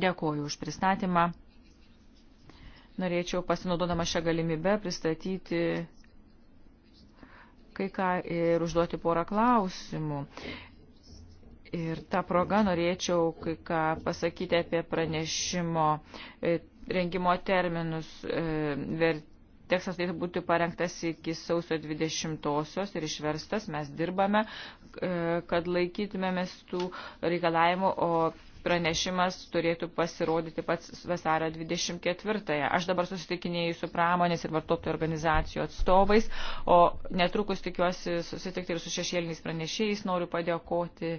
Dėkuoju už pristatymą. Norėčiau pasinaudodama šią galimybę pristatyti kai ką ir užduoti porą klausimų. Ir tą progą norėčiau kai ką pasakyti apie pranešimo e, rengimo terminus. E, tekstas turėtų būti parengtas iki sausio 20-osios ir išverstas. Mes dirbame, e, kad laikytumėmės tų reikalavimų, o pranešimas turėtų pasirodyti pats vasario 24-ąją. Aš dabar susitikinėjau su pramonės ir vartotojų organizacijų atstovais, o netrukus tikiuosi susitikti ir su šešėliniais pranešėjais. Noriu padėkoti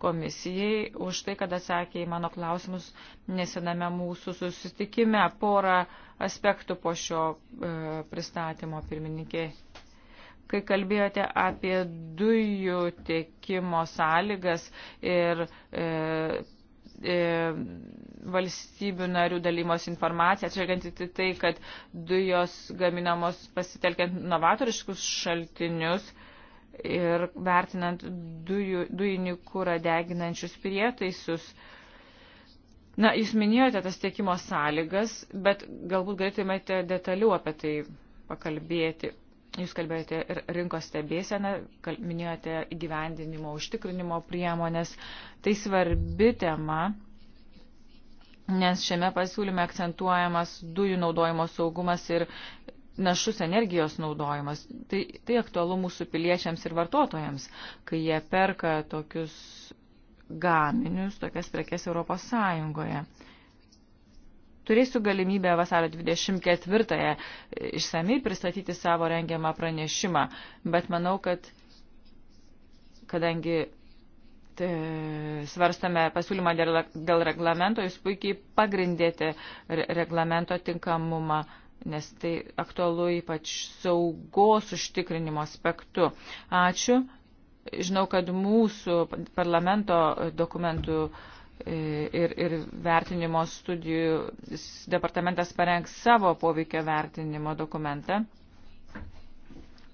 komisijai už tai, kad atsakė į mano klausimus nesename mūsų susitikime. Porą aspektų po šio e, pristatymo pirmininkė kai kalbėjote apie dujų tiekimo sąlygas ir e, E, valstybių narių dalymos informacija, atšvelgiant į tai, kad dujos gaminamos pasitelkiant novatoriškus šaltinius ir vertinant dujų, dujinį kūrą deginančius prietaisus. Na, jūs minėjote tas tiekimo sąlygas, bet galbūt galėtumėte detaliau apie tai pakalbėti. Jūs kalbėjote ir rinkos stebėseną, minėjote gyvendinimo užtikrinimo priemonės. Tai svarbi tema, nes šiame pasiūlyme akcentuojamas dujų naudojimo saugumas ir našus energijos naudojimas. Tai, tai aktualu mūsų piliečiams ir vartotojams, kai jie perka tokius gaminius, tokias prekes Europos Sąjungoje turėsiu galimybę vasario 24-ąją e, išsamei pristatyti savo rengiamą pranešimą, bet manau, kad kadangi svarstame pasiūlymą dėl reglamento, jūs puikiai pagrindėte reglamento tinkamumą, nes tai aktualu ypač saugos užtikrinimo aspektu. Ačiū. Žinau, kad mūsų parlamento dokumentų uh, ir, ir vertinimo studijų departamentas parengs savo poveikio vertinimo dokumentą.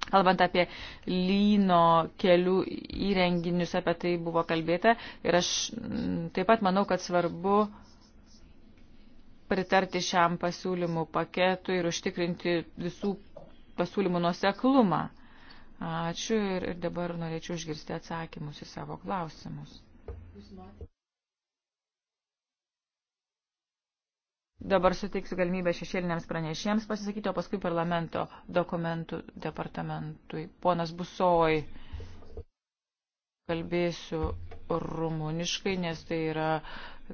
Kalbant apie lyno kelių įrenginius, apie tai buvo kalbėta ir aš mm, taip pat manau, kad svarbu pritarti šiam pasiūlymų paketui ir užtikrinti visų pasiūlymų nuoseklumą. Ačiū ir, ir dabar norėčiau išgirsti atsakymus į savo klausimus. Jūs matėte? Dabar suteiksiu galimybę šešėliniams pranešėjams pasisakyti, o paskui parlamento dokumentų departamentui. Ponas Busoj, kalbėsiu rumuniškai, nes tai yra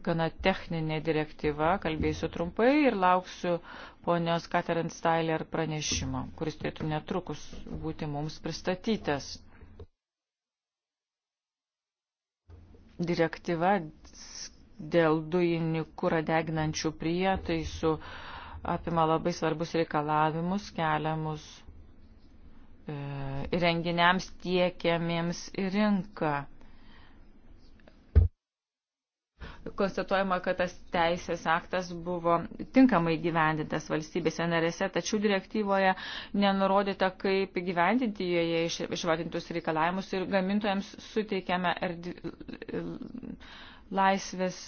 gana techninė direktyva, kalbėsiu trumpai ir lauksiu ponios Katerin Steiler pranešimo, kuris turėtų netrukus būti mums pristatytas. Direktyva dėl dujinį kūrą deginančių prietaisų apima labai svarbus reikalavimus keliamus e, įrenginiams tiekiamiems į rinką. Konstatuojama, kad tas teisės aktas buvo tinkamai gyvendintas valstybėse narėse, tačiau direktyvoje nenurodyta, kaip gyvendinti joje išvardintus reikalavimus ir gamintojams suteikiame erdv laisvės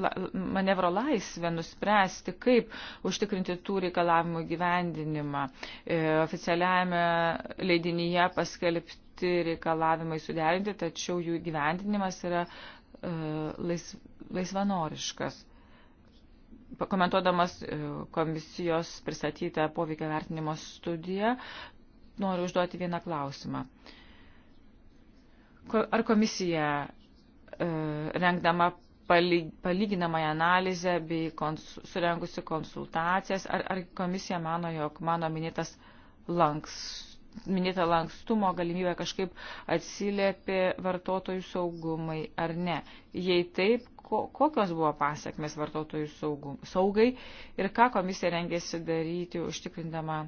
la, manevro laisvę nuspręsti, kaip užtikrinti tų reikalavimų gyvendinimą. E, oficialiame leidinyje paskelbti reikalavimai suderinti, tačiau jų gyvendinimas yra e, lais, laisvanoriškas. Komentuodamas e, komisijos pristatytą poveikio vertinimo studiją, noriu užduoti vieną klausimą. Ar komisija E, rengdama palyginamąją analizę bei kons, surengusi konsultacijas, ar, ar komisija mano, jog mano minėtas lanks, minėta lankstumo galimybė kažkaip atsiliepė vartotojų saugumai ar ne. Jei taip, ko, kokios buvo pasiekmes vartotojų saugum, saugai ir ką komisija rengėsi daryti, užtikrindama,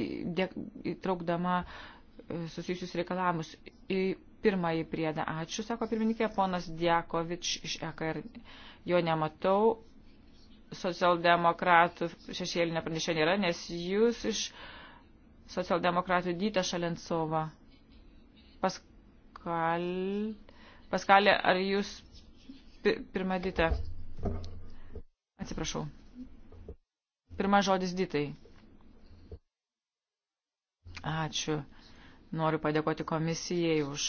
įtraukdama e, susijusius reikalavimus į pirmąjį priedą. Ačiū, sako pirmininkė, ponas Diakovič iš EKR. Jo nematau. Socialdemokratų šešėlinė pranešė nėra, nes jūs iš socialdemokratų dytą Šalensovą. Paskal... Paskalė, ar jūs pirmą dytą? Atsiprašau. Pirmas žodis dytai. Ačiū. Noriu padėkoti komisijai už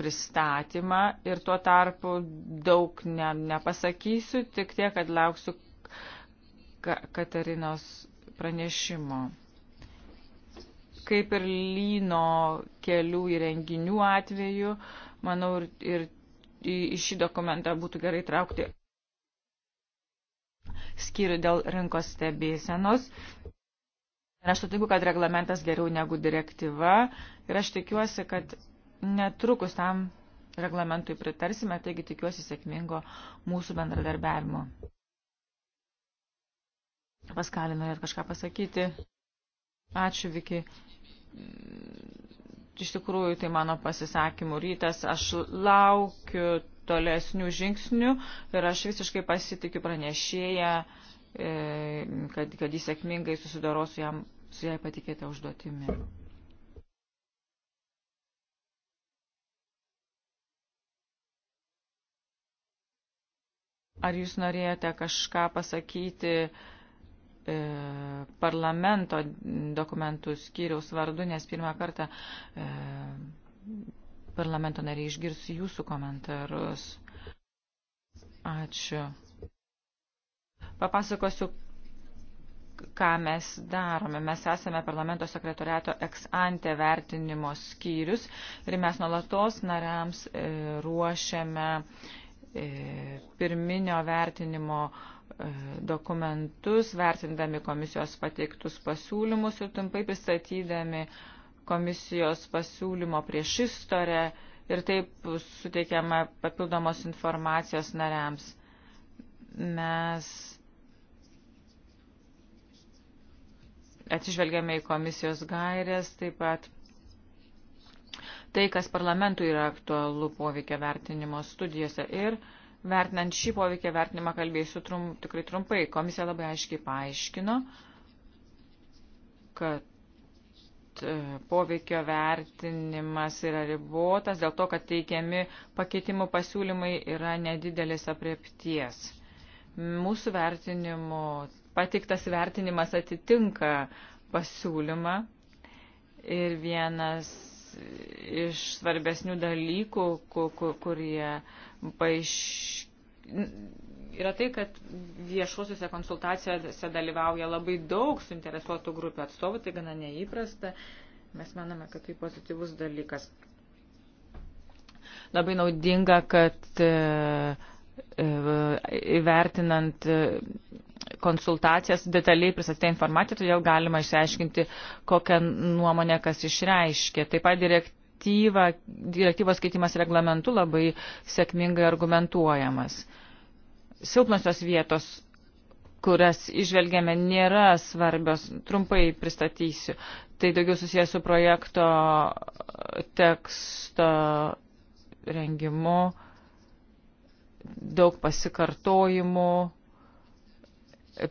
pristatymą ir tuo tarpu daug ne, nepasakysiu, tik tiek, kad lauksiu Katarinos pranešimo. Kaip ir lyno kelių įrenginių atveju, manau, ir, ir į šį dokumentą būtų gerai traukti skyrių dėl rinkos stebėsenos Aš sutinku, kad reglamentas geriau negu direktyva ir aš tikiuosi, kad netrukus tam reglamentui pritarsime, taigi tikiuosi sėkmingo mūsų bendradarbiavimo. Paskalį norėt kažką pasakyti. Ačiū, Viki. Iš tikrųjų, tai mano pasisakymų rytas. Aš laukiu tolesnių žingsnių ir aš visiškai pasitikiu pranešėją e, kad, kad jis sėkmingai susidoro su jam su jai patikėta užduotimi. Ar jūs norėjote kažką pasakyti e, parlamento dokumentų skyriaus vardu, nes pirmą kartą e, parlamento nariai išgirs jūsų komentarus. Ačiū. Papasakosiu, ką mes darome. Mes esame parlamento sekretoriato ex ante vertinimo skyrius ir mes nuolatos nariams e, ruošiame e, pirminio vertinimo e, dokumentus, vertindami komisijos pateiktus pasiūlymus ir trumpai pristatydami komisijos pasiūlymo prieš istorę ir taip suteikiama papildomos informacijos nariams. Mes atsižvelgiame į komisijos gairės, taip pat tai, kas parlamentui yra aktualu poveikio vertinimo studijose. Ir vertinant šį poveikio vertinimą kalbėsiu trum, tikrai trumpai. Komisija labai aiškiai paaiškino, kad e, poveikio vertinimas yra ribotas dėl to, kad teikiami pakeitimų pasiūlymai yra nedidelės apriepties. Mūsų vertinimo pateiktas vertinimas atitinka pasiūlymą ir vienas iš svarbesnių dalykų, kurie paaiškėjo, yra tai, kad viešuosiuose konsultacijose dalyvauja labai daug suinteresuotų grupių atstovų, tai gana neįprasta. Mes manome, kad tai pozityvus dalykas. Labai naudinga, kad įvertinant e, e, konsultacijas, detaliai pristatė informaciją, todėl galima išsiaiškinti, kokią nuomonę kas išreiškė. Taip pat direktyva, direktyvos keitimas reglamentu labai sėkmingai argumentuojamas. Silpnosios vietos kurias išvelgiame, nėra svarbios. Trumpai pristatysiu. Tai daugiau susijęs su projekto teksto rengimu, daug pasikartojimų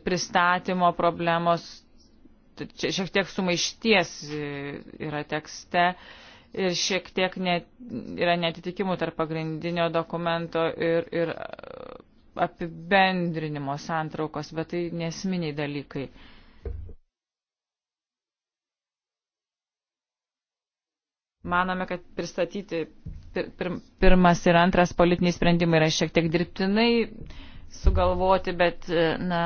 pristatymo problemos, čia šiek tiek sumaišties yra tekste ir šiek tiek net, yra netitikimų tarp pagrindinio dokumento ir, ir apibendrinimo santraukos, bet tai nesminiai dalykai. Manome, kad pristatyti pir, pirmas ir antras politiniai sprendimai yra šiek tiek dirbtinai sugalvoti, bet na,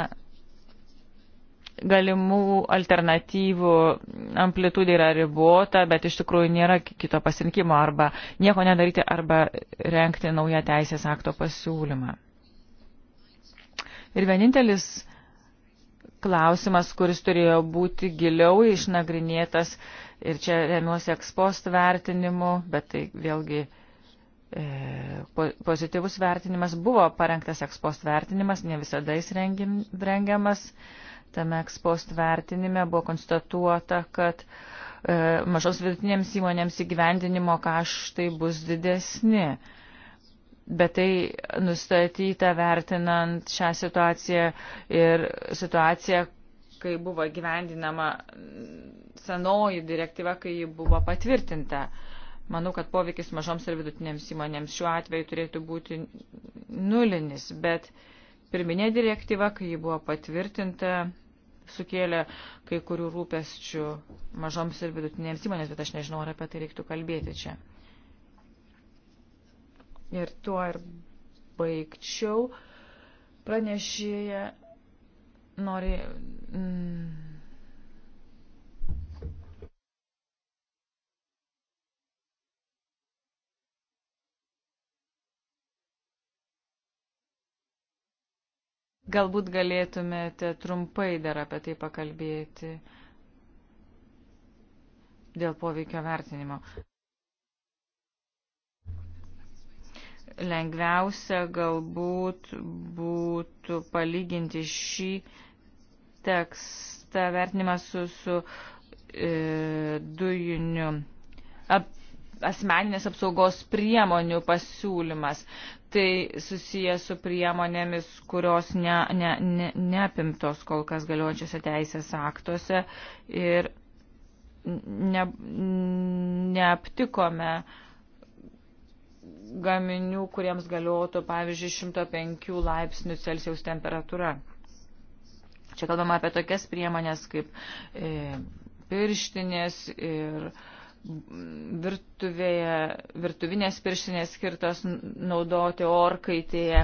galimų alternatyvų amplitudė yra ribota, bet iš tikrųjų nėra kito pasirinkimo arba nieko nedaryti arba renkti naują teisės akto pasiūlymą. Ir vienintelis klausimas, kuris turėjo būti giliau išnagrinėtas, ir čia remiuosi ekspost vertinimu, bet tai vėlgi e, pozityvus vertinimas, buvo parengtas ekspost vertinimas, ne visada jis rengiamas, Tame ekspost vertinime buvo konstatuota, kad e, mažos vidutinėms įmonėms įgyvendinimo kaštai bus didesni. Bet tai nustatyta vertinant šią situaciją ir situaciją, kai buvo gyvendinama senoji direktyva, kai ji buvo patvirtinta. Manau, kad poveikis mažoms ir vidutinėms įmonėms šiuo atveju turėtų būti nulinis, bet uh, Pirminė direktyva, kai ji buvo patvirtinta, sukėlė kai kurių rūpesčių mažoms ir vidutinėms įmonės, bet aš nežinau, ar apie tai reiktų kalbėti čia. Ir tuo ir baigčiau. Pranešėja nori. Mm, Galbūt galėtumėte trumpai dar apie tai pakalbėti dėl poveikio vertinimo. Lengviausia galbūt būtų palyginti šį tekstą vertinimą su, su e, dujiniu ap, asmeninės apsaugos priemonių pasiūlymas tai susiję su priemonėmis, kurios ne, ne, ne, neapimtos kol kas galiojančiose teisės aktuose ir ne, neaptikome gaminių, kuriems galiotų, pavyzdžiui, 105 laipsnių Celsijaus temperatūra. Čia kalbama apie tokias priemonės kaip e, pirštinės ir e, virtuvėje, virtuvinės pirštinės skirtos naudoti orkaitėje.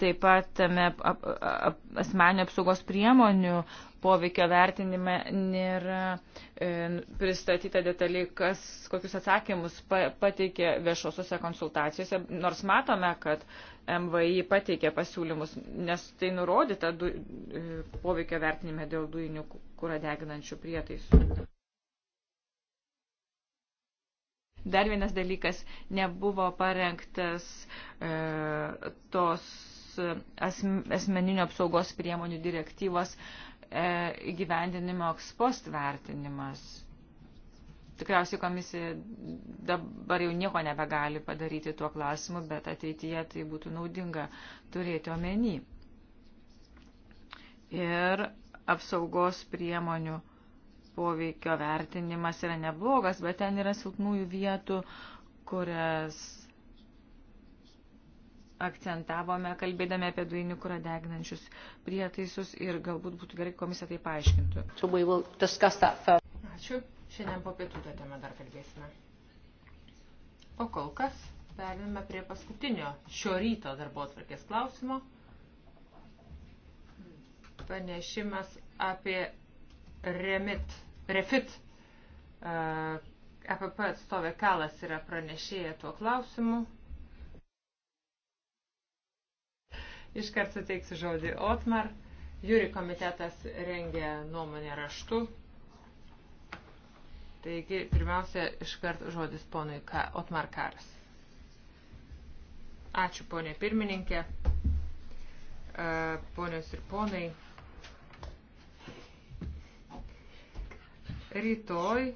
Taip pat tame ap, ap, asmenio apsaugos priemonių poveikio vertinime nėra e, pristatyta detaliai, kas, kokius atsakymus pa, pateikė viešosiuose konsultacijose, nors matome, kad MVI pateikė pasiūlymus, nes tai nurodyta du, e, poveikio vertinime dėl dujinių kūrą deginančių prietaisų. Dar vienas dalykas, nebuvo parengtas e, tos e, asmeninio apsaugos priemonių direktyvos e, gyvendinimo ekspost vertinimas. Tikriausiai komisija dabar jau nieko nebegali padaryti tuo klausimu, bet ateityje tai būtų naudinga turėti omeny. Ir apsaugos priemonių e, poveikio vertinimas yra neblogas, bet ten yra silpnųjų vietų, kurias akcentavome, kalbėdami apie duinių kurą degnančius prietaisus ir galbūt būtų gerai komisija tai paaiškintų. Ačiū. Šiandien po pietų tą temą dar kalbėsime. O kol kas perėmėme prie paskutinio šio ryto darbo atvarkės klausimo. Panešimas apie remit refit. EPP e atstovė Kalas yra pranešėję tuo klausimu. Iškart suteiksiu žodį Otmar. Jūri komitetas rengia nuomonę raštu. Taigi, pirmiausia, iškart žodis ponui Ka Otmar Karas. Ačiū, ponė pirmininkė. E, ponios ir ponai. Rytoj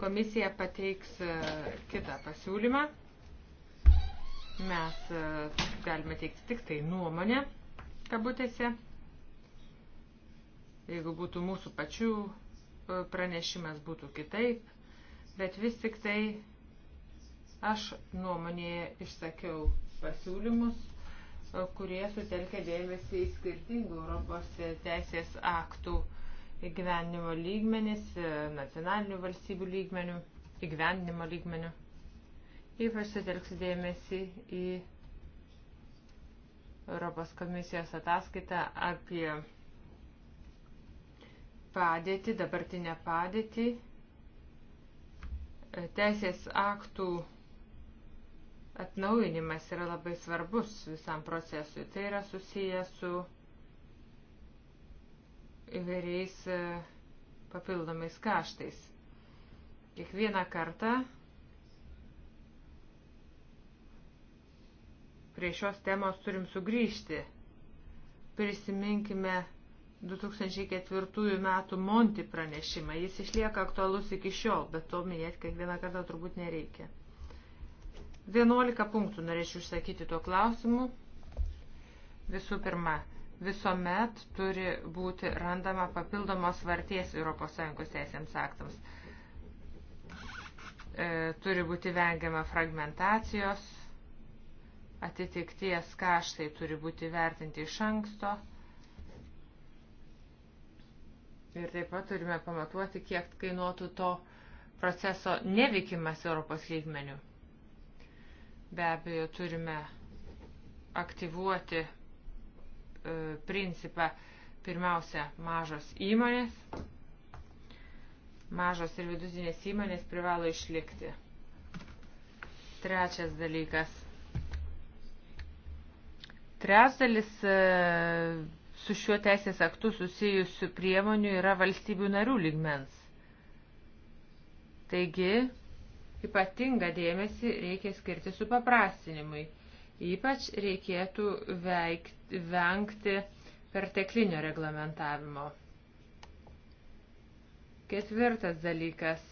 komisija pateiks e, kitą pasiūlymą. Mes e, galime teikti tik tai nuomonę, kabutėse. Jeigu būtų mūsų pačių e, pranešimas būtų kitaip, bet vis tik tai aš nuomonėje išsakiau pasiūlymus kurie sutelkia dėmesį į skirtingų Europos teisės aktų įgyvenimo lygmenis, nacionalinių valstybių lygmenių, įgyvenimo lygmenių. Ypač sutelksiu dėmesį į Europos komisijos ataskaitą apie padėtį, dabartinę padėtį, teisės aktų Atnaujinimas yra labai svarbus visam procesui. Tai yra susiję su įvairiais e, papildomais kaštais. Kiekvieną kartą prie šios temos turim sugrįžti. Prisiminkime 2004 metų Monti pranešimą. Jis išlieka aktualus iki šiol, bet to minėti kiekvieną kartą turbūt nereikia. 11 punktų norėčiau išsakyti tuo klausimu. Visų pirma, visuomet turi būti randama papildomos varties ES teisėms aktams. E, turi būti vengiama fragmentacijos, atitikties kaštai turi būti vertinti iš anksto. Ir taip pat turime pamatuoti, kiek kainuotų to proceso nevykimas Europos lygmenių. Be abejo, turime aktyvuoti e, principą pirmiausia mažos įmonės. Mažos ir vidutinės įmonės privalo išlikti. Trečias dalykas. Trečdalis e, su šiuo teisės aktu susijusių priemonių yra valstybių narių ligmens. Taigi, Ypatinga dėmesį reikia skirti su paprastinimui. Ypač reikėtų veikti, vengti perteklinio reglamentavimo. Ketvirtas dalykas,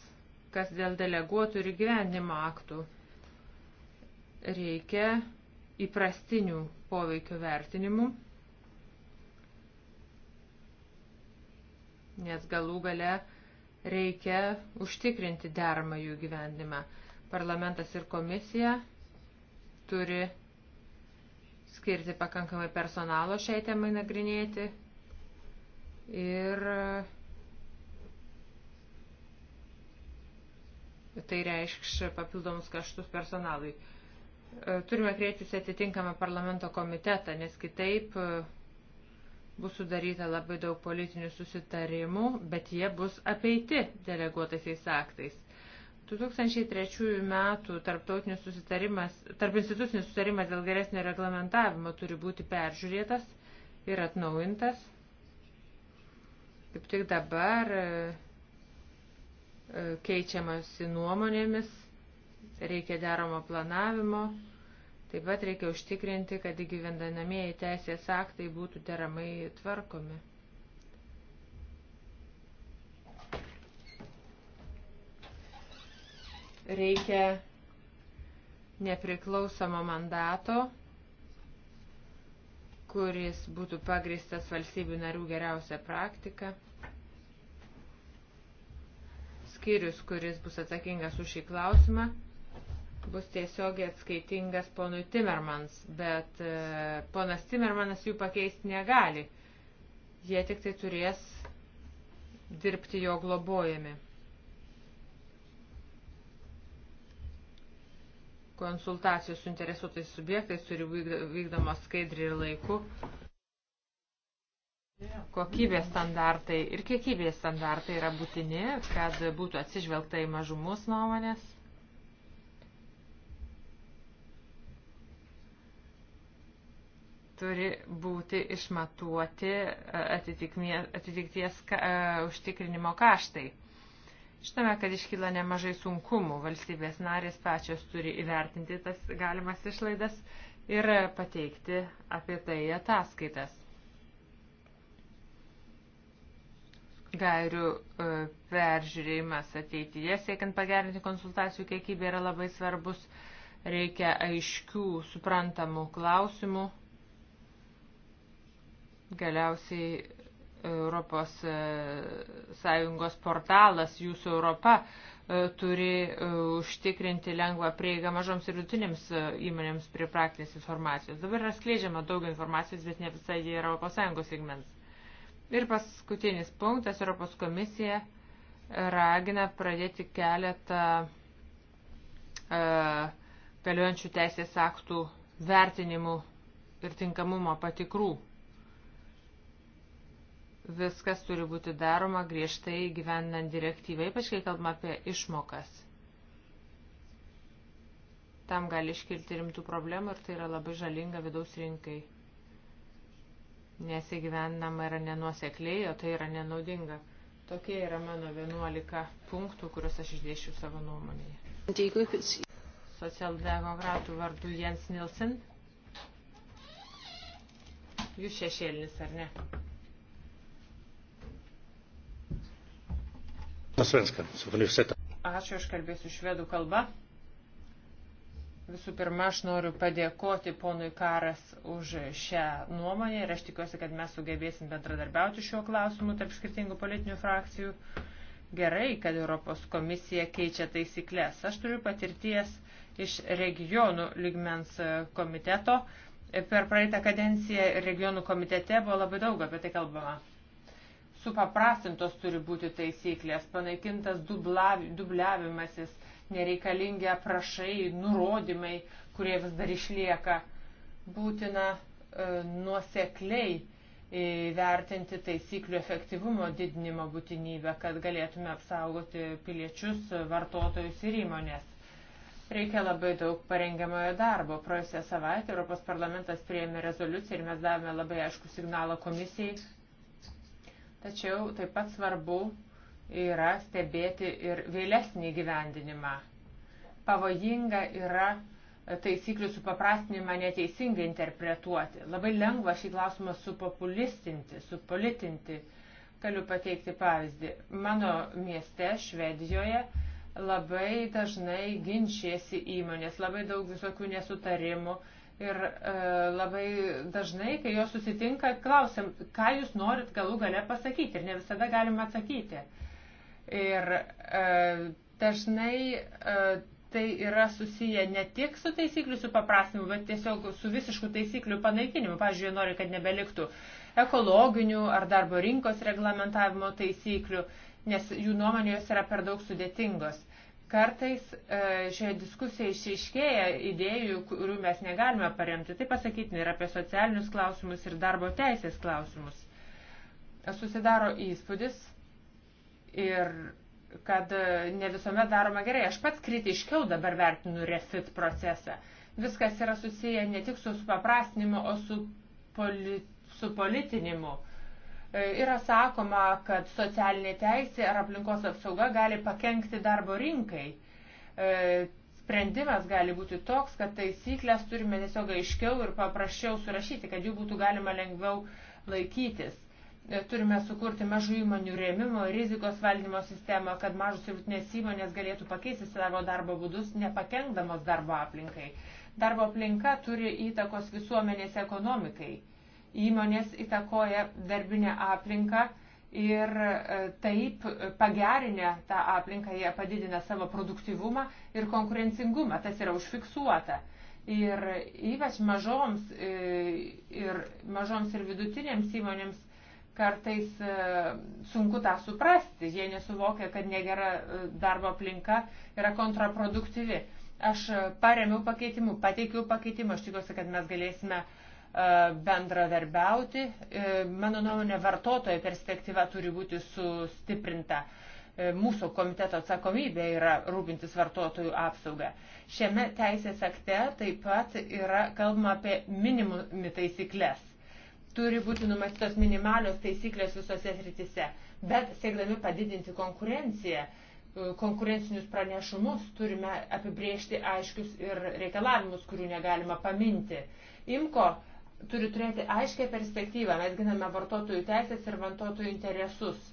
kas dėl deleguotų ir gyvenimo aktų. Reikia įprastinių poveikio vertinimų, nes galų gale reikia užtikrinti deramą jų gyvendimą. Parlamentas ir komisija turi skirti pakankamai personalo šiai temai nagrinėti ir e, tai reikš papildomus kaštus personalui. E, turime kreiptis atitinkamą parlamento komitetą, nes kitaip e, Bus sudaryta labai daug politinių susitarimų, bet jie bus apeiti deleguotaisiais aktais. 2003 metų tarptautinis susitarimas, tarp institucinis susitarimas dėl geresnio reglamentavimo turi būti peržiūrėtas ir atnaujintas. Kaip tik dabar e, e, keičiamasi nuomonėmis, reikia deromo planavimo Taip pat reikia užtikrinti, kad įgyvendinamieji teisės aktai būtų deramai tvarkomi. Reikia nepriklausomo mandato, kuris būtų pagristas valstybių narių geriausia praktika. Skyrius, kuris bus atsakingas už šį klausimą bus tiesiogiai atskaitingas ponui Timermans, bet e, ponas Timermanas jų pakeisti negali. Jie tik tai turės dirbti jo globojami. Konsultacijos su interesuotais subjektais turi vykdomos skaidri ir laiku. Kokybės standartai ir kiekybės standartai yra būtini, kad būtų atsižvelgta į mažumus nuomonės. turi būti išmatuoti e, atitikties ka, e, užtikrinimo kaštai. Žinome, kad iškyla nemažai sunkumų. Valstybės narės pačios turi įvertinti tas galimas išlaidas ir pateikti apie tai ataskaitas. Gairių e, peržiūrėjimas ateityje, siekiant pagerinti konsultacijų kiekybę, yra labai svarbus. Reikia aiškių, suprantamų klausimų Galiausiai Europos e, Sąjungos portalas Jūsų Europa e, turi e, užtikrinti lengvą prieigą mažoms ir vidutinėms įmonėms prie praktinės informacijos. Dabar yra skleidžiama daug informacijos, bet ne visai jie yra Europos Sąjungos segments. Ir paskutinis punktas, Europos komisija ragina pradėti keletą galiojančių teisės aktų vertinimų ir tinkamumo patikrų viskas turi būti daroma griežtai gyvenant direktyvą, ypač kai kalbama apie išmokas. Tam gali iškilti rimtų problemų ir tai yra labai žalinga vidaus rinkai. Nes įgyvendinama yra nenuosekliai, o tai yra nenaudinga. Tokie yra mano 11 punktų, kuriuos aš išdėšiu savo nuomonėje. Socialdemokratų vardu Jens Nilsen. Jūs šešėlinis, ar ne? Ačiū, aš kalbėsiu švedų kalba. Visų pirma, aš noriu padėkoti ponui Karas už šią nuomonę ir aš tikiuosi, kad mes sugebėsim bendradarbiauti šiuo klausimu tarp skirtingų politinių frakcijų. Gerai, kad Europos komisija keičia taisyklės. Aš turiu patirties iš regionų lygmens komiteto. Per praeitą kadenciją regionų komitete buvo labai daug apie tai kalbama supaprastintos turi būti taisyklės, panaikintas dubliavimasis, nereikalingi aprašai, nurodymai, kurie vis dar išlieka. Būtina e, nuosekliai e, vertinti taisyklių efektyvumo didinimo būtinybę, kad galėtume apsaugoti piliečius, vartotojus ir įmonės. Reikia labai daug parengiamojo darbo. Praėjusią savaitę Europos parlamentas prieėmė rezoliuciją ir mes davėme labai aišku signalą komisijai, Tačiau taip pat svarbu yra stebėti ir vėlesnį gyvendinimą. Pavojinga yra taisyklių supaprastinimą neteisingai interpretuoti. Labai lengva šį klausimą supopulistinti, supolitinti. Galiu pateikti pavyzdį. Mano mieste, Švedijoje, labai dažnai ginčiasi įmonės, labai daug visokių nesutarimų Ir e, labai dažnai, kai jos susitinka, klausim, ką jūs norit galų gale pasakyti. Ir ne visada galima atsakyti. Ir e, dažnai e, tai yra susiję ne tik su taisyklių supaprastinimu, bet tiesiog su visišku taisyklių panaikinimu. Pavyzdžiui, jie nori, kad nebeliktų ekologinių ar darbo rinkos reglamentavimo taisyklių, nes jų nuomonės yra per daug sudėtingos. Kartais e, šioje diskusijoje išaiškėja idėjų, kurių mes negalime paremti. Tai pasakyti ir apie socialinius klausimus, ir darbo teisės klausimus. Susidaro įspūdis ir kad e, ne visuomet daroma gerai. Aš pats kritiškiau dabar vertinu refit procesą. Viskas yra susiję ne tik su supaprastinimu, o su, poli, su politinimu. E, yra sakoma, kad socialinė teisė ar aplinkos apsauga gali pakengti darbo rinkai. E, sprendimas gali būti toks, kad taisyklės turime tiesiog aiškiau ir paprasčiau surašyti, kad jų būtų galima lengviau laikytis. E, turime sukurti mažų įmonių rėmimo, rizikos valdymo sistemą, kad mažus ir vidutinės įmonės galėtų pakeisti savo darbo būdus, nepakengdamos darbo aplinkai. Darbo aplinka turi įtakos visuomenės ekonomikai Įmonės įtakoja darbinę aplinką ir e, taip pagerinę tą aplinką, jie padidina savo produktivumą ir konkurencingumą, tas yra užfiksuota. Ir ypač mažoms e, ir, mažoms ir vidutinėms įmonėms kartais e, sunku tą suprasti, jie nesuvokia, kad negera darbo aplinka yra kontraproduktyvi. Aš paremiau pakeitimų, pateikiau pakeitimų, aš tikiuosi, kad mes galėsime uh, E, bendradarbiauti. E, mano nuomonė, vartotojo perspektyva turi būti sustiprinta. E, mūsų komiteto atsakomybė yra rūpintis vartotojų apsaugą. Šiame teisės akte taip pat yra kalbama apie minimumi taisyklės. Turi būti numatytos minimalios taisyklės visose sritise, bet siekdami padidinti konkurenciją, konkurencinius pranešumus turime apibriežti aiškius ir reikalavimus, kurių negalima paminti. Imko turi turėti aiškę perspektyvą. Mes giname vartotojų teisės ir vartotojų interesus.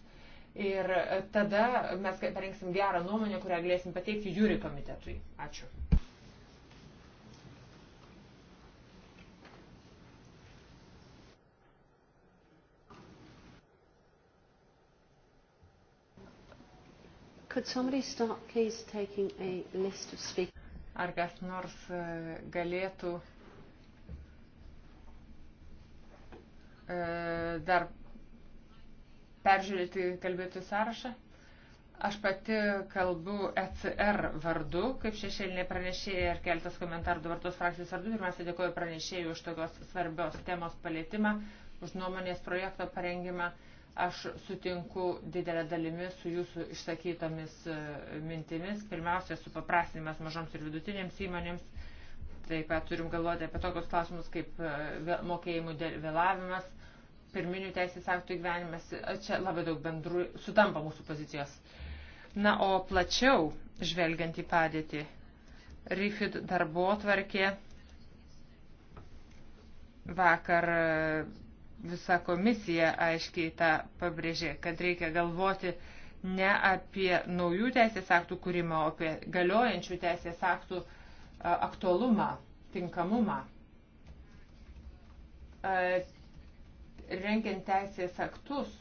Ir e, tada mes parinksim gerą nuomonę, kurią galėsim pateikti jūri komitetui. Ačiū. Could somebody start please taking a list of speakers? Ar kas nors e, galėtų E, dar peržiūrėti kalbėtų sąrašą. Aš pati kalbu ECR vardu, kaip šešėlinė pranešėja ir keltas komentarų dabar tos frakcijos vardu. Pirmiausia, dėkoju pranešėjui už tokios svarbios temos palėtimą, už nuomonės projekto parengimą. Aš sutinku didelę dalimi su jūsų išsakytomis e, mintimis. Pirmiausia, supaprastinimas mažoms ir vidutinėms įmonėms Taip pat turim galvoti apie tokius klausimus kaip e, mokėjimų vėlavimas, pirminių teisės aktų įgyvenimas. E, čia labai daug bendrų sutampa mūsų pozicijos. Na, o plačiau žvelgiant į padėtį, RIFID darbo tvarkė vakar e, visa komisija aiškiai tą pabrėžė, kad reikia galvoti ne apie naujų teisės aktų kūrimą, o apie galiojančių teisės aktų kūrimą aktualumą, tinkamumą. Rengiant teisės aktus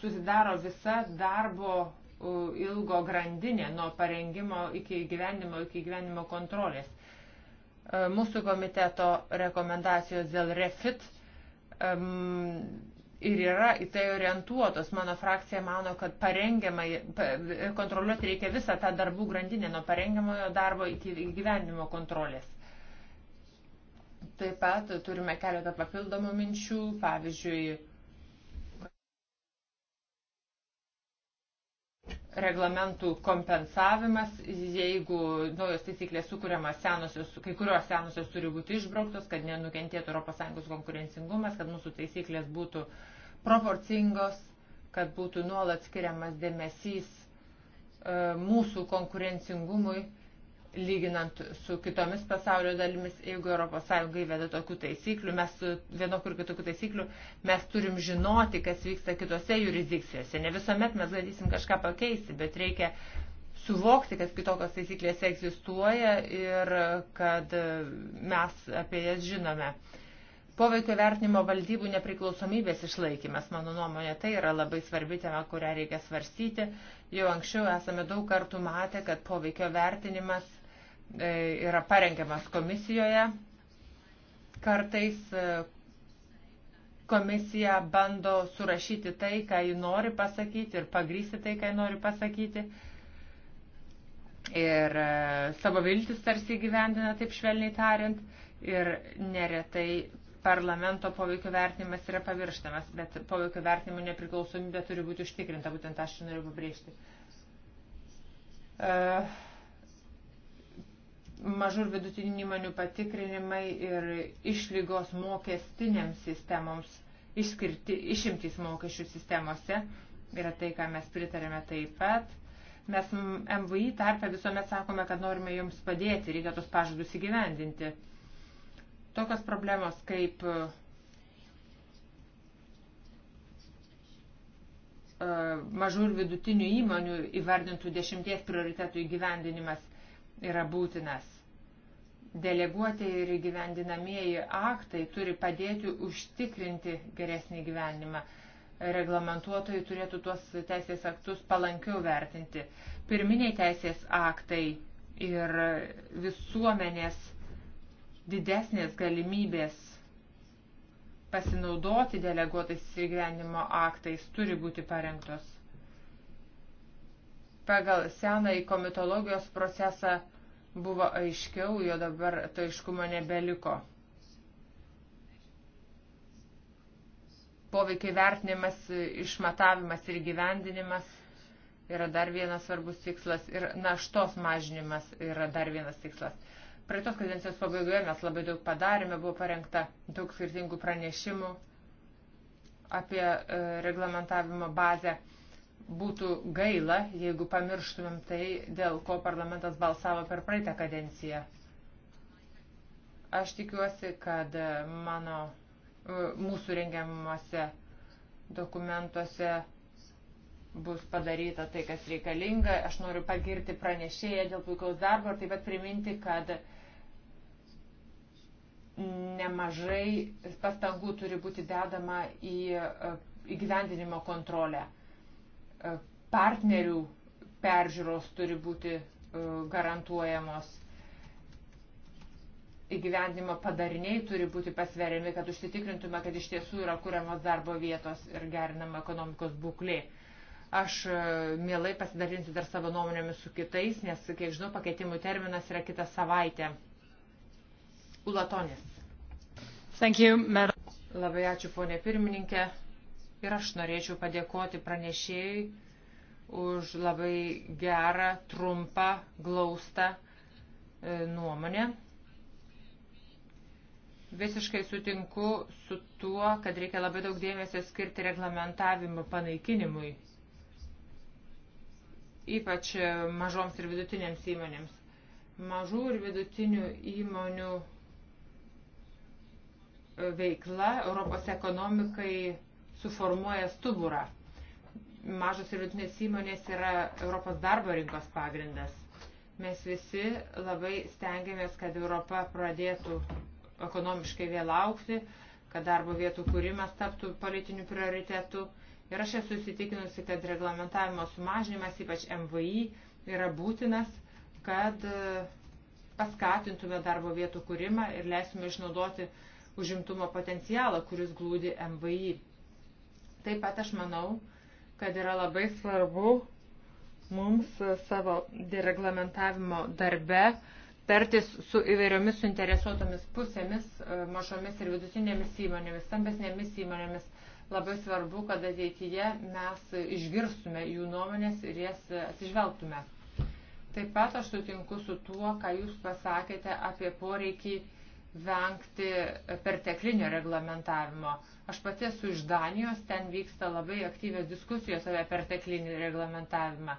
susidaro visa darbo ilgo grandinė nuo parengimo iki gyvenimo, iki gyvenimo kontrolės. Mūsų komiteto rekomendacijos dėl refit um, ir yra į tai orientuotos. Mano frakcija mano, kad parengiamai kontroliuoti reikia visą tą darbų grandinę nuo parengiamojo darbo iki gyvenimo kontrolės. Taip pat turime keletą papildomų minčių, pavyzdžiui, reglamentų kompensavimas, jeigu naujos taisyklės sukūriamas senosios, kai kurios senosios turi būti išbrauktos, kad nenukentėtų ES konkurencingumas, kad mūsų taisyklės būtų uh, proporcingos, kad būtų nuolat skiriamas dėmesys e, mūsų konkurencingumui, lyginant su kitomis pasaulio dalimis, jeigu ES įveda tokių taisyklių, mes vienokių ir kitokių taisyklių, mes turim žinoti, kas vyksta kitose jurisdikcijose. Ne visuomet mes galėsim kažką pakeisti, bet reikia suvokti, kad kitokios taisyklės egzistuoja ir kad mes apie jas žinome. Uh, Poveikio vertinimo valdybų nepriklausomybės išlaikymas, mano nuomonė, tai yra labai svarbi tema, kurią reikia svarstyti. Jau anksčiau esame daug kartų matę, kad poveikio vertinimas e, yra parengiamas komisijoje. Kartais e, komisija bando surašyti tai, ką ji nori pasakyti ir pagrysti tai, ką ji nori pasakyti. Ir e, savo viltis tarsi gyvendina, taip švelniai tariant ir neretai parlamento poveikio vertinimas yra pavirštamas, bet poveikio vertinimo nepriklausomybė turi būti užtikrinta, būtent aš čia noriu pabrėžti. Uh, mažų ir vidutinių įmonių patikrinimai ir išlygos mokestinėms sistemoms, išskirti, išimtys mokesčių sistemose yra tai, ką mes pritarėme taip pat. Mes MVI tarpę visuomet sakome, kad norime jums padėti, reikia tos pažadus įgyvendinti. Uh, Tokios problemos kaip e, mažų ir vidutinių įmonių įvardintų dešimties prioritetų įgyvendinimas yra būtinas. Deleguoti ir įgyvendinamieji aktai turi padėti užtikrinti geresnį gyvenimą. Reglamentuotojai turėtų tuos teisės aktus palankiau vertinti. Pirminiai teisės aktai ir visuomenės didesnės galimybės pasinaudoti deleguotais įgyvenimo aktais turi būti parengtos. Pagal senąjį komitologijos procesą buvo aiškiau, jo dabar to aiškumo nebeliko. Poveikiai vertinimas, išmatavimas ir gyvendinimas yra dar vienas svarbus tikslas ir naštos mažinimas yra dar vienas tikslas. Praeitos kadencijos pabaigoje mes labai daug padarėme, buvo parengta daug skirtingų pranešimų apie e, reglamentavimo bazę. Būtų gaila, jeigu pamirštumėm tai, dėl ko parlamentas balsavo per praeitą kadenciją. Aš tikiuosi, kad e, mano, e, mūsų rengiamuose dokumentuose bus padaryta tai, kas reikalinga. Aš noriu pagirti pranešėją dėl puikaus darbo ir taip pat priminti, kad nemažai pastangų turi būti dedama į e, įgyvendinimo kontrolę. E, partnerių peržiūros turi būti e, garantuojamos. Įgyvendimo padariniai turi būti pasveriami, kad užsitikrintume, kad iš tiesų yra kuriamos darbo vietos ir gerinama ekonomikos būklė. Aš e, mielai pasidalinsiu dar savo nuomonėmis su kitais, nes, kiek žinau, pakeitimų terminas yra kitą savaitę. Ulatonis. Thank you, madam. Labai ačiū, ponė pirmininkė. Ir aš norėčiau padėkoti pranešėjai už labai gerą, trumpą, glaustą e, nuomonę. Visiškai sutinku su tuo, kad reikia labai daug dėmesio skirti reglamentavimo panaikinimui ypač mažoms ir vidutinėms įmonėms. Mažų ir vidutinių įmonių e, veikla Europos ekonomikai suformuoja stuburą. Mažos ir vidutinės įmonės yra Europos darbo rinkos pagrindas. Mes visi labai stengiamės, kad Europa pradėtų ekonomiškai vėl aukti, kad darbo vietų kūrimas taptų politiniu prioritetu Ir aš esu įsitikinusi, kad reglamentavimo sumažinimas, ypač MVI, yra būtinas, kad e, paskatintume darbo vietų kūrimą ir leisime išnaudoti užimtumo potencialą, kuris glūdi MVI. Taip pat aš manau, kad yra labai svarbu mums savo dereglamentavimo darbe tartis su įvairiomis suinteresuotomis pusėmis, e, mažomis ir vidutinėmis įmonėmis, stambesnėmis įmonėmis, Labai svarbu, kad ateityje mes išgirstume jų nuomonės ir jas atsižvelgtume. Taip pat aš sutinku su tuo, ką jūs pasakėte apie poreikį vengti perteklinio reglamentavimo. Aš pati esu iš Danijos, ten vyksta labai aktyvios diskusijos apie perteklinį reglamentavimą.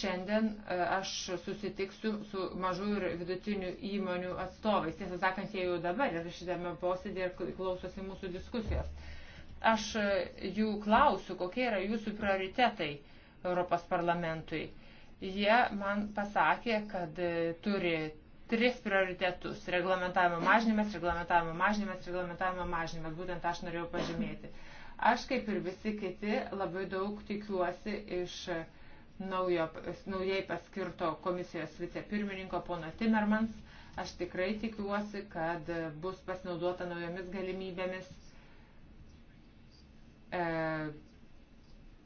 Šiandien e, aš susitiksiu su mažų ir vidutinių įmonių atstovais. Tiesą sakant, jie jau dabar yra šitame posėdėje ir klausosi mūsų diskusijos. Aš e, jų klausiu, kokie yra jūsų prioritetai Europos parlamentui. Jie man pasakė, kad e, turi tris prioritetus - reglamentavimo mažinimas, reglamentavimo mažinimas, reglamentavimo mažinimas. Būtent aš norėjau pažymėti. Aš, kaip ir visi kiti, labai daug tikiuosi iš naujo, naujai paskirto komisijos vicepirmininko pono Timmermans. Aš tikrai tikiuosi, kad bus pasinaudota naujomis galimybėmis e,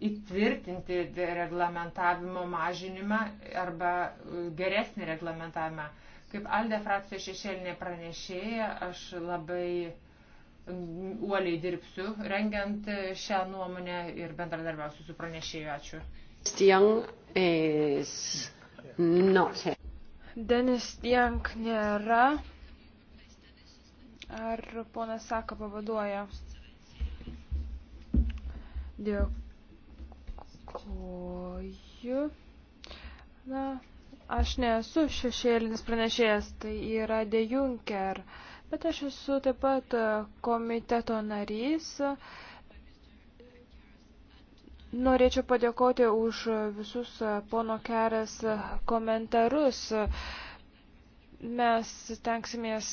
įtvirtinti reglamentavimo mažinimą arba e, geresnį reglamentavimą. Kaip Alde frakcija šešėlinė pranešėja, aš labai uoliai dirbsiu rengiant e, šią nuomonę ir bendradarbiausiu su pranešėju. Ačiū. Denis Jank nėra. Ar ponas Saka pavaduoja? Dėkuoju. Na, aš nesu šešėlinis pranešėjas, tai yra De Juncker, bet aš esu taip pat komiteto narys. Norėčiau padėkoti už visus pono Keres komentarus. Mes tenksimės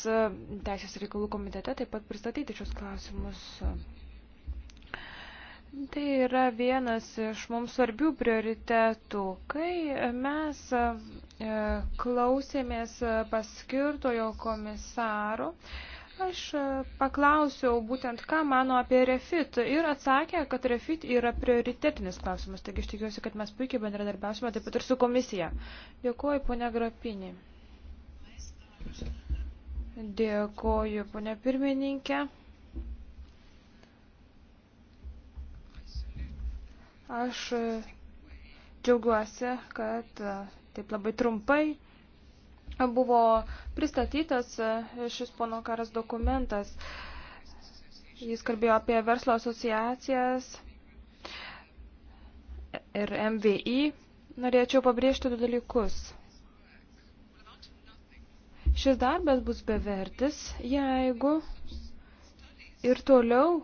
Teisės reikalų komitete taip pat pristatyti šios klausimus. Tai yra vienas iš mums svarbių prioritetų. Kai mes e, klausėmės paskirtojo komisaro, aš e, paklausiau būtent, ką mano apie refit ir atsakė, kad refit yra prioritetinis klausimas. Taigi aš tikiuosi, kad mes puikiai bendradarbiausime taip pat ir su komisija. Dėkuoju, ponia Grapinė. Dėkuoju, ponia pirmininkė. Aš e, džiaugiuosi, kad e, taip labai trumpai buvo pristatytas e, šis pono karas dokumentas. Jis kalbėjo apie verslo asociacijas ir MVI. Norėčiau pabrėžti du dalykus. Šis darbas bus bevertis, jeigu ir toliau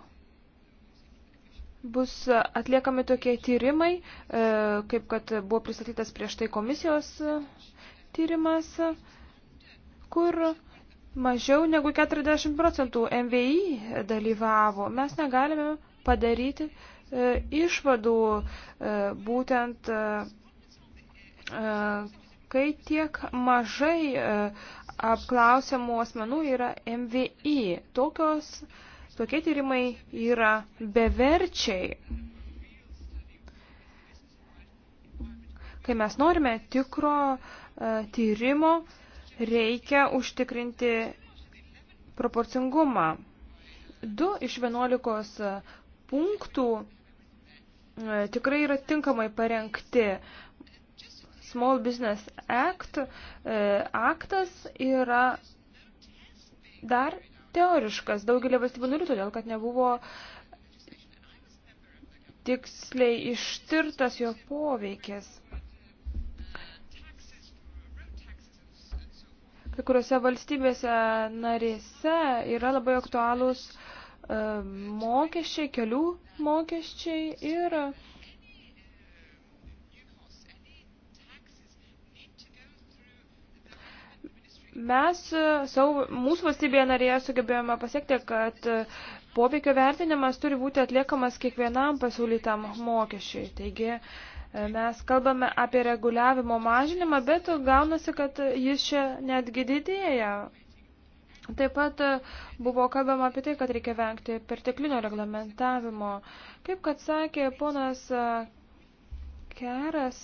bus atliekami tokie tyrimai, e, kaip kad buvo pristatytas prieš tai komisijos e, tyrimas, kur mažiau negu 40 procentų MVI dalyvavo. Mes negalime padaryti e, išvadų būtent, kai tiek mažai apklausiamų asmenų yra MVI. Tokios uh, tokie tyrimai yra beverčiai. Kai mes norime tikro e, tyrimo, reikia užtikrinti proporcingumą. Du iš vienuolikos e, punktų e, tikrai yra tinkamai parengti. Small Business Act aktas yra dar teoriškas daugelį valstybių narių, todėl kad nebuvo tiksliai ištirtas jo poveikis. Kai kuriuose valstybėse narėse yra labai aktualūs e, mokesčiai, kelių mokesčiai ir uh, Mes e, savo, mūsų valstybėje narėje sugebėjome pasiekti, kad e, poveikio vertinimas turi būti atliekamas kiekvienam pasiūlytam mokesčiui. Taigi e, mes kalbame apie reguliavimo mažinimą, bet gaunasi, kad jis čia netgi didėja. Taip pat buvo kalbama apie tai, kad reikia vengti perteklinio reglamentavimo. Kaip kad sakė ponas Keras,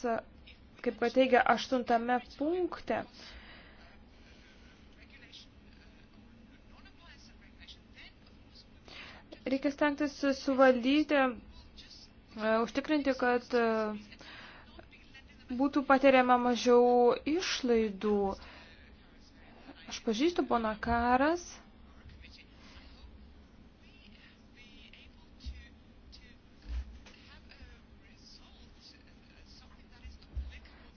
kaip kad teigia aštuntame punkte, Reikia stengtis suvaldyti, e, užtikrinti, kad e, būtų patiriama mažiau išlaidų. Aš pažįstu pono Karas.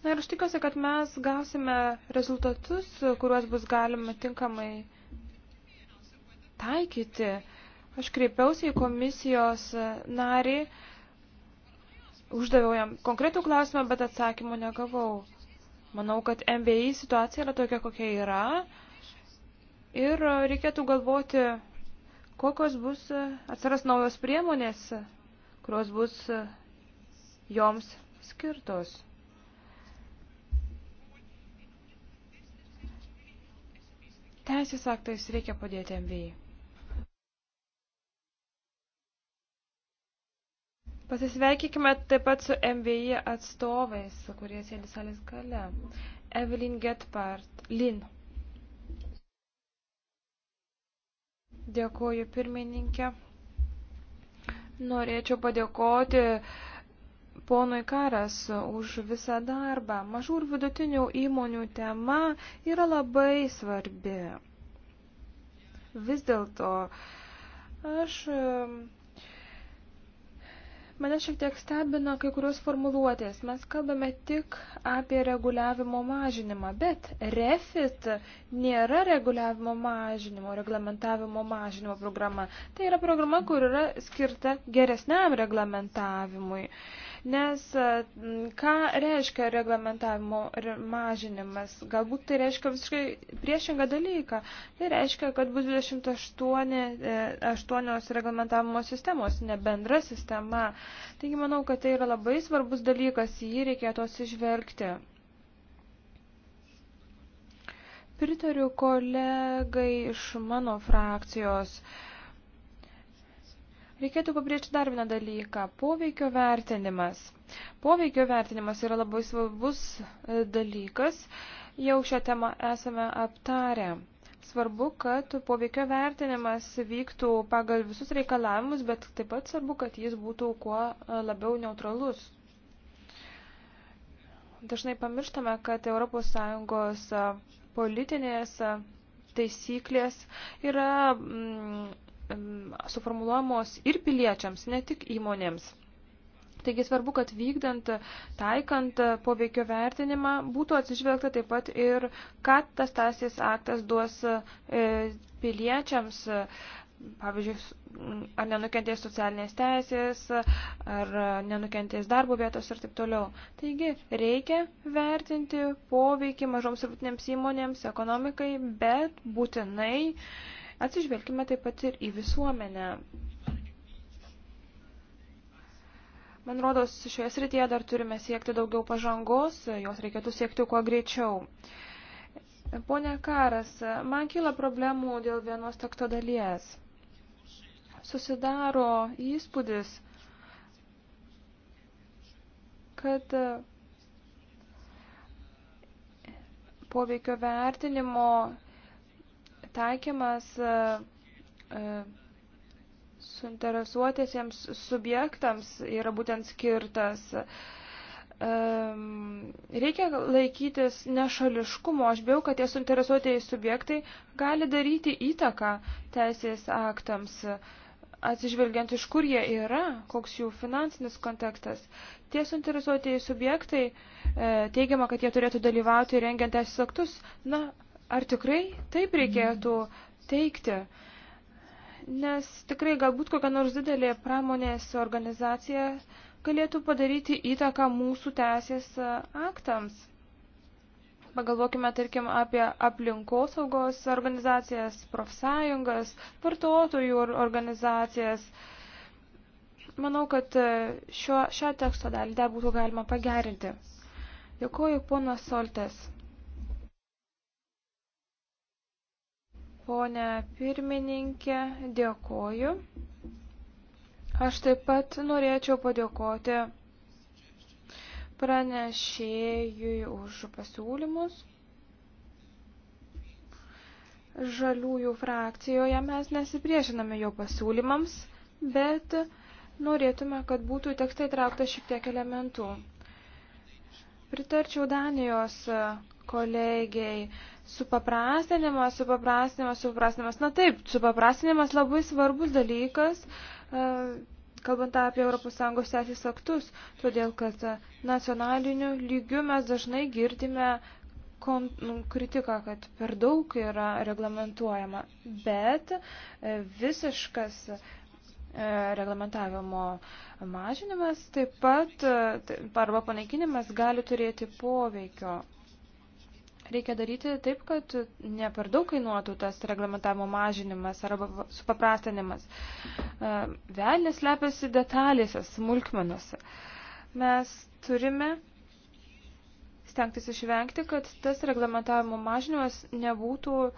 Na ir aš tikiuosi, kad mes gausime rezultatus, kuriuos bus galima tinkamai taikyti. Aš kreipiausi į komisijos narį, uždaviau jam konkretų klausimą, bet atsakymų negavau. Manau, kad MBI situacija yra tokia, kokia yra. Ir reikėtų galvoti, kokios bus, atsiras naujos priemonės, kurios bus joms skirtos. Teisės aktais reikia padėti MBI. Pasisveikykime taip pat su MVI atstovais, kurie sėdi salės gale. Evelyn Getpart, Lin. Dėkuoju pirmininkė. Norėčiau padėkoti ponui Karas už visą darbą. Mažų ir vidutinių įmonių tema yra labai svarbi. Vis dėlto aš Mane šiek tiek stebina kai kurios formuluotės. Mes kalbame tik apie reguliavimo mažinimą, bet refit nėra reguliavimo mažinimo, reglamentavimo mažinimo programa. Tai yra programa, kur yra skirta geresniam reglamentavimui. Uh, Nes ką reiškia reglamentavimo mažinimas? Galbūt tai reiškia visiškai priešingą dalyką. Tai reiškia, kad bus 28 8 e, reglamentavimo sistemos, ne bendra sistema. Taigi manau, kad tai yra labai svarbus dalykas, jį reikėtų atsižvelgti. Pritariu kolegai iš mano frakcijos. Uh, Reikėtų pabrėžti dar vieną dalyką - poveikio vertinimas. Poveikio vertinimas yra labai svarbus e, dalykas, jau šią temą esame aptarę. Svarbu, kad poveikio vertinimas vyktų pagal visus reikalavimus, bet taip pat svarbu, kad jis būtų kuo e, labiau neutralus. Dažnai pamirštame, kad ES e, politinės taisyklės yra. Mm, suformuluojamos ir piliečiams, ne tik įmonėms. Taigi svarbu, kad vykdant, taikant poveikio vertinimą būtų atsižvelgta taip pat ir, kad tas tasės aktas duos e, piliečiams, pavyzdžiui, ar nenukentės socialinės teisės, ar nenukentės darbo vietos ir taip toliau. Taigi reikia vertinti poveikį mažoms ir vidutinėms įmonėms, ekonomikai, bet būtinai Atsižvelgime taip pat ir į visuomenę. Man rodos, šioje srityje dar turime siekti daugiau pažangos, jos reikėtų siekti kuo greičiau. Pone Karas, man kyla problemų dėl vienos tekto dalies. Susidaro įspūdis, kad poveikio vertinimo taikymas e, e, suinteresuotėsiems subjektams yra būtent skirtas. Reikia laikytis nešališkumo. Aš bijau, kad tie suinteresuotieji subjektai gali daryti įtaką teisės aktams, atsižvelgiant iš kur jie yra, koks jų finansinis kontekstas. Tie suinteresuotieji subjektai e, teigiama, kad jie turėtų dalyvauti rengiant teisės aktus. Na, ar tikrai taip reikėtų teikti? Nes tikrai galbūt kokia nors didelė pramonės organizacija galėtų padaryti įtaką mūsų teisės e, aktams. Pagalvokime, tarkim, apie aplinkosaugos organizacijas, profsąjungas, vartotojų organizacijas. Manau, kad e, šio, šią teksto dalį dar būtų galima pagerinti. Dėkuoju, ponas Soltes. Pone pirmininkė, dėkoju. Aš taip pat norėčiau padėkoti pranešėjui už pasiūlymus. Žaliųjų frakcijoje mes nesipriešiname jo pasiūlymams, bet norėtume, kad būtų į tekstą įtraukta šiek tiek elementų. Pritarčiau Danijos kolegiai Supaprastinimas, supaprastinimas, supaprastinimas. Na taip, supaprastinimas labai svarbus dalykas, e, kalbant apie ES teisės aktus, todėl kad e, nacionaliniu lygiu mes dažnai girdime nu, kritiką, kad per daug yra reglamentuojama, bet e, visiškas reglamentavimo mažinimas taip pat arba panaikinimas gali turėti poveikio Reikia daryti taip, kad ne per daug kainuotų tas reglamentavimo mažinimas arba supaprastinimas. E, Velnis lepiasi detalėse, smulkmenuose. Mes turime stengtis išvengti, kad tas reglamentavimo mažinimas nebūtų e,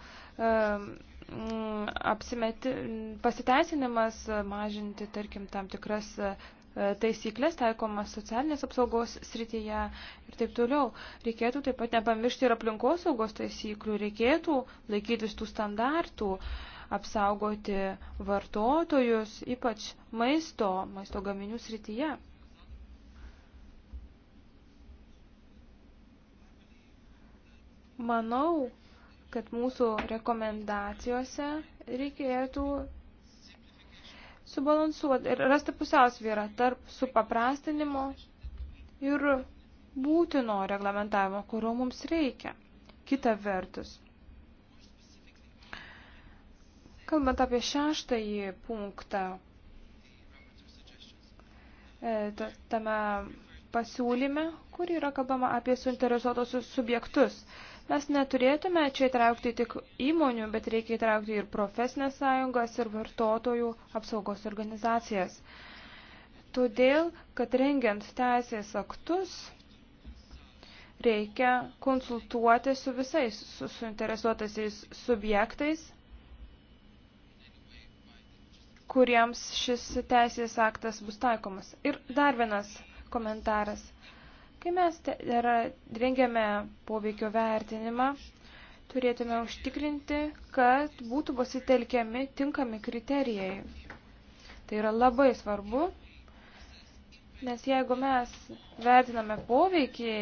apsimeti, pasiteisinimas mažinti, tarkim, tam tikras E, taisyklės taikomas socialinės apsaugos srityje ir taip toliau. Reikėtų taip pat nepamiršti ir aplinkosaugos taisyklių, reikėtų laikytis tų standartų, apsaugoti vartotojus, ypač maisto, maisto gaminių srityje. Manau, kad mūsų rekomendacijose reikėtų subalansuoti ir rasti pusiausvyrą tarp supaprastinimo ir būtino reglamentavimo, kurio mums reikia. Kita vertus. Kalbant apie šeštąjį punktą, e, tame pasiūlyme, kur yra kalbama apie suinteresuotosius subjektus. Mes neturėtume čia įtraukti tik įmonių, bet reikia įtraukti ir profesinės sąjungas, ir vartotojų apsaugos organizacijas. Todėl, kad rengiant teisės aktus, reikia konsultuoti su visais su suinteresuotaisiais subjektais, kuriems šis teisės aktas bus taikomas. Ir dar vienas komentaras – Kai mes rengiame poveikio vertinimą, turėtume užtikrinti, kad būtų pasitelkiami tinkami kriterijai. Tai yra labai svarbu, nes jeigu mes vertiname poveikį,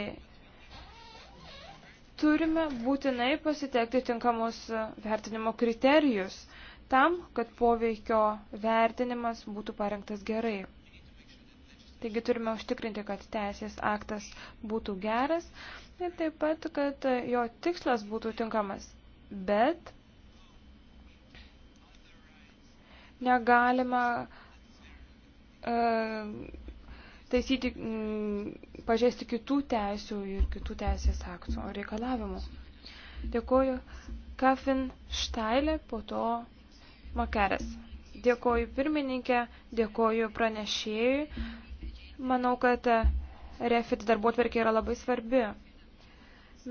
turime būtinai pasitekti tinkamus vertinimo kriterijus tam, kad poveikio vertinimas būtų parengtas gerai. Taigi turime užtikrinti, kad teisės aktas būtų geras ir taip pat, kad jo tikslas būtų tinkamas. Bet negalima e, taisyti, m, mm, pažeisti kitų teisių ir kitų teisės aktų reikalavimų. Dėkuoju Kafin Štailė, po to Makeras. Dėkuoju pirmininkė, dėkuoju pranešėjui Manau, kad refit darbuotvarkė yra labai svarbi.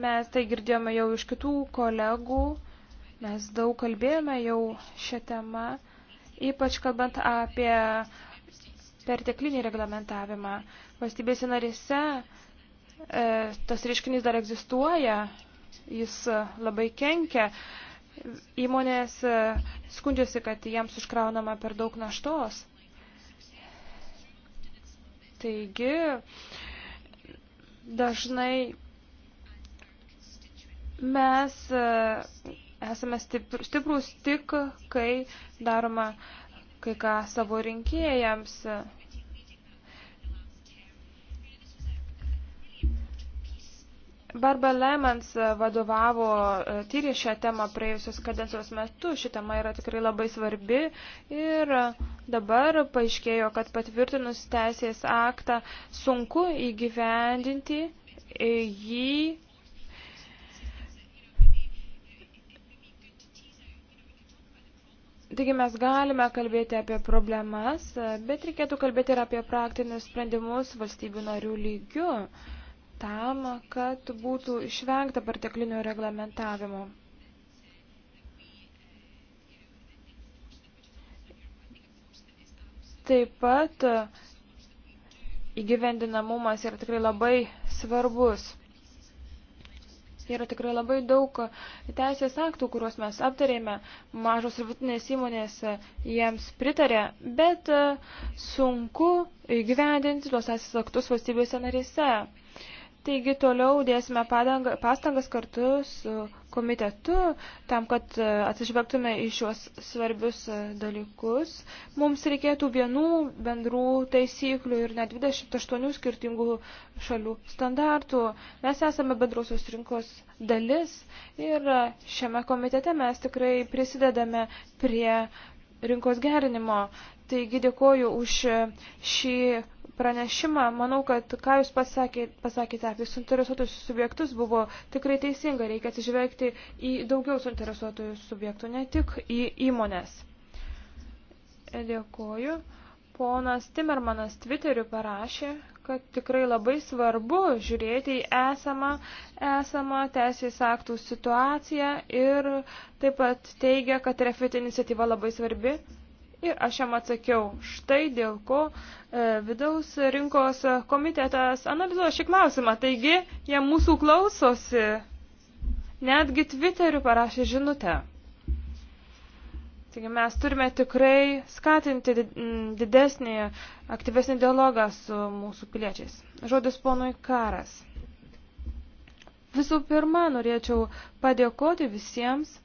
Mes tai girdėjome jau iš kitų kolegų, mes daug kalbėjome jau šią temą, ypač kalbant apie perteklinį reglamentavimą. Valstybėse narėse e, tas reiškinys dar egzistuoja, jis labai kenkia. Įmonės e, skundžiasi, kad jiems užkraunama per daug naštos. Taigi, dažnai mes e, esame stiprus tik, kai daroma kai ką savo rinkėjams. Barbara Lemans vadovavo e, tyrė šią temą praėjusios kadencijos metu. Ši tema yra tikrai labai svarbi ir uh, Dabar paaiškėjo, kad patvirtinus teisės aktą sunku įgyvendinti e, jį. Taigi mes galime kalbėti apie problemas, bet reikėtų kalbėti ir apie praktinius sprendimus valstybių narių lygių, tam, kad būtų išvengta perteklinio reglamentavimo. Taip pat e, įgyvendinamumas yra tikrai labai svarbus. Yra tikrai labai daug e, teisės aktų, kuriuos mes aptarėme, mažos ir vidutinės įmonės e, jiems pritarė, bet sunku įgyvendinti tuos teisės aktus valstybėse narėse. Taigi toliau dėsime padangas, pastangas kartu su komitetu, tam, kad e, atsižvelgtume į šiuos svarbius e, dalykus. Mums reikėtų vienų bendrų taisyklių ir net 28 skirtingų šalių standartų. Mes esame bendrosios rinkos dalis ir šiame komitete mes tikrai prisidedame prie rinkos gerinimo. Taigi dėkoju už šį pranešimą. Manau, kad ką Jūs pasakėte, pasakėte apie suinteresuotus subjektus buvo tikrai teisinga. Reikia atsižvelgti į daugiau suinteresuotų subjektų, ne tik į įmonės. Dėkoju. Ponas Timermanas Twitteriu parašė, kad tikrai labai svarbu žiūrėti į esamą, esamą teisės aktų situaciją ir taip pat teigia, kad refit iniciatyva labai svarbi Ir aš jam atsakiau, štai dėl ko e, vidaus rinkos komitetas analizuoja šį klausimą. Taigi, jie mūsų klausosi. Netgi Twitteriu parašė žinutę. Taigi mes turime tikrai skatinti didesnį, aktyvesnį dialogą su mūsų piliečiais. Žodis ponui karas. Visų pirma, norėčiau padėkoti visiems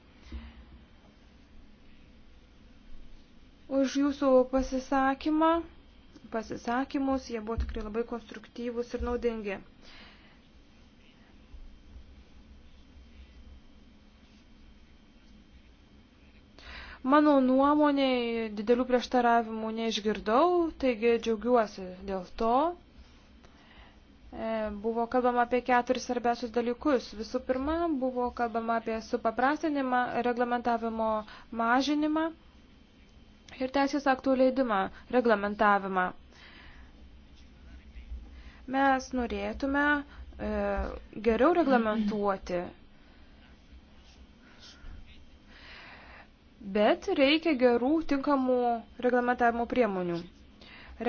už jūsų pasisakymą, pasisakymus, jie buvo tikrai labai konstruktyvūs ir naudingi. Mano nuomonė didelių prieštaravimų neišgirdau, taigi džiaugiuosi dėl to. E, buvo kalbama apie keturis svarbiausius dalykus. Visų pirma, buvo kalbama apie supaprastinimą, reglamentavimo mažinimą ir teisės aktų leidimą, reglamentavimą. Mes norėtume e, geriau reglamentuoti, bet reikia gerų tinkamų reglamentavimo priemonių.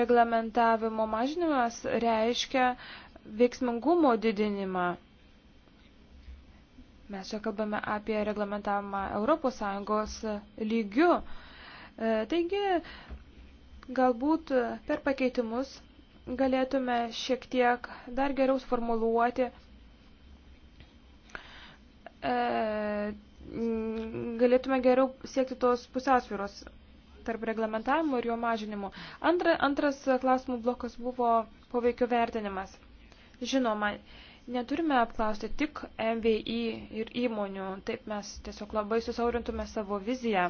Reglamentavimo mažinimas reiškia veiksmingumo didinimą. Mes čia kalbame apie reglamentavimą ES lygių E, taigi, galbūt per pakeitimus galėtume šiek tiek dar geriau sformuluoti e, galėtume geriau siekti tos pusiausvyros tarp reglamentavimo ir jo mažinimo. Antra, antras klausimų blokas buvo poveikio vertinimas. Žinoma, neturime apklausti tik MVI ir įmonių, taip mes tiesiog labai susaurintume savo viziją.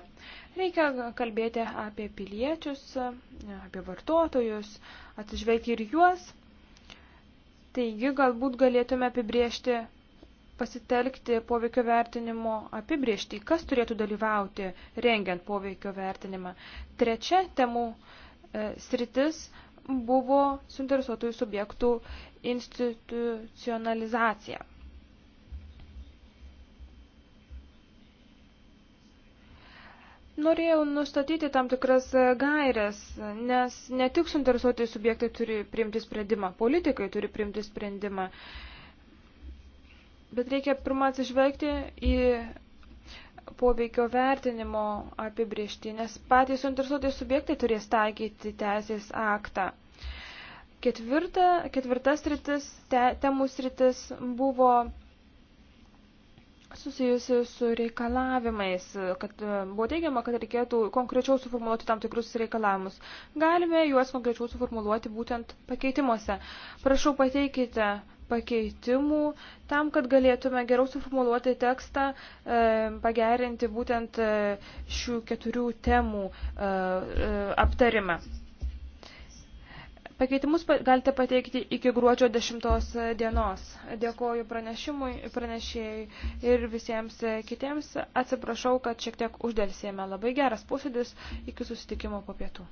Reikia kalbėti apie piliečius, apie vartotojus, atsižvelgti ir juos. Taigi galbūt galėtume apibriežti pasitelkti poveikio vertinimo apibriežtį, kas turėtų dalyvauti rengiant poveikio vertinimą. Trečia temų e, sritis buvo suinteresuotųjų subjektų institucionalizacija. Norėjau nustatyti tam tikras gairias, nes ne tik suinteresuoti subjektai turi priimti sprendimą, politikai turi priimti sprendimą, bet reikia pirmą atsižvelgti į poveikio vertinimo apibriežti, nes patys suinteresuoti subjektai turės taikyti teisės aktą. Ketvirta, ketvirtas rytis, te, temų rytis buvo susijusi su reikalavimais, kad e, buvo teigiama, kad reikėtų konkrečiau suformuoluoti tam tikrus reikalavimus. Galime juos konkrečiau suformuoluoti būtent pakeitimuose. Prašau pateikite pakeitimų tam, kad galėtume geriau suformuoluoti tekstą, e, pagerinti būtent e, šių keturių temų e, e, aptarimą. Pakeitimus galite pateikti iki gruodžio 10 dienos. Dėkoju pranešimui, pranešėjai ir visiems kitiems. Atsiprašau, kad šiek tiek uždėlsėjame. Labai geras posėdis. Iki susitikimo po pietų.